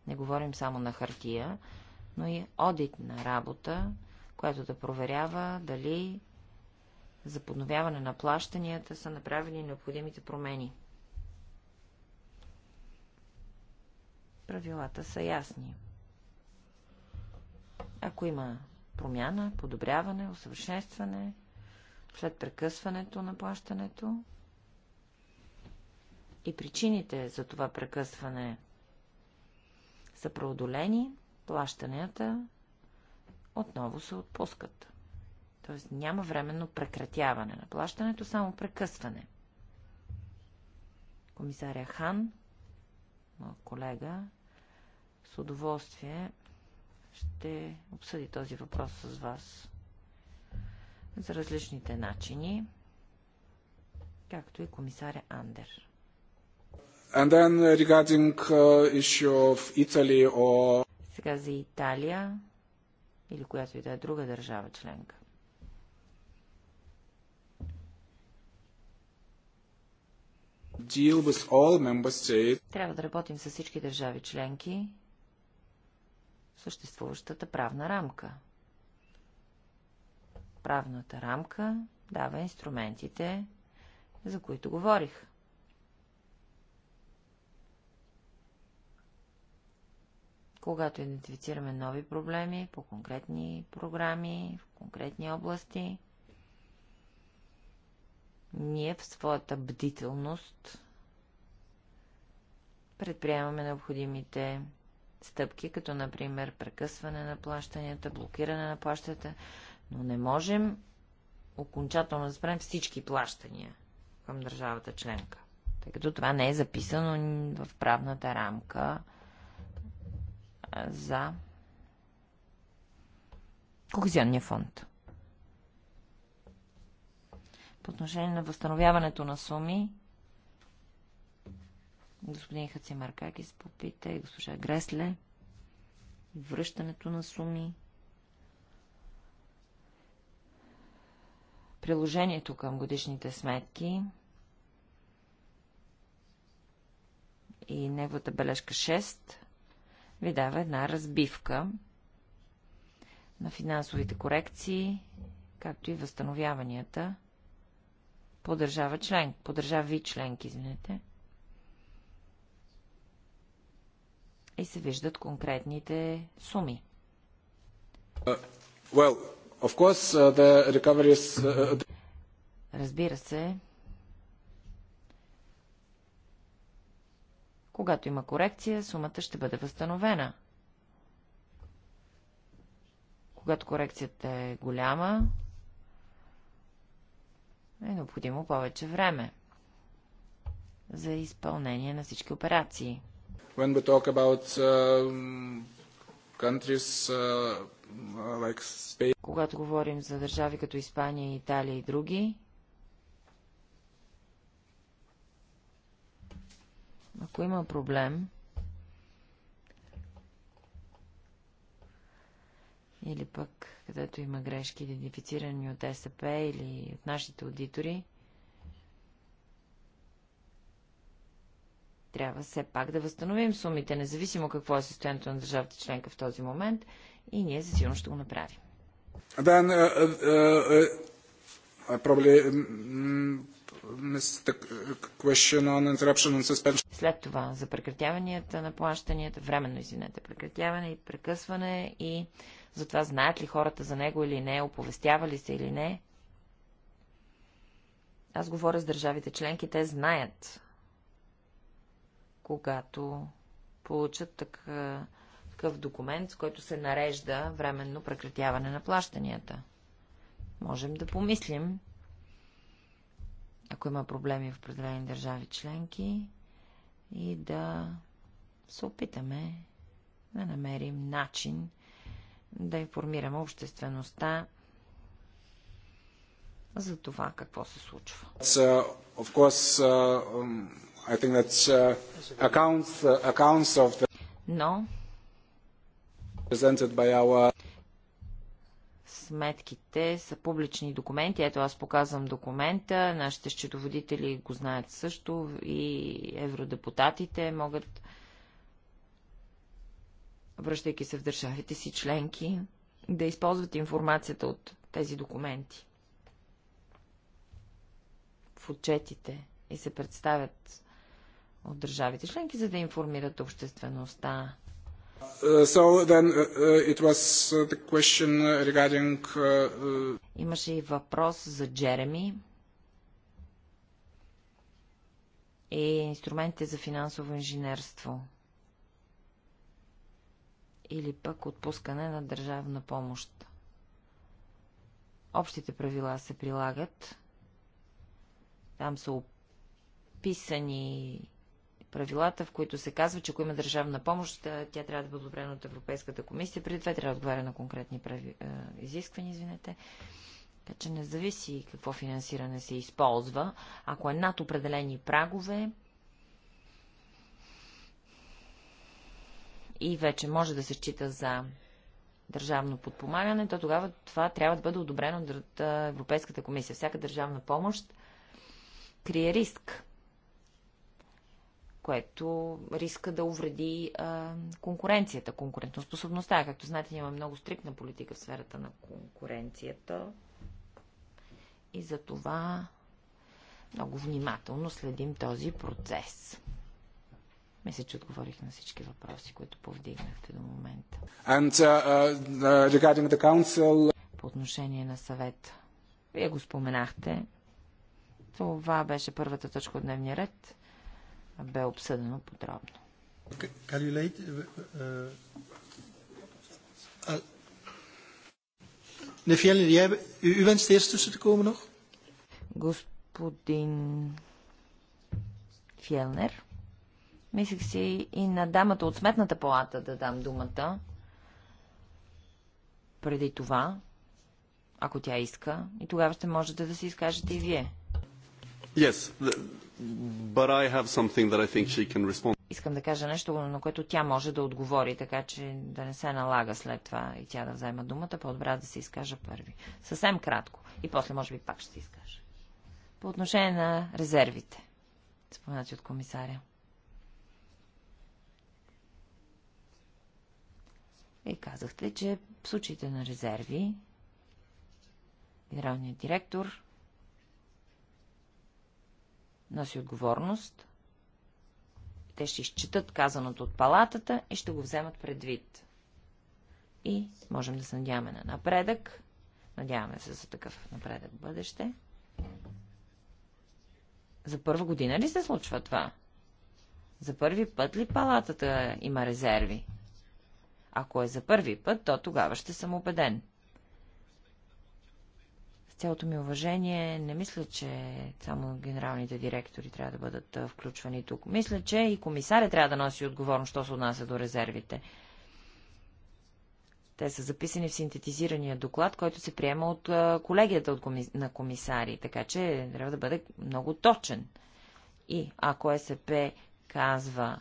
Не говорим само на хартия, но и одитна работа, която да проверява дали за подновяване на плащанията са направени необходимите промени. Правилата са ясни. Ако има промяна, подобряване, усъвършенстване, след прекъсването на плащането и причините за това прекъсване са преодолени, плащанията отново се отпускат. Тоест няма временно прекратяване на плащането, само прекъсване. Комисаря Хан, моят колега, с удоволствие ще обсъди този въпрос с вас за различните начини, както и комисаря Андер. And then regarding uh, issue of Italy or сега за Италия или която и да е друга държава членка. Трябва да работим с всички държави членки в съществуващата правна рамка. Правната рамка дава инструментите, за които говорих. когато идентифицираме нови проблеми по конкретни програми, в конкретни области, ние в своята бдителност предприемаме необходимите стъпки, като например прекъсване на плащанията, блокиране на плащанията, но не можем окончателно да спрем всички плащания към държавата членка, тъй като това не е записано в правната рамка за Кохезионния фонд. По отношение на възстановяването на суми, господин Маркакис попита и госпожа Гресле, връщането на суми, приложението към годишните сметки и неговата бележка 6 ви дава една разбивка на финансовите корекции, както и възстановяванията по държава член, по държави членки, извинете. И се виждат конкретните суми. Uh, well, course, uh, uh, uh, Разбира се, Когато има корекция, сумата ще бъде възстановена. Когато корекцията е голяма, е необходимо повече време за изпълнение на всички операции. When we talk about uh, countries uh, like Spain... Когато говорим за държави като Испания, Италия и други, Ако има проблем или пък където има грешки, идентифицирани от СП или от нашите аудитори, трябва все пак да възстановим сумите, независимо какво е състоянието на държавата членка в този момент и ние за сигурно ще го направим. Да, uh, uh, uh, uh, probably um, Uh, След това за прекратяванията на плащанията, временно, извинете, прекратяване и прекъсване и за това знаят ли хората за него или не, оповестявали се или не. Аз говоря с държавите членки, те знаят, когато получат така, такъв документ, с който се нарежда временно прекратяване на плащанията. Можем да помислим ако има проблеми в определени държави членки и да се опитаме да намерим начин да информираме обществеността за това какво се случва. Но uh, course, uh, um, uh, uh Но our... Сметките са публични документи. Ето аз показвам документа. Нашите счетоводители го знаят също и евродепутатите могат, връщайки се в държавите си членки, да използват информацията от тези документи в отчетите и се представят от държавите членки, за да информират обществеността Uh, so then, uh, uh, the regarding, uh... Имаше и въпрос за Джереми и е, инструментите за финансово инженерство или пък отпускане на държавна помощ. Общите правила се прилагат. Там са описани правилата, в които се казва, че ако има държавна помощ, тя трябва да бъде одобрена от Европейската комисия. Преди това трябва да отговаря на конкретни прави... изисквания, извинете. Така че не зависи какво финансиране се използва. Ако е над определени прагове, и вече може да се счита за държавно подпомагане, то тогава това трябва да бъде одобрено от Европейската комисия. Всяка държавна помощ крие риск което риска да увреди а, конкуренцията, конкурентоспособността. Както знаете, има много стриктна политика в сферата на конкуренцията и за това много внимателно следим този процес. Мисля, че отговорих на всички въпроси, които повдигнахте до момента. And, uh, uh, uh the council... По отношение на съвета. Вие го споменахте. Това беше първата точка от дневния ред бе обсъдено подробно. Господин Фелнер. Мислих си и на дамата от сметната палата да дам думата. Преди това, ако тя иска, и тогава ще можете да се изкажете и вие. Yes, but I have something that I think she can respond. Искам да кажа нещо, на което тя може да отговори, така че да не се налага след това и тя да взема думата, по-добре да се изкажа първи. Съвсем кратко. И после може би пак ще се изкажа. По отношение на резервите, споменати от комисаря. И казахте, че в случаите на резерви генералният директор носи отговорност. Те ще изчитат казаното от палатата и ще го вземат предвид. И можем да се надяваме на напредък. Надяваме се за такъв напредък в бъдеще. За първа година ли се случва това? За първи път ли палатата има резерви? Ако е за първи път, то тогава ще съм убеден. С цялото ми уважение, не мисля, че само генералните директори трябва да бъдат включвани тук. Мисля, че и комисаря трябва да носи отговорност, що се отнася до резервите. Те са записани в синтетизирания доклад, който се приема от колегията от коми... на комисари, така че трябва да бъде много точен. И ако СП казва,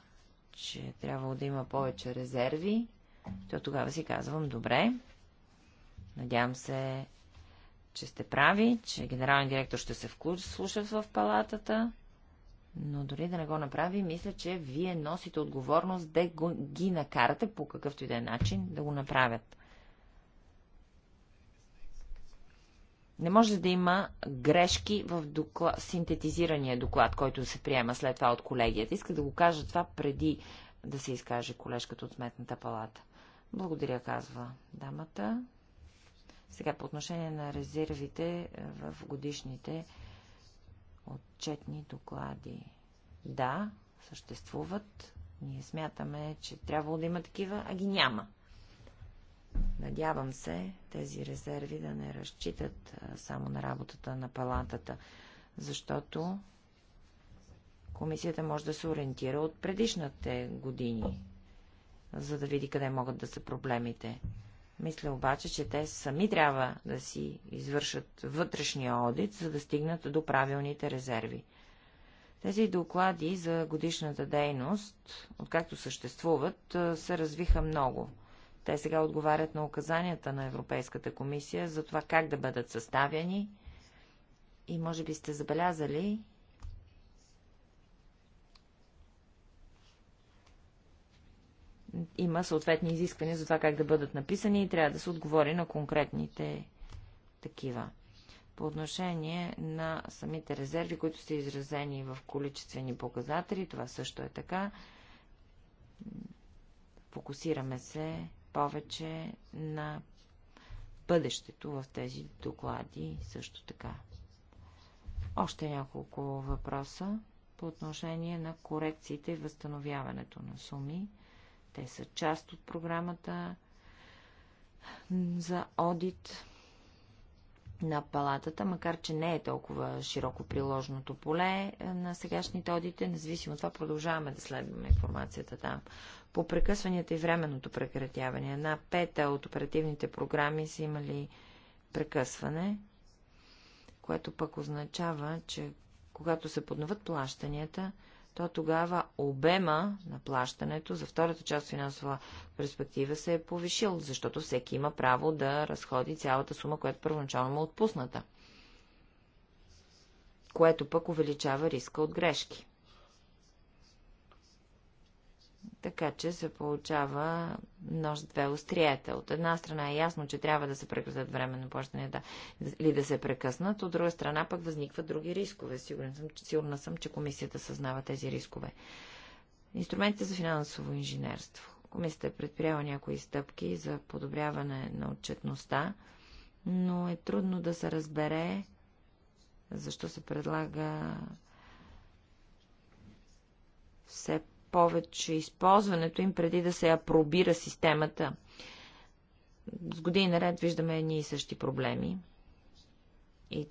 че трябва да има повече резерви, то тогава си казвам, добре, надявам се че сте прави, че генерален директор ще се слуша в палатата, но дори да не го направи, мисля, че вие носите отговорност да ги накарате по какъвто и да е начин да го направят. Не може да има грешки в доклад, синтетизирания доклад, който се приема след това от колегията. Иска да го кажа това преди да се изкаже колежката от Сметната палата. Благодаря, казва дамата. Сега по отношение на резервите е, в годишните отчетни доклади. Да, съществуват. Ние смятаме, че трябвало да има такива, а ги няма. Надявам се тези резерви да не разчитат е, само на работата на палатата, защото комисията може да се ориентира от предишните години, за да види къде могат да са проблемите. Мисля обаче, че те сами трябва да си извършат вътрешния одит, за да стигнат до правилните резерви. Тези доклади за годишната дейност, откакто съществуват, се развиха много. Те сега отговарят на указанията на Европейската комисия за това как да бъдат съставяни. И може би сте забелязали, има съответни изисквания за това как да бъдат написани и трябва да се отговори на конкретните такива. По отношение на самите резерви, които са изразени в количествени показатели, това също е така. Фокусираме се повече на бъдещето в тези доклади също така. Още няколко въпроса по отношение на корекциите и възстановяването на суми. Те са част от програмата за одит на палатата, макар че не е толкова широко приложното поле на сегашните одите. Независимо от това продължаваме да следваме информацията там. По прекъсванията и временното прекратяване. на пета от оперативните програми са имали прекъсване, което пък означава, че когато се подноват плащанията, то тогава обема на плащането за втората част финансова перспектива се е повишил, защото всеки има право да разходи цялата сума, която първоначално му е отпусната, което пък увеличава риска от грешки. Така че се получава нож две остриета. От една страна е ясно, че трябва да се прекратят временно плащанията или да се прекъснат, от друга страна пък възникват други рискове. Сигурен съм, че, сигурна съм, че комисията съзнава тези рискове. Инструментите за финансово инженерство. Комисията е предприяла някои стъпки за подобряване на отчетността, но е трудно да се разбере защо се предлага все повече използването им, преди да се апробира системата. С години наред виждаме едни и същи проблеми. И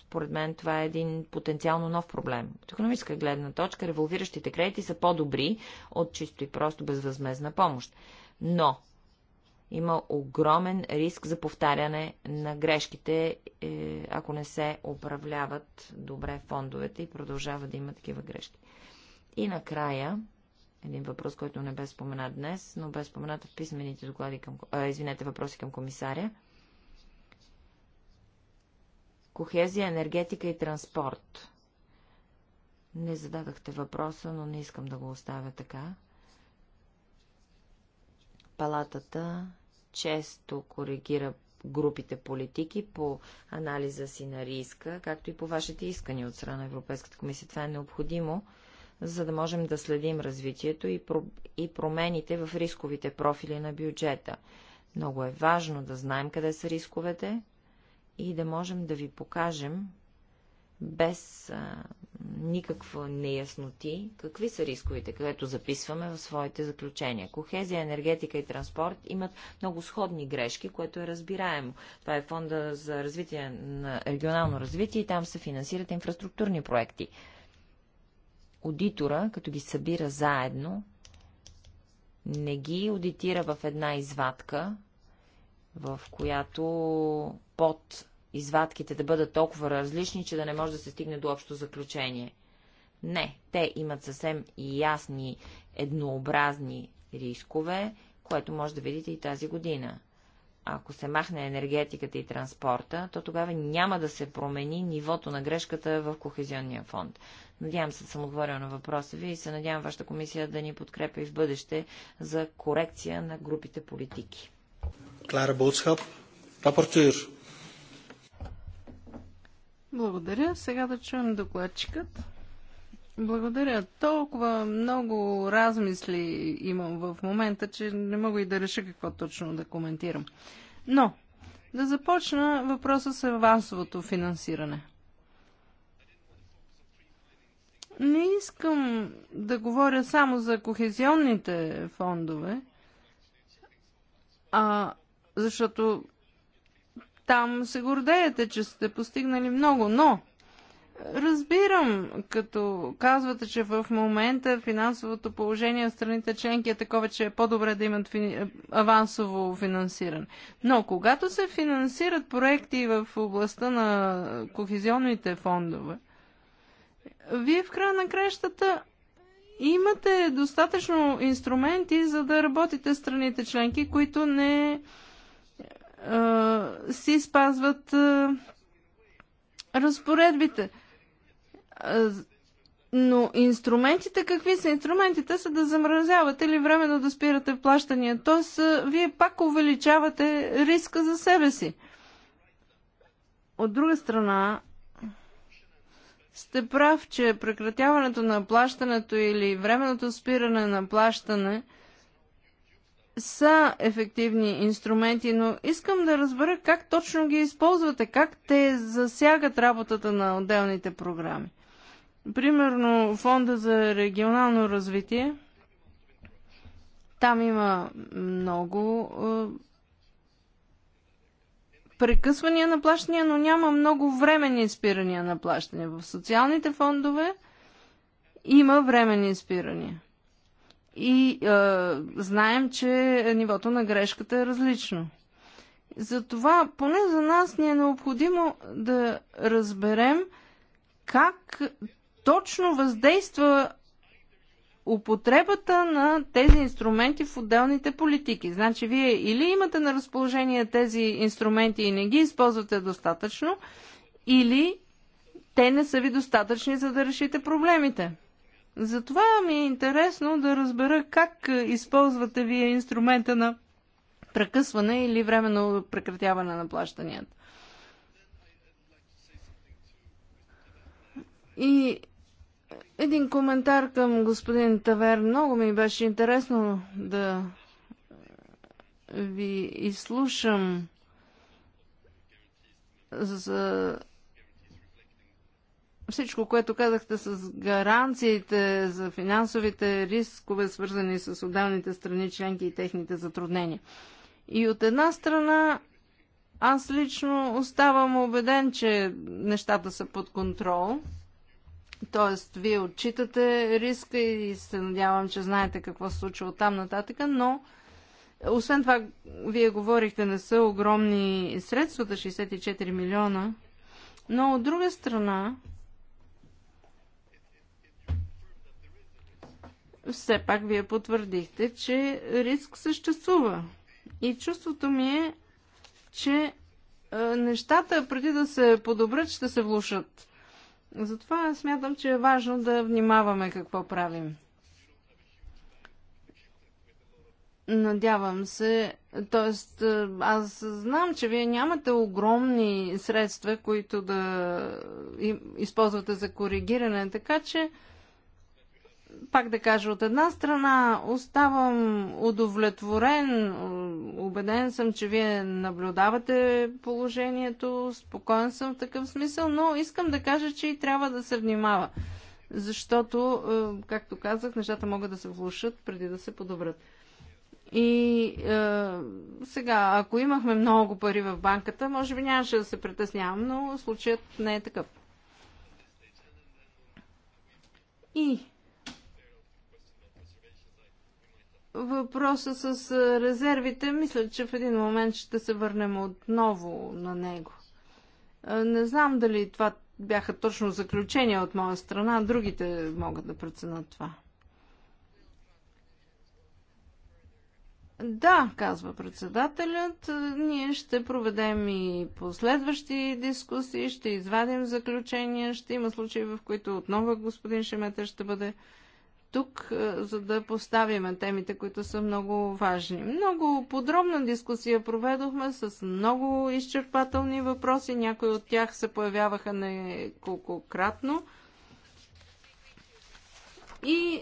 според мен това е един потенциално нов проблем. От економическа гледна точка, револвиращите кредити са по-добри от чисто и просто безвъзмезна помощ. Но има огромен риск за повтаряне на грешките, е, ако не се управляват добре фондовете и продължава да има такива грешки. И накрая, един въпрос, който не бе споменат днес, но бе споменат в писмените доклади към, а, извинете, въпроси към комисаря. Кохезия, енергетика и транспорт. Не зададахте въпроса, но не искам да го оставя така. Палатата често коригира групите политики по анализа си на риска, както и по вашите искания от страна на Европейската комисия. Това е необходимо, за да можем да следим развитието и, промените в рисковите профили на бюджета. Много е важно да знаем къде са рисковете и да можем да ви покажем без а, никаква неясноти какви са рисковите, където записваме в своите заключения. Кохезия, енергетика и транспорт имат много сходни грешки, което е разбираемо. Това е фонда за развитие на регионално развитие и там се финансират инфраструктурни проекти аудитора, като ги събира заедно, не ги аудитира в една извадка, в която под извадките да бъдат толкова различни, че да не може да се стигне до общо заключение. Не, те имат съвсем ясни, еднообразни рискове, което може да видите и тази година. Ако се махне енергетиката и транспорта, то тогава няма да се промени нивото на грешката в Кохезионния фонд. Надявам се да съм отговорила на въпроса ви и се надявам вашата комисия да ни подкрепя и в бъдеще за корекция на групите политики. Клара Боцхап, рапортир. Благодаря. Сега да чуем докладчикът. Благодаря. Толкова много размисли имам в момента, че не мога и да реша какво точно да коментирам. Но, да започна въпроса с авансовото финансиране. Не искам да говоря само за кохезионните фондове, а защото там се гордеете, че сте постигнали много, но разбирам, като казвате, че в момента финансовото положение в страните членки е такова, че е по-добре да имат фин... авансово финансиране. Но когато се финансират проекти в областта на кохезионните фондове, вие в края на кращата имате достатъчно инструменти, за да работите страните членки, които не а, си спазват а, разпоредбите. А, но инструментите, какви са инструментите, са да замразявате или временно да спирате плащания. Тоест, вие пак увеличавате риска за себе си. От друга страна, сте прав, че прекратяването на плащането или временното спиране на плащане са ефективни инструменти, но искам да разбера как точно ги използвате, как те засягат работата на отделните програми. Примерно Фонда за регионално развитие. Там има много е, прекъсвания на плащания, но няма много временни спирания на плащания. В социалните фондове има времени спирания. И е, знаем, че нивото на грешката е различно. Затова, поне за нас, ни е необходимо да разберем как точно въздейства употребата на тези инструменти в отделните политики. Значи, вие или имате на разположение тези инструменти и не ги използвате достатъчно, или те не са ви достатъчни, за да решите проблемите. Затова ми е интересно да разбера как използвате вие инструмента на прекъсване или временно прекратяване на плащанията. И един коментар към господин Тавер. Много ми беше интересно да ви изслушам за всичко, което казахте с гаранциите за финансовите рискове, свързани с отделните страни, членки и техните затруднения. И от една страна, аз лично оставам убеден, че нещата са под контрол – Тоест, вие отчитате риска и се надявам, че знаете какво се случва от там нататък, но освен това, вие говорихте, не са огромни средствата, 64 милиона, но от друга страна, все пак вие потвърдихте, че риск съществува. И чувството ми е, че нещата преди да се подобрят, ще се влушат. Затова смятам, че е важно да внимаваме какво правим. Надявам се. т.е. аз знам, че вие нямате огромни средства, които да използвате за коригиране, така че пак да кажа, от една страна оставам удовлетворен, убеден съм, че вие наблюдавате положението, спокоен съм в такъв смисъл, но искам да кажа, че и трябва да се внимава. Защото, е, както казах, нещата могат да се влушат преди да се подобрят. И е, сега, ако имахме много пари в банката, може би нямаше да се притеснявам, но случаят не е такъв. И въпроса с резервите, мисля, че в един момент ще се върнем отново на него. Не знам дали това бяха точно заключения от моя страна, другите могат да преценят това. Да, казва председателят, ние ще проведем и последващи дискусии, ще извадим заключения, ще има случаи, в които отново господин Шемета ще бъде тук, е, за да поставим темите, които са много важни. Много подробна дискусия проведохме с много изчерпателни въпроси. Някои от тях се появяваха неколкократно. И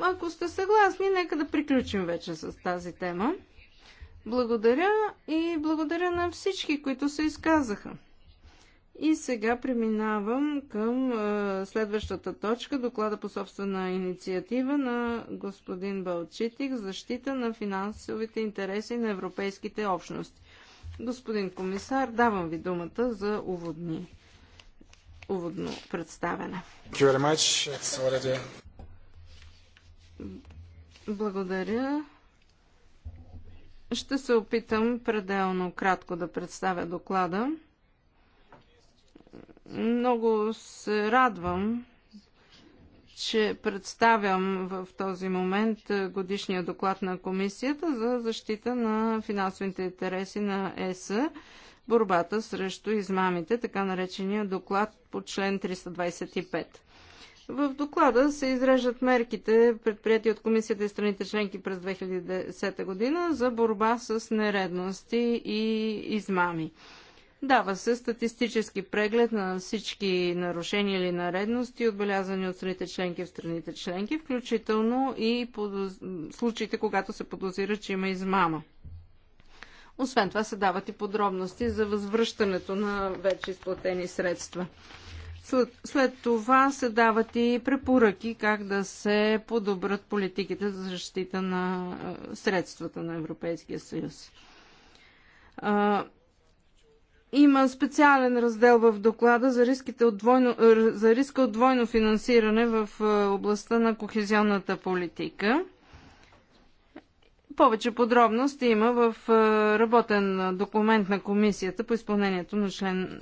ако сте съгласни, нека да приключим вече с тази тема. Благодаря и благодаря на всички, които се изказаха. И сега преминавам към е, следващата точка, доклада по собствена инициатива на господин Балчитик, защита на финансовите интереси на европейските общности. Господин комисар, давам ви думата за уводни, уводно представяне. Благодаря. Ще се опитам пределно кратко да представя доклада. Много се радвам, че представям в този момент е, годишния доклад на Комисията за защита на финансовите интереси на ЕС, борбата срещу измамите, така наречения доклад по член 325. В доклада се изрежат мерките, предприяти от Комисията и страните членки през 2010 година за борба с нередности и измами. Дава се статистически преглед на всички нарушения или наредности, отбелязани от страните членки в страните членки, включително и подоз... случаите, когато се подозира, че има измама. Освен това се дават и подробности за възвръщането на вече изплатени средства. След, след това се дават и препоръки как да се подобрат политиките за защита на средствата на Европейския съюз. Има специален раздел в доклада за, риските от двойно, е, за риска от двойно финансиране в е, областта на кохезионната политика. Повече подробности има в е, работен документ на комисията по изпълнението на член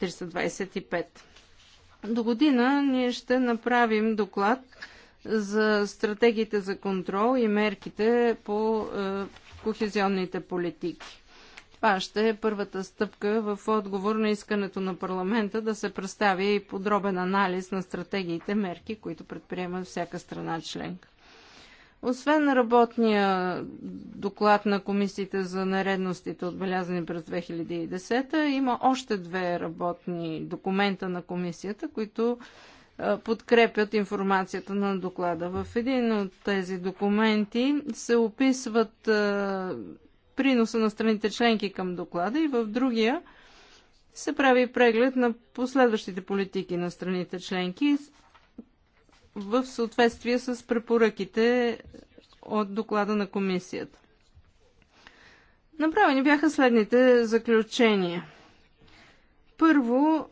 325. До година ние ще направим доклад за стратегиите за контрол и мерките по кохезионните политики. Това ще е първата стъпка в отговор на искането на парламента да се представи и подробен анализ на стратегиите мерки, които предприема всяка страна членка. Освен работния доклад на комисиите за наредностите, отбелязани през 2010, има още две работни документа на комисията, които подкрепят информацията на доклада. В един от тези документи се описват приноса на страните членки към доклада и в другия се прави преглед на последващите политики на страните членки в съответствие с препоръките от доклада на комисията. Направени бяха следните заключения. Първо,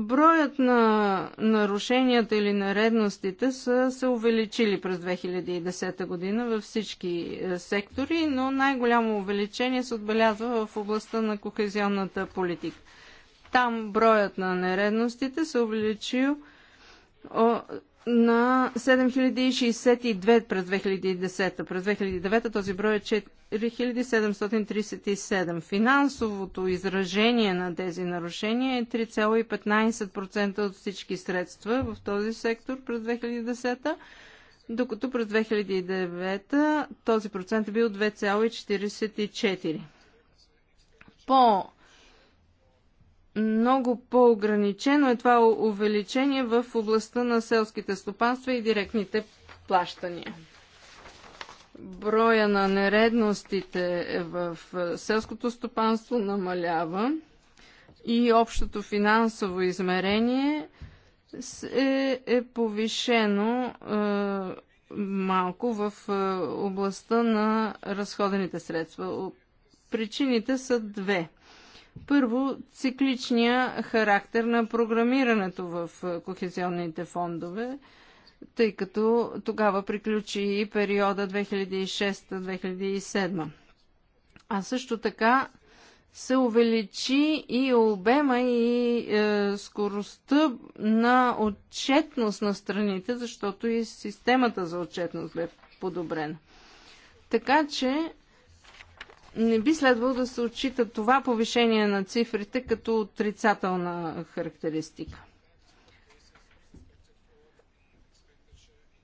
Броят на нарушенията или наредностите са се увеличили през 2010 година във всички е, сектори, но най-голямо увеличение се отбелязва в областта на кохезионната политика. Там броят на нередностите се увеличил на 7062 през 2010. През 2009 този брой е 4737. Финансовото изражение на тези нарушения е 3,15% от всички средства в този сектор през 2010, докато през 2009 този процент е бил 2,44. По много по-ограничено е това увеличение в областта на селските стопанства и директните плащания. Броя на нередностите в е, селското стопанство намалява и общото финансово измерение е, е повишено е, малко в е, областта на разходените средства. Причините са две – първо, цикличния характер на програмирането в е, кохезионните фондове, тъй като тогава приключи и периода 2006-2007. А също така се увеличи и обема и е, скоростта на отчетност на страните, защото и системата за отчетност бе подобрена. Така че не би следвало да се отчита това повишение на цифрите като отрицателна характеристика.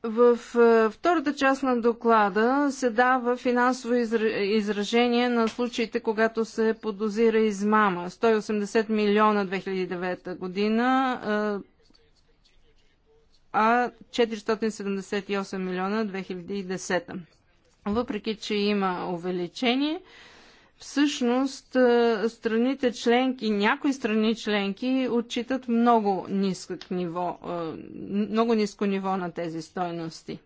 В е, втората част на доклада се дава финансово изражение на случаите, когато се подозира измама. 180 милиона 2009 година, е, а 478 милиона 2010 въпреки че има увеличение, всъщност е, страните членки, някои страни членки отчитат много ниво, е, много ниско ниво на тези стойности.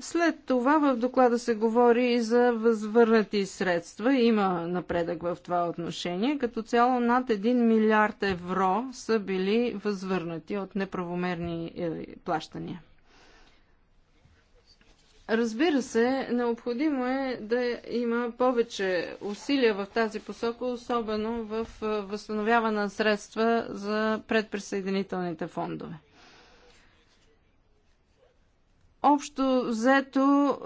След това в доклада се говори и за възвърнати средства. Има напредък в това отношение. Като цяло над 1 милиард евро са били възвърнати от неправомерни е, плащания. Разбира се, необходимо е да има повече усилия в тази посока, особено в възстановяване на средства за предприсъединителните фондове. Общо взето,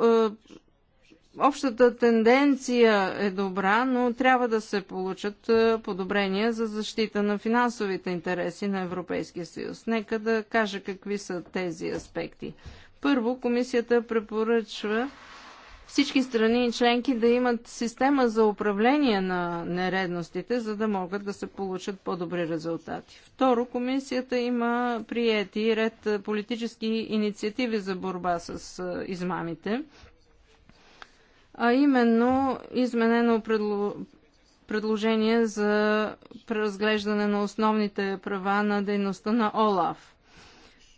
общата тенденция е добра, но трябва да се получат подобрения за защита на финансовите интереси на Европейския съюз. Нека да кажа какви са тези аспекти. Първо, комисията препоръчва всички страни и членки да имат система за управление на нередностите, за да могат да се получат по-добри резултати. Второ, комисията има приети ред политически инициативи за борба с измамите, а именно изменено предложение за преразглеждане на основните права на дейността на ОЛАФ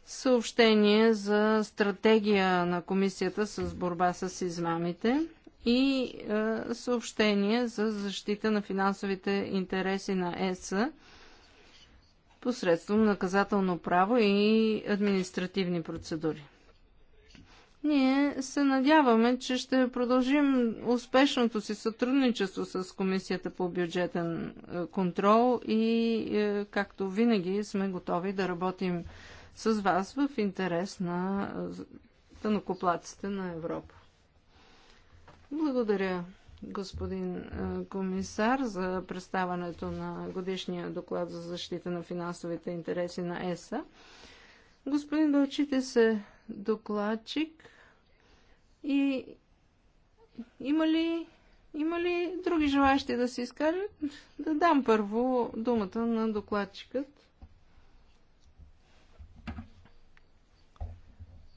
съобщение за стратегия на комисията с борба с измамите и е, съобщение за защита на финансовите интереси на ЕС посредством наказателно право и административни процедури. Ние се надяваме, че ще продължим успешното си сътрудничество с Комисията по бюджетен е, контрол и, е, както винаги, сме готови да работим с вас в интерес на е, тънокоплаците на Европа. Благодаря, господин е, комисар, за представането на годишния доклад за защита на финансовите интереси на ЕСА. Господин учите се докладчик и има ли, има ли други желащи да се изкажат? Да дам първо думата на докладчикът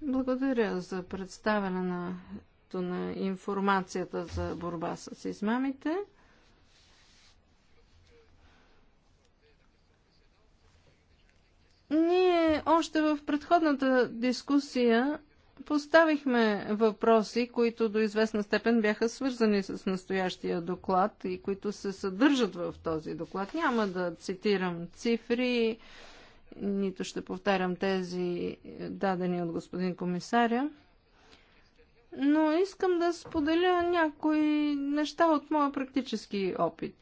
Благодаря за представянето на информацията за борба с измамите. Ние още в предходната дискусия поставихме въпроси, които до известна степен бяха свързани с настоящия доклад и които се съдържат в този доклад. Няма да цитирам цифри, нито ще повтарям тези е, дадени от господин комисаря. Но искам да споделя някои неща от моя практически опит.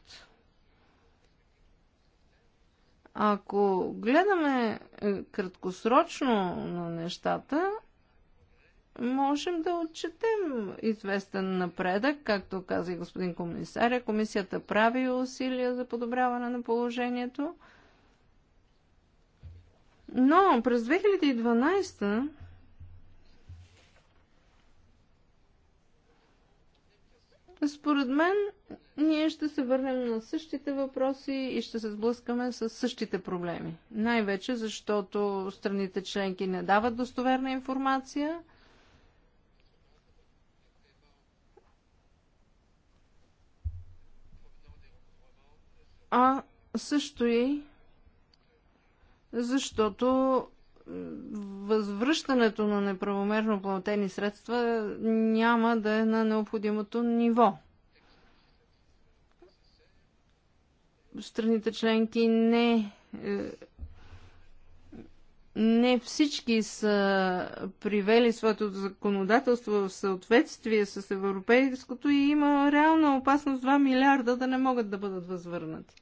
Ако гледаме е, краткосрочно на нещата, можем да отчетем известен напредък, както каза и господин комисаря. Комисията прави усилия за подобряване на положението. Но през 2012 според мен ние ще се върнем на същите въпроси и ще се сблъскаме с същите проблеми. Най-вече защото страните членки не дават достоверна информация. А също и защото възвръщането на неправомерно платени средства няма да е на необходимото ниво. Страните членки не е, не всички са привели своето законодателство в съответствие с европейското и има реална опасност 2 милиарда да не могат да бъдат възвърнати.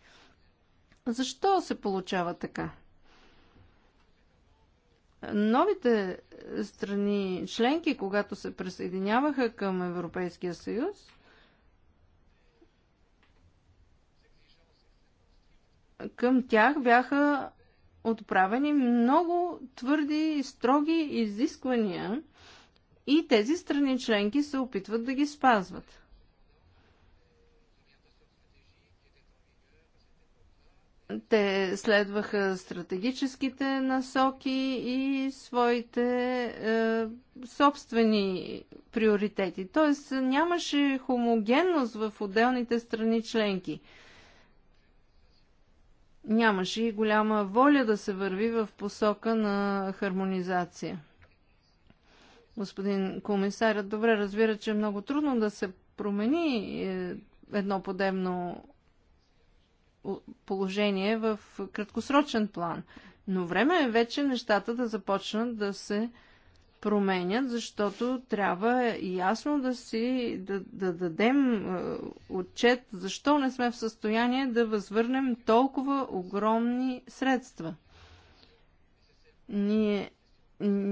Защо се получава така? Новите страни членки, когато се присъединяваха към Европейския съюз, към тях бяха отправени много твърди и строги изисквания и тези страни членки се опитват да ги спазват. Те следваха стратегическите насоки и своите е, собствени приоритети. Тоест нямаше хомогенност в отделните страни членки. Нямаше и голяма воля да се върви в посока на хармонизация. Господин комисарят добре разбира, че е много трудно да се промени е, едно подемно положение в краткосрочен план. Но време е вече нещата да започнат да се променят, защото трябва ясно да си да, да дадем е, отчет защо не сме в състояние да възвърнем толкова огромни средства. Ние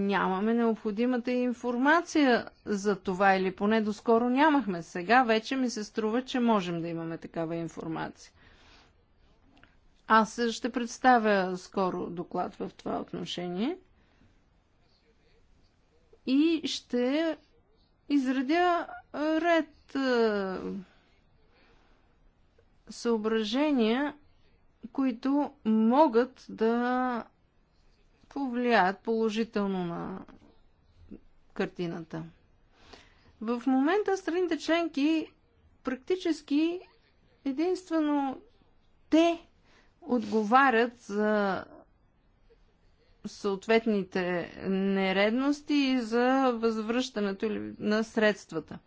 нямаме необходимата информация за това или поне доскоро нямахме. Сега вече ми се струва, че можем да имаме такава информация. Аз ще представя скоро доклад в това отношение и ще изредя ред е, съображения, които могат да повлияят положително на картината. В момента страните членки практически единствено те отговарят за съответните нередности и за възвръщането на средствата.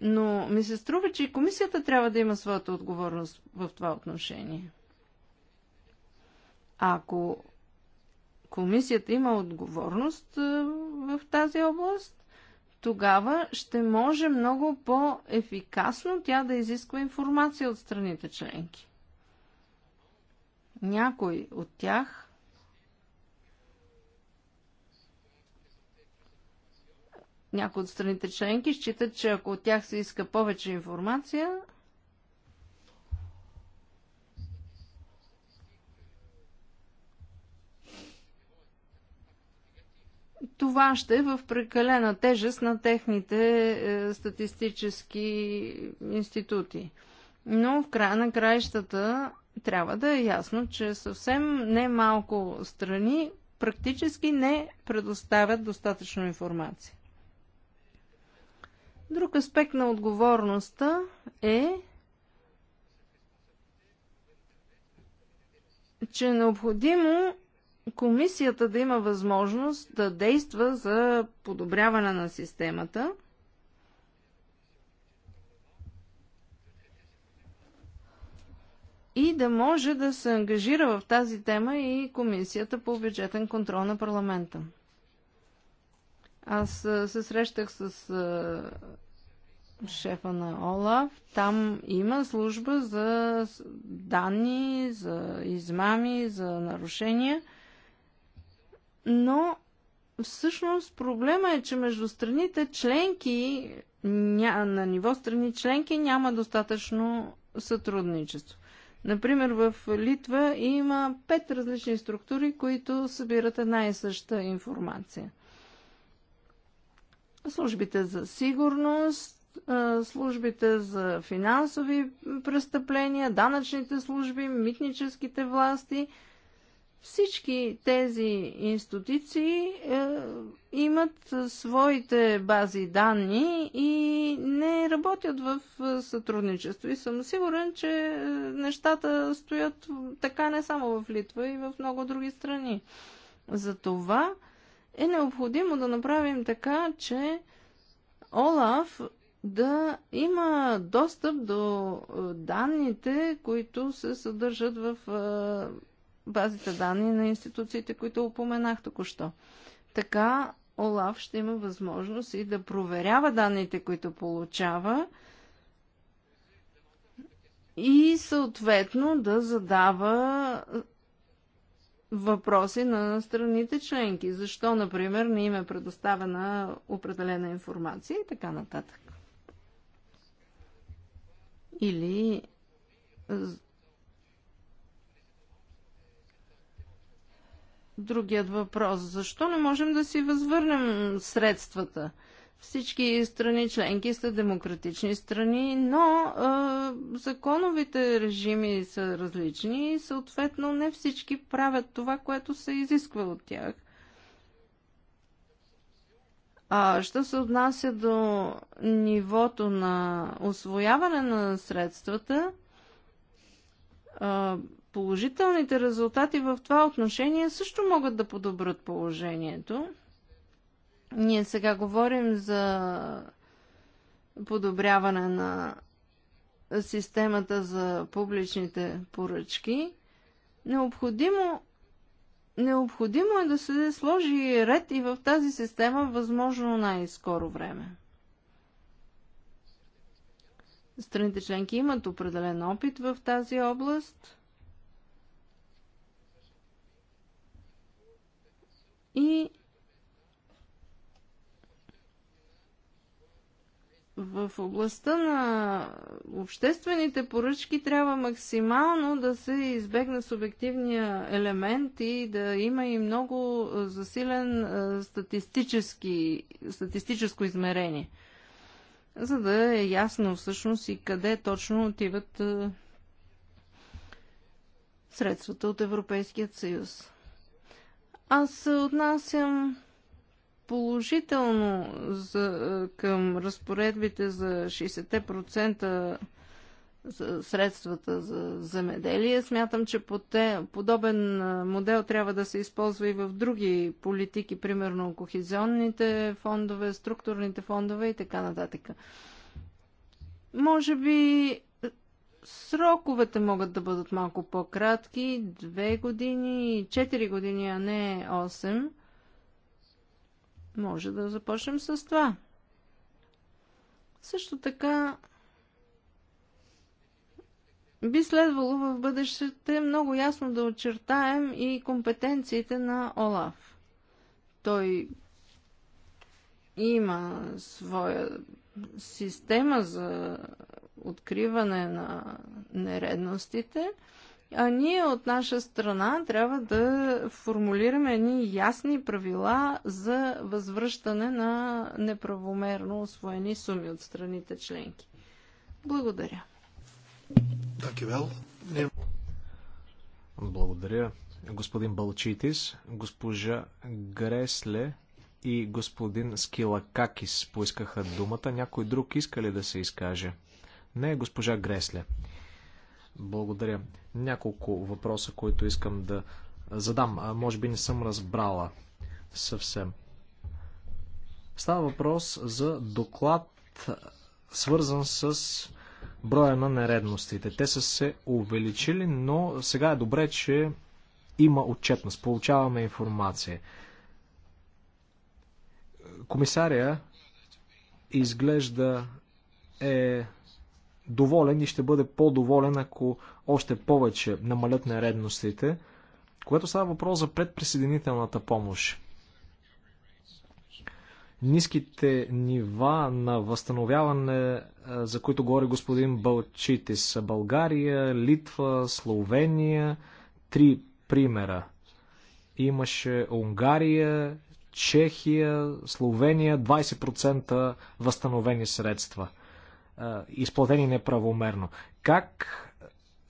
Но ми се струва, че и комисията трябва да има своята отговорност в това отношение. Ако комисията има отговорност е, в тази област, тогава ще може много по-ефикасно тя да изисква информация от страните членки. Някой от тях някои от страните членки считат, че ако от тях се иска повече информация, това ще е в прекалена тежест на техните е, статистически институти. Но в края на краищата трябва да е ясно, че съвсем не малко страни практически не предоставят достатъчно информация. Друг аспект на отговорността е, че е необходимо комисията да има възможност да действа за подобряване на системата и да може да се ангажира в тази тема и Комисията по бюджетен контрол на парламента. Аз се срещах с шефа на ОЛАФ. Там има служба за данни, за измами, за нарушения. Но всъщност проблема е, че между страните членки, на ниво страни членки няма достатъчно сътрудничество. Например, в Литва има пет различни структури, които събират една и съща информация. Службите за сигурност, службите за финансови престъпления, данъчните служби, митническите власти – всички тези институции е, имат своите бази данни и не работят в е, сътрудничество. И съм сигурен, че е, нещата стоят така не само в Литва и в много други страни. Затова е необходимо да направим така, че Олаф да има достъп до е, данните, които се съдържат в базите данни на институциите, които упоменах току-що. Така ОЛАВ ще има възможност и да проверява данните, които получава и съответно да задава въпроси на страните членки. Защо, например, не им е предоставена определена информация и така нататък. Или другият въпрос. Защо не можем да си възвърнем средствата? Всички страни членки са демократични страни, но а, законовите режими са различни и съответно не всички правят това, което се изисква от тях. А що се отнася до нивото на освояване на средствата, а, Положителните резултати в това отношение също могат да подобрат положението. Ние сега говорим за подобряване на системата за публичните поръчки. Необходимо, необходимо е да се сложи ред и в тази система възможно най-скоро време. Страните членки имат определен опит в тази област – И в областта на обществените поръчки трябва максимално да се избегне субективния елемент и да има и много засилен статистически, статистическо измерение, за да е ясно всъщност и къде точно отиват средствата от Европейският съюз. Аз се отнасям положително за, е, към разпоредбите за 60% за средствата за земеделие. Смятам, че подобен е, модел трябва да се използва и в други политики, примерно кохезионните фондове, структурните фондове и така нататък. Може би Сроковете могат да бъдат малко по-кратки, две години, 4 години, а не 8. Може да започнем с това. Също така би следвало в бъдещето много ясно да очертаем и компетенциите на Олаф. Той има своя система за откриване на нередностите, а ние от наша страна трябва да формулираме едни ясни правила за възвръщане на неправомерно освоени суми от страните членки. Благодаря. Благодаря, господин Балчитис, госпожа Гресле и господин Скилакакис поискаха думата. Някой друг иска ли да се изкаже? Не, госпожа Гресле. Благодаря. Няколко въпроса, които искам да задам. А, може би не съм разбрала съвсем. Става въпрос за доклад, свързан с броя на нередностите. Те са се увеличили, но сега е добре, че има отчетност. Получаваме информация. Комисария изглежда е доволен и ще бъде по-доволен, ако още повече намалят нередностите. което става въпрос за предприсъединителната помощ, ниските нива на възстановяване, е, за които говори господин Балчитис, са България, Литва, Словения, три примера. Имаше Унгария, Чехия, Словения, 20% възстановени средства – изплатени неправомерно. Как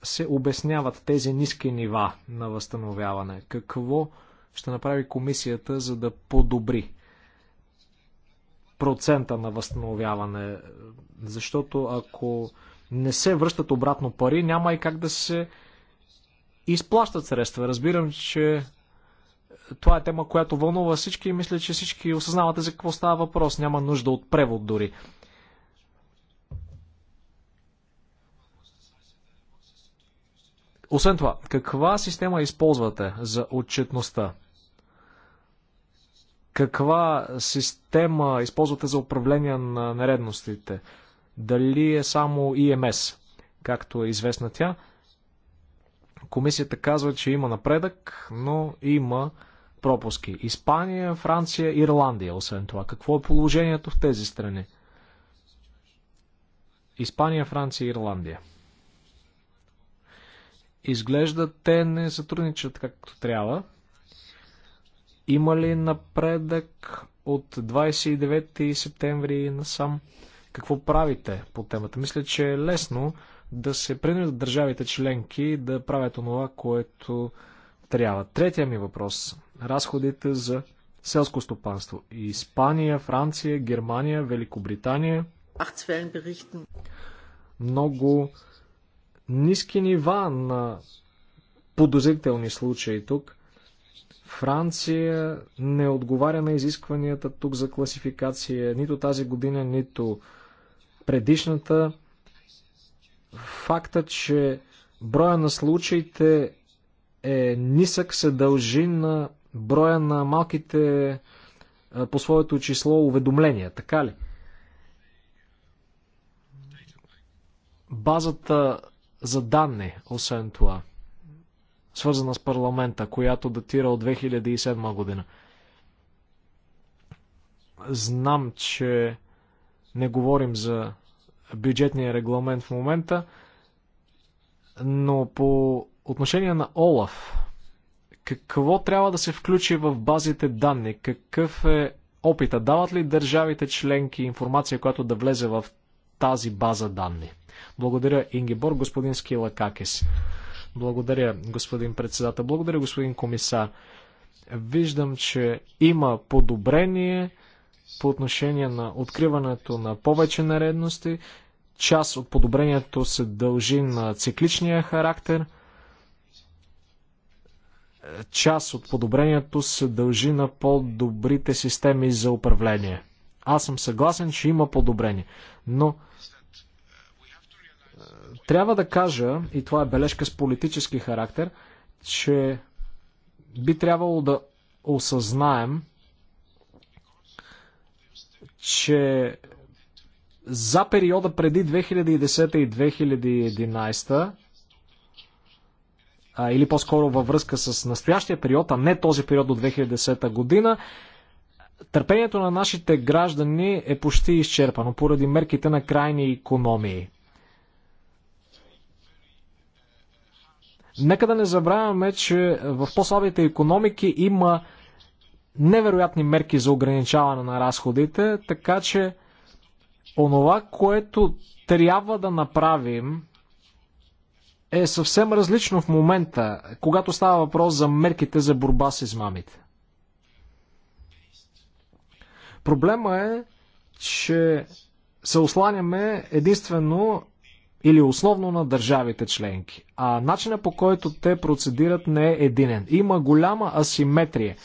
се обясняват тези ниски нива на възстановяване? Какво ще направи комисията, за да подобри процента на възстановяване? Защото ако не се връщат обратно пари, няма и как да се изплащат средства. Разбирам, че това е тема, която вълнува всички и мисля, че всички осъзнавате за какво става въпрос. Няма нужда от превод дори. Освен това, каква система използвате за отчетността? Каква система използвате за управление на нередностите? Дали е само ИМС, както е известна тя? Комисията казва, че има напредък, но има пропуски. Испания, Франция, Ирландия, освен това. Какво е положението в тези страни? Испания, Франция, Ирландия. Изглежда те не сътрудничат както трябва. Има ли напредък от 29 септември насам? Какво правите по темата? Мисля, че е лесно да се принудят държавите членки да правят онова, което трябва. Третия ми въпрос. Разходите за селско стопанство. Испания, Франция, Германия, Великобритания. Много ниски нива на подозрителни случаи тук. Франция не отговаря на изискванията тук за класификация нито тази година, нито предишната. Факта, че броя на случаите е нисък, се дължи на броя на малките по своето число уведомления, така ли? Базата за данни, освен това, свързана с парламента, която датира от 2007 година. Знам, че не говорим за бюджетния регламент в момента, но по отношение на Олаф, какво трябва да се включи в базите данни? Какъв е опита? Дават ли държавите членки информация, която да влезе в тази база данни? Благодаря, Ингибор, господин Скила Какес. Благодаря, господин председател. Благодаря, господин комисар. Виждам, че има подобрение по отношение на откриването на повече наредности. Част от подобрението се дължи на цикличния характер. Част от подобрението се дължи на по-добрите системи за управление. Аз съм съгласен, че има подобрение, но трябва да кажа, и това е бележка с политически характер, че би трябвало да осъзнаем, че за периода преди 2010 и 2011, а, или по-скоро във връзка с настоящия период, а не този период до 2010 година, търпението на нашите граждани е почти изчерпано поради мерките на крайни економии – Нека да не забравяме, че в по-слабите економики има невероятни мерки за ограничаване на разходите, така че онова, което трябва да направим е съвсем различно в момента, когато става въпрос за мерките за борба с измамите. Проблема е, че се осланяме единствено или основно на държавите членки. А начина по който те процедират не е единен. Има голяма асиметрия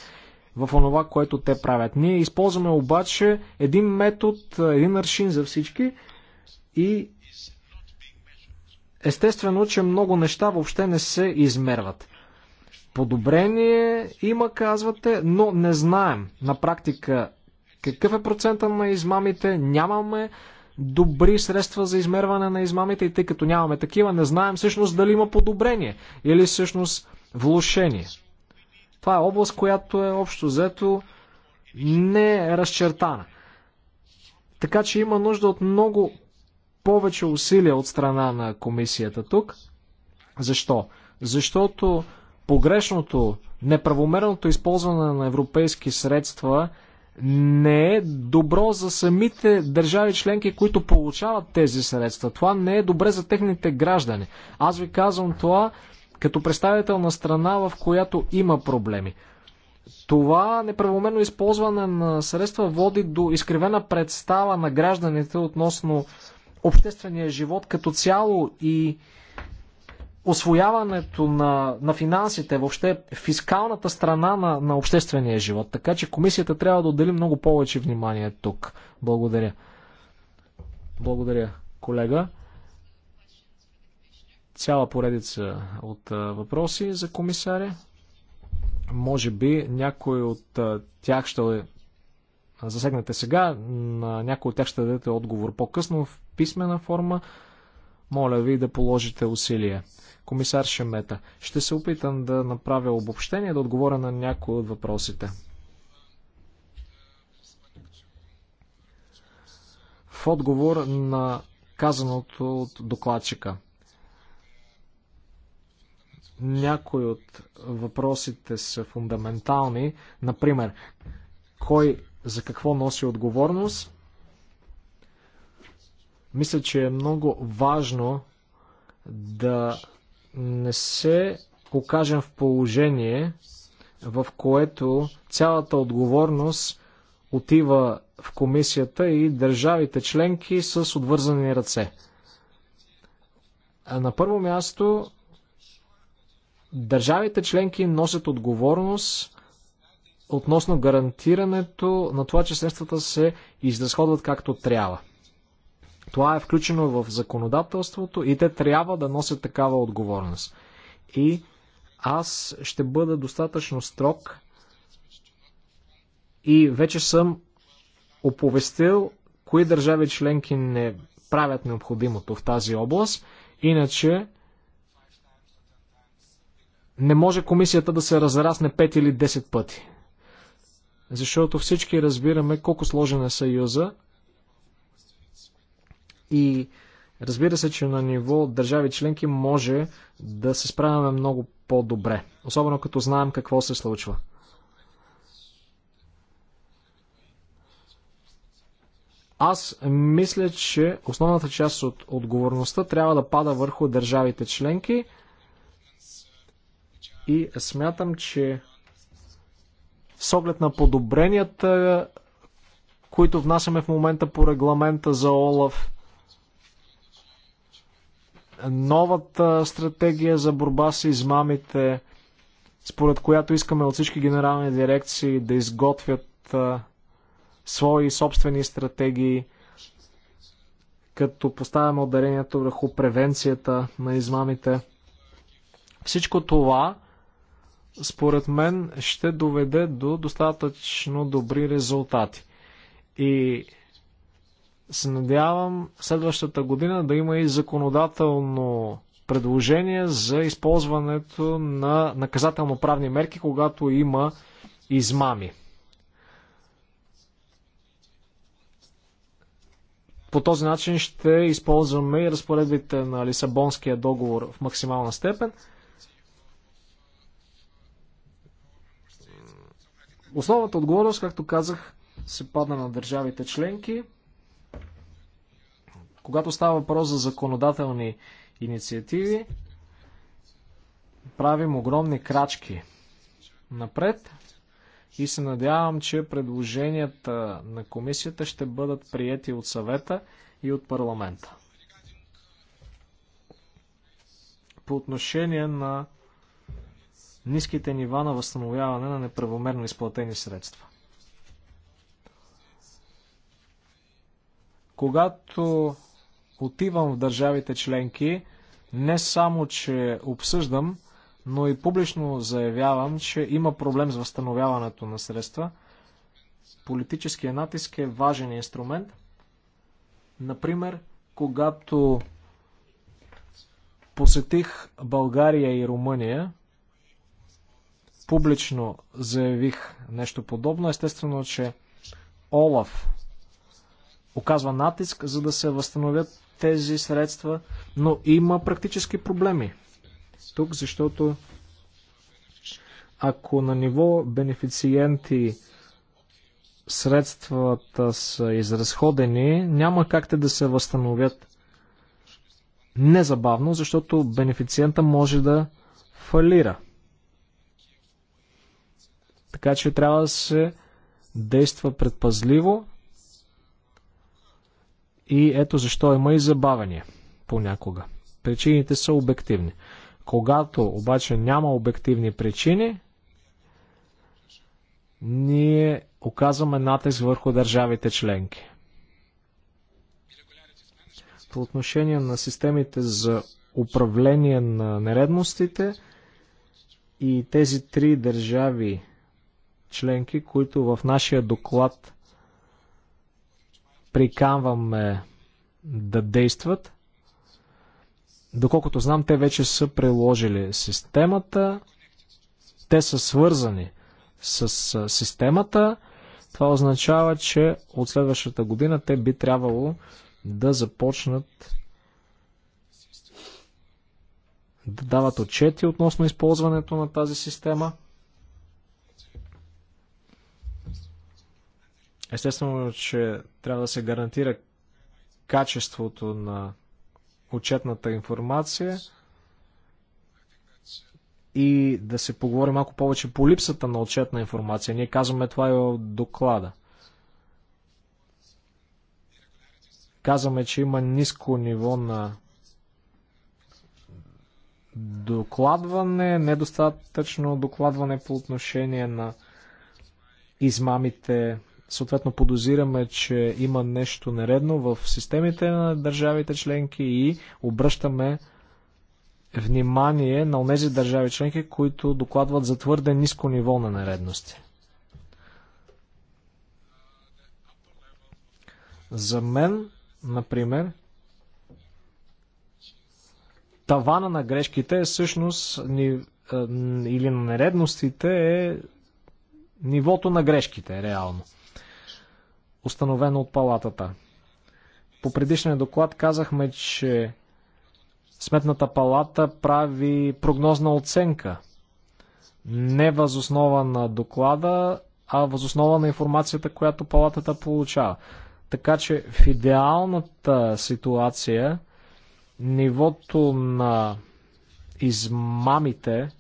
в онова, което те правят. Ние използваме обаче един метод, един аршин за всички и естествено, че много неща въобще не се измерват. Подобрение има, казвате, но не знаем на практика какъв е процента на измамите, нямаме добри средства за измерване на измамите и тъй като нямаме такива, не знаем всъщност дали има подобрение или всъщност влушение. Това е област, която е общо взето не е разчертана. Така че има нужда от много повече усилия от страна на комисията тук. Защо? Защото погрешното, неправомерното използване на европейски средства – не е добро за самите държави членки, които получават тези средства. Това не е добре за техните граждани. Аз ви казвам това като представител на страна, в която има проблеми. Това неправомерно използване на средства води до изкривена представа на гражданите относно обществения живот като цяло и освояването на, на финансите, въобще фискалната страна на, на обществения живот. Така че комисията трябва да отдели много повече внимание тук. Благодаря. Благодаря, колега. Цяла поредица от въпроси за комисаря. Може би някой от тях ще е- засегнете сега, на някой от тях ще дадете отговор по-късно в писмена форма. Моля ви да положите усилия. Комисар Шемета, ще се опитам да направя обобщение, да отговоря на някои от въпросите. В отговор на казаното от докладчика. Някои от въпросите са фундаментални. Например, кой за какво носи отговорност? Мисля, че е много важно да не се покажем в положение, в което цялата отговорност отива в комисията и държавите членки с отвързани ръце. На първо място, държавите членки носят отговорност относно гарантирането на това, че средствата се изразходват както трябва. Това е включено в законодателството и те трябва да носят такава отговорност. И аз ще бъда достатъчно строг и вече съм оповестил кои държави членки не правят необходимото в тази област, иначе не може комисията да се разрасне 5 или 10 пъти. Защото всички разбираме колко сложен е съюза и разбира се, че на ниво държави членки може да се справяме много по-добре, особено като знаем какво се случва. Аз мисля, че основната част от отговорността трябва да пада върху държавите членки и смятам, че с оглед на подобренията, които внасяме в момента по регламента за ОЛАВ, новата стратегия за борба с измамите, според която искаме от всички генерални дирекции да изготвят свои собствени стратегии, като поставяме ударението върху превенцията на измамите. Всичко това, според мен, ще доведе до достатъчно добри резултати. И се надявам следващата година да има и законодателно предложение за използването на наказателно-правни мерки, когато има измами. По този начин ще използваме и разпоредбите на Лисабонския договор в максимална степен. Основната отговорност, както казах, се падна на държавите членки. Когато става въпрос за законодателни инициативи, правим огромни крачки напред и се надявам, че предложенията на комисията ще бъдат приети от съвета и от парламента. По отношение на ниските нива на възстановяване на неправомерно изплатени средства. Когато отивам в държавите членки, не само, че обсъждам, но и публично заявявам, че има проблем с възстановяването на средства. Политическия натиск е важен инструмент. Например, когато посетих България и Румъния, публично заявих нещо подобно. Естествено, че Олаф оказва натиск, за да се възстановят тези средства, но има практически проблеми тук, защото ако на ниво бенефициенти средствата са изразходени, няма как те да се възстановят незабавно, защото бенефициента може да фалира. Така че трябва да се действа предпазливо, и ето защо има и забавяния понякога. Причините са обективни. Когато обаче няма обективни причини, ние оказваме натиск върху държавите членки. По отношение на системите за управление на нередностите и тези три държави членки, които в нашия доклад приканваме да действат. Доколкото знам, те вече са приложили системата. Те са свързани с системата. Това означава, че от следващата година те би трябвало да започнат да дават отчети относно използването на тази система – Естествено, че трябва да се гарантира качеството на отчетната информация и да се поговори малко повече по липсата на отчетна информация. Ние казваме това и е в доклада. Казваме, че има ниско ниво на докладване, недостатъчно докладване по отношение на измамите, Съответно подозираме, че има нещо нередно в системите на държавите членки и обръщаме внимание на тези държави членки, които докладват за твърде ниско ниво на нередности. За мен, например, тавана на грешките е всъщност ни, е, или на нередностите е нивото на грешките, реално установено от палатата. По предишния доклад казахме, че Сметната палата прави прогнозна оценка. Не възоснова на доклада, а възоснова на информацията, която палатата получава. Така че в идеалната ситуация нивото на измамите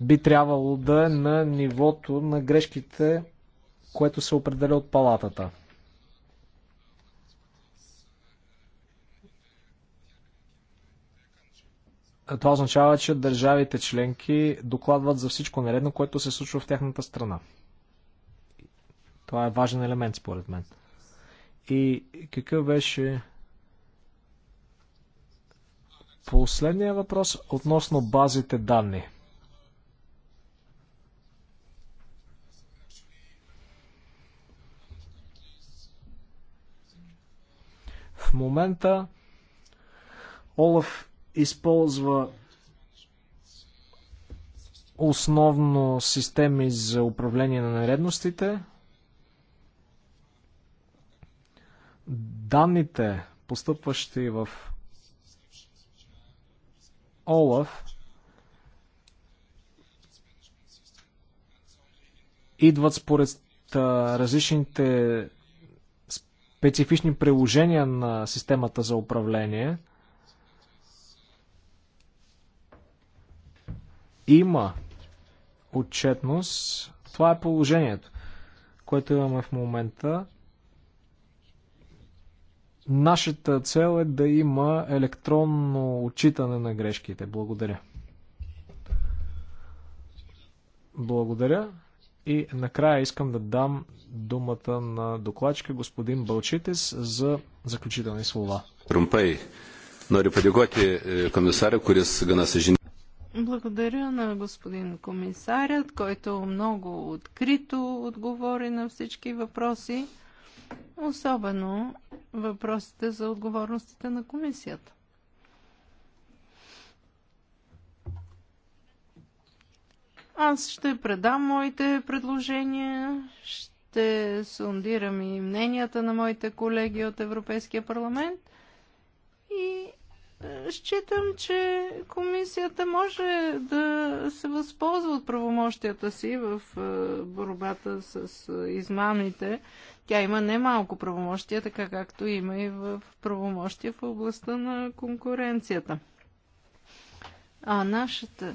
би трябвало да е на нивото на грешките което се определя от палатата. Това означава, че държавите членки докладват за всичко нередно, което се случва в тяхната страна. Това е важен елемент, според мен. И какъв беше последния въпрос относно базите данни? момента Олаф използва основно системи за управление на нередностите. Данните, постъпващи в Олаф, идват според различните специфични приложения на системата за управление. Има отчетност. Това е положението, което имаме в момента. Нашата цел е да има електронно отчитане на грешките. Благодаря. Благодаря. И накрая искам да дам думата на докладчика господин Бълчитес за заключителни слова. Румпей, нори е, комисаря, гана Благодаря на господин комисарят, който много открито отговори на всички въпроси, особено въпросите за отговорностите на комисията. Аз ще предам моите предложения, ще сондирам и мненията на моите колеги от Европейския парламент и е, считам, че комисията може да се възползва от правомощията си в е, борбата с е, измамите. Тя има немалко правомощия, така както има и в правомощия в областта на конкуренцията. А нашата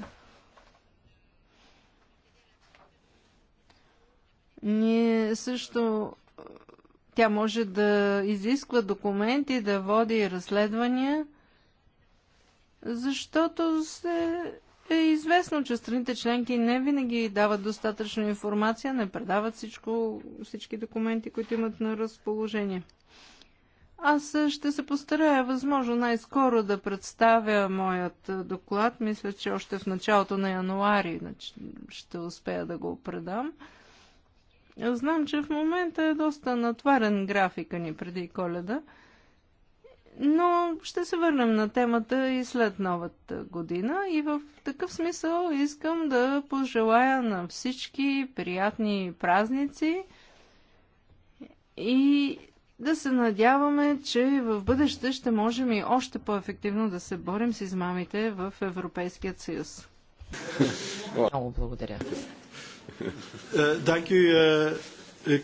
Ние също тя може да изисква документи, да води разследвания, защото се е известно, че страните членки не винаги дават достатъчно информация, не предават всичко, всички документи, които имат на разположение. Аз ще се постарая възможно най-скоро да представя моят доклад. Мисля, че още в началото на януари значи, ще успея да го предам. Знам, че в момента е доста натварен графика ни преди коледа, но ще се върнем на темата и след новата година и в такъв смисъл искам да пожелая на всички приятни празници и да се надяваме, че в бъдеще ще можем и още по-ефективно да се борим с измамите в Европейският съюз. Много благодаря. Е, е, е,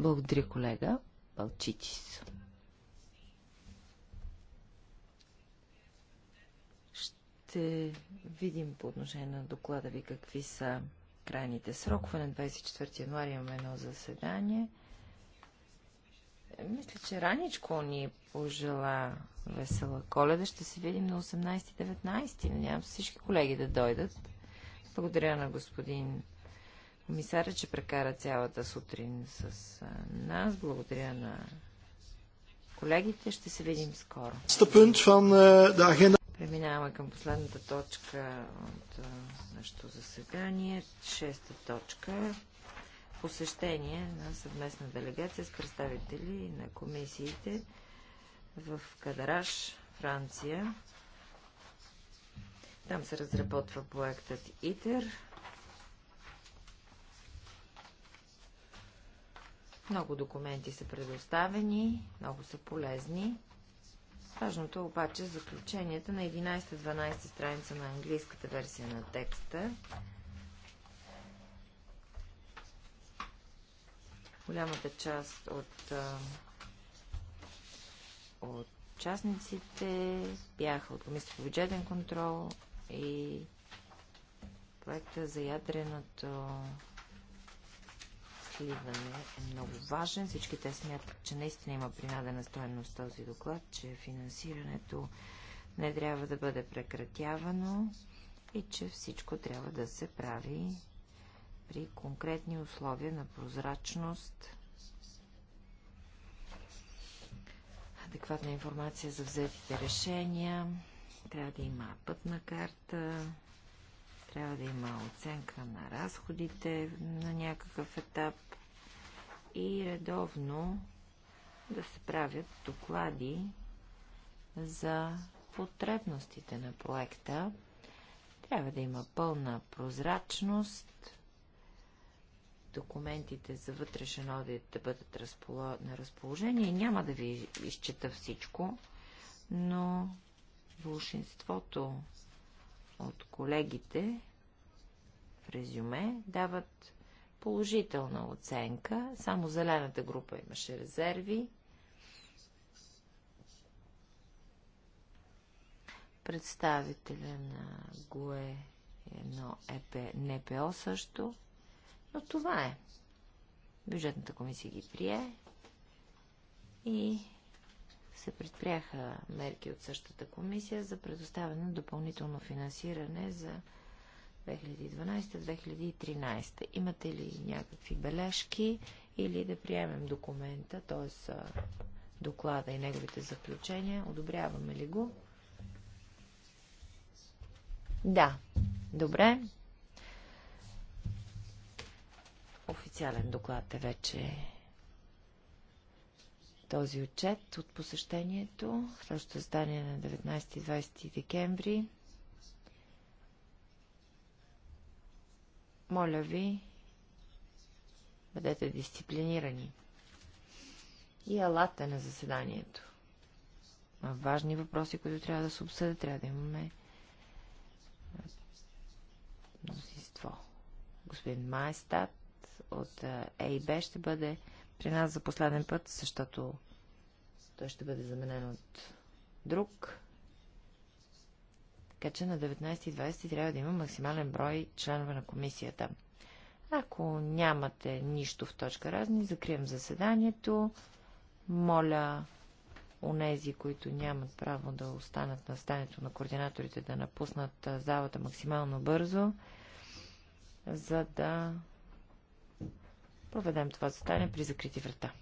Благодаря, колега Балчитис. Ще видим по отношение на доклада ви какви са крайните срокове. На 24 януари имаме едно заседание. Мисля, че раничко ни пожела весела коледа. Ще се видим на 18-19. Надявам се всички колеги да дойдат. Благодаря на господин комисаря, че прекара цялата сутрин с нас. Благодаря на колегите. Ще се видим скоро. Преминаваме към последната точка от нашето заседание. Шеста точка. Посещение на съвместна делегация с представители на комисиите в Кадараш, Франция. Там се разработва проектът ИТЕР. Много документи са предоставени, много са полезни. Важното е заключенията на 11-12 страница на английската версия на текста. Голямата част от, от участниците бяха от Комисията по бюджетен контрол, и проекта за ядреното сливане е много важен. Всички те смятат, че наистина има принадена стоеност този доклад, че финансирането не трябва да бъде прекратявано и че всичко трябва да се прави при конкретни условия на прозрачност, адекватна информация за взетите решения трябва да има пътна карта, трябва да има оценка на разходите на някакъв етап и редовно да се правят доклади за потребностите на проекта. Трябва да има пълна прозрачност, документите за вътрешен одит да бъдат на разположение. Няма да ви изчета всичко, но Вълшинството от колегите в резюме дават положителна оценка. Само зелената група имаше резерви. Представителя на ГОЕ едно ЕП, НПО също. Но това е. Бюджетната комисия ги прие и се предприяха мерки от същата комисия за предоставяне на допълнително финансиране за 2012-2013. Имате ли някакви бележки или да приемем документа, т.е. доклада и неговите заключения? Одобряваме ли го? Да. Добре. Официален доклад е вече този отчет от посещението. Следващото здание на 19 и 20 декември. Моля ви, бъдете дисциплинирани. И алата на заседанието. Има важни въпроси, които трябва да се обсъдят. Трябва да имаме мнозинство. Господин Майстат от ЕИБ ще бъде при нас за последен път, защото той ще бъде заменен от друг. Така че на 19 и 20 трябва да има максимален брой членове на комисията. Ако нямате нищо в точка разни, закрием заседанието. Моля онези, които нямат право да останат на стането на координаторите, да напуснат залата максимално бързо, за да проведем това заседание при закрити врата.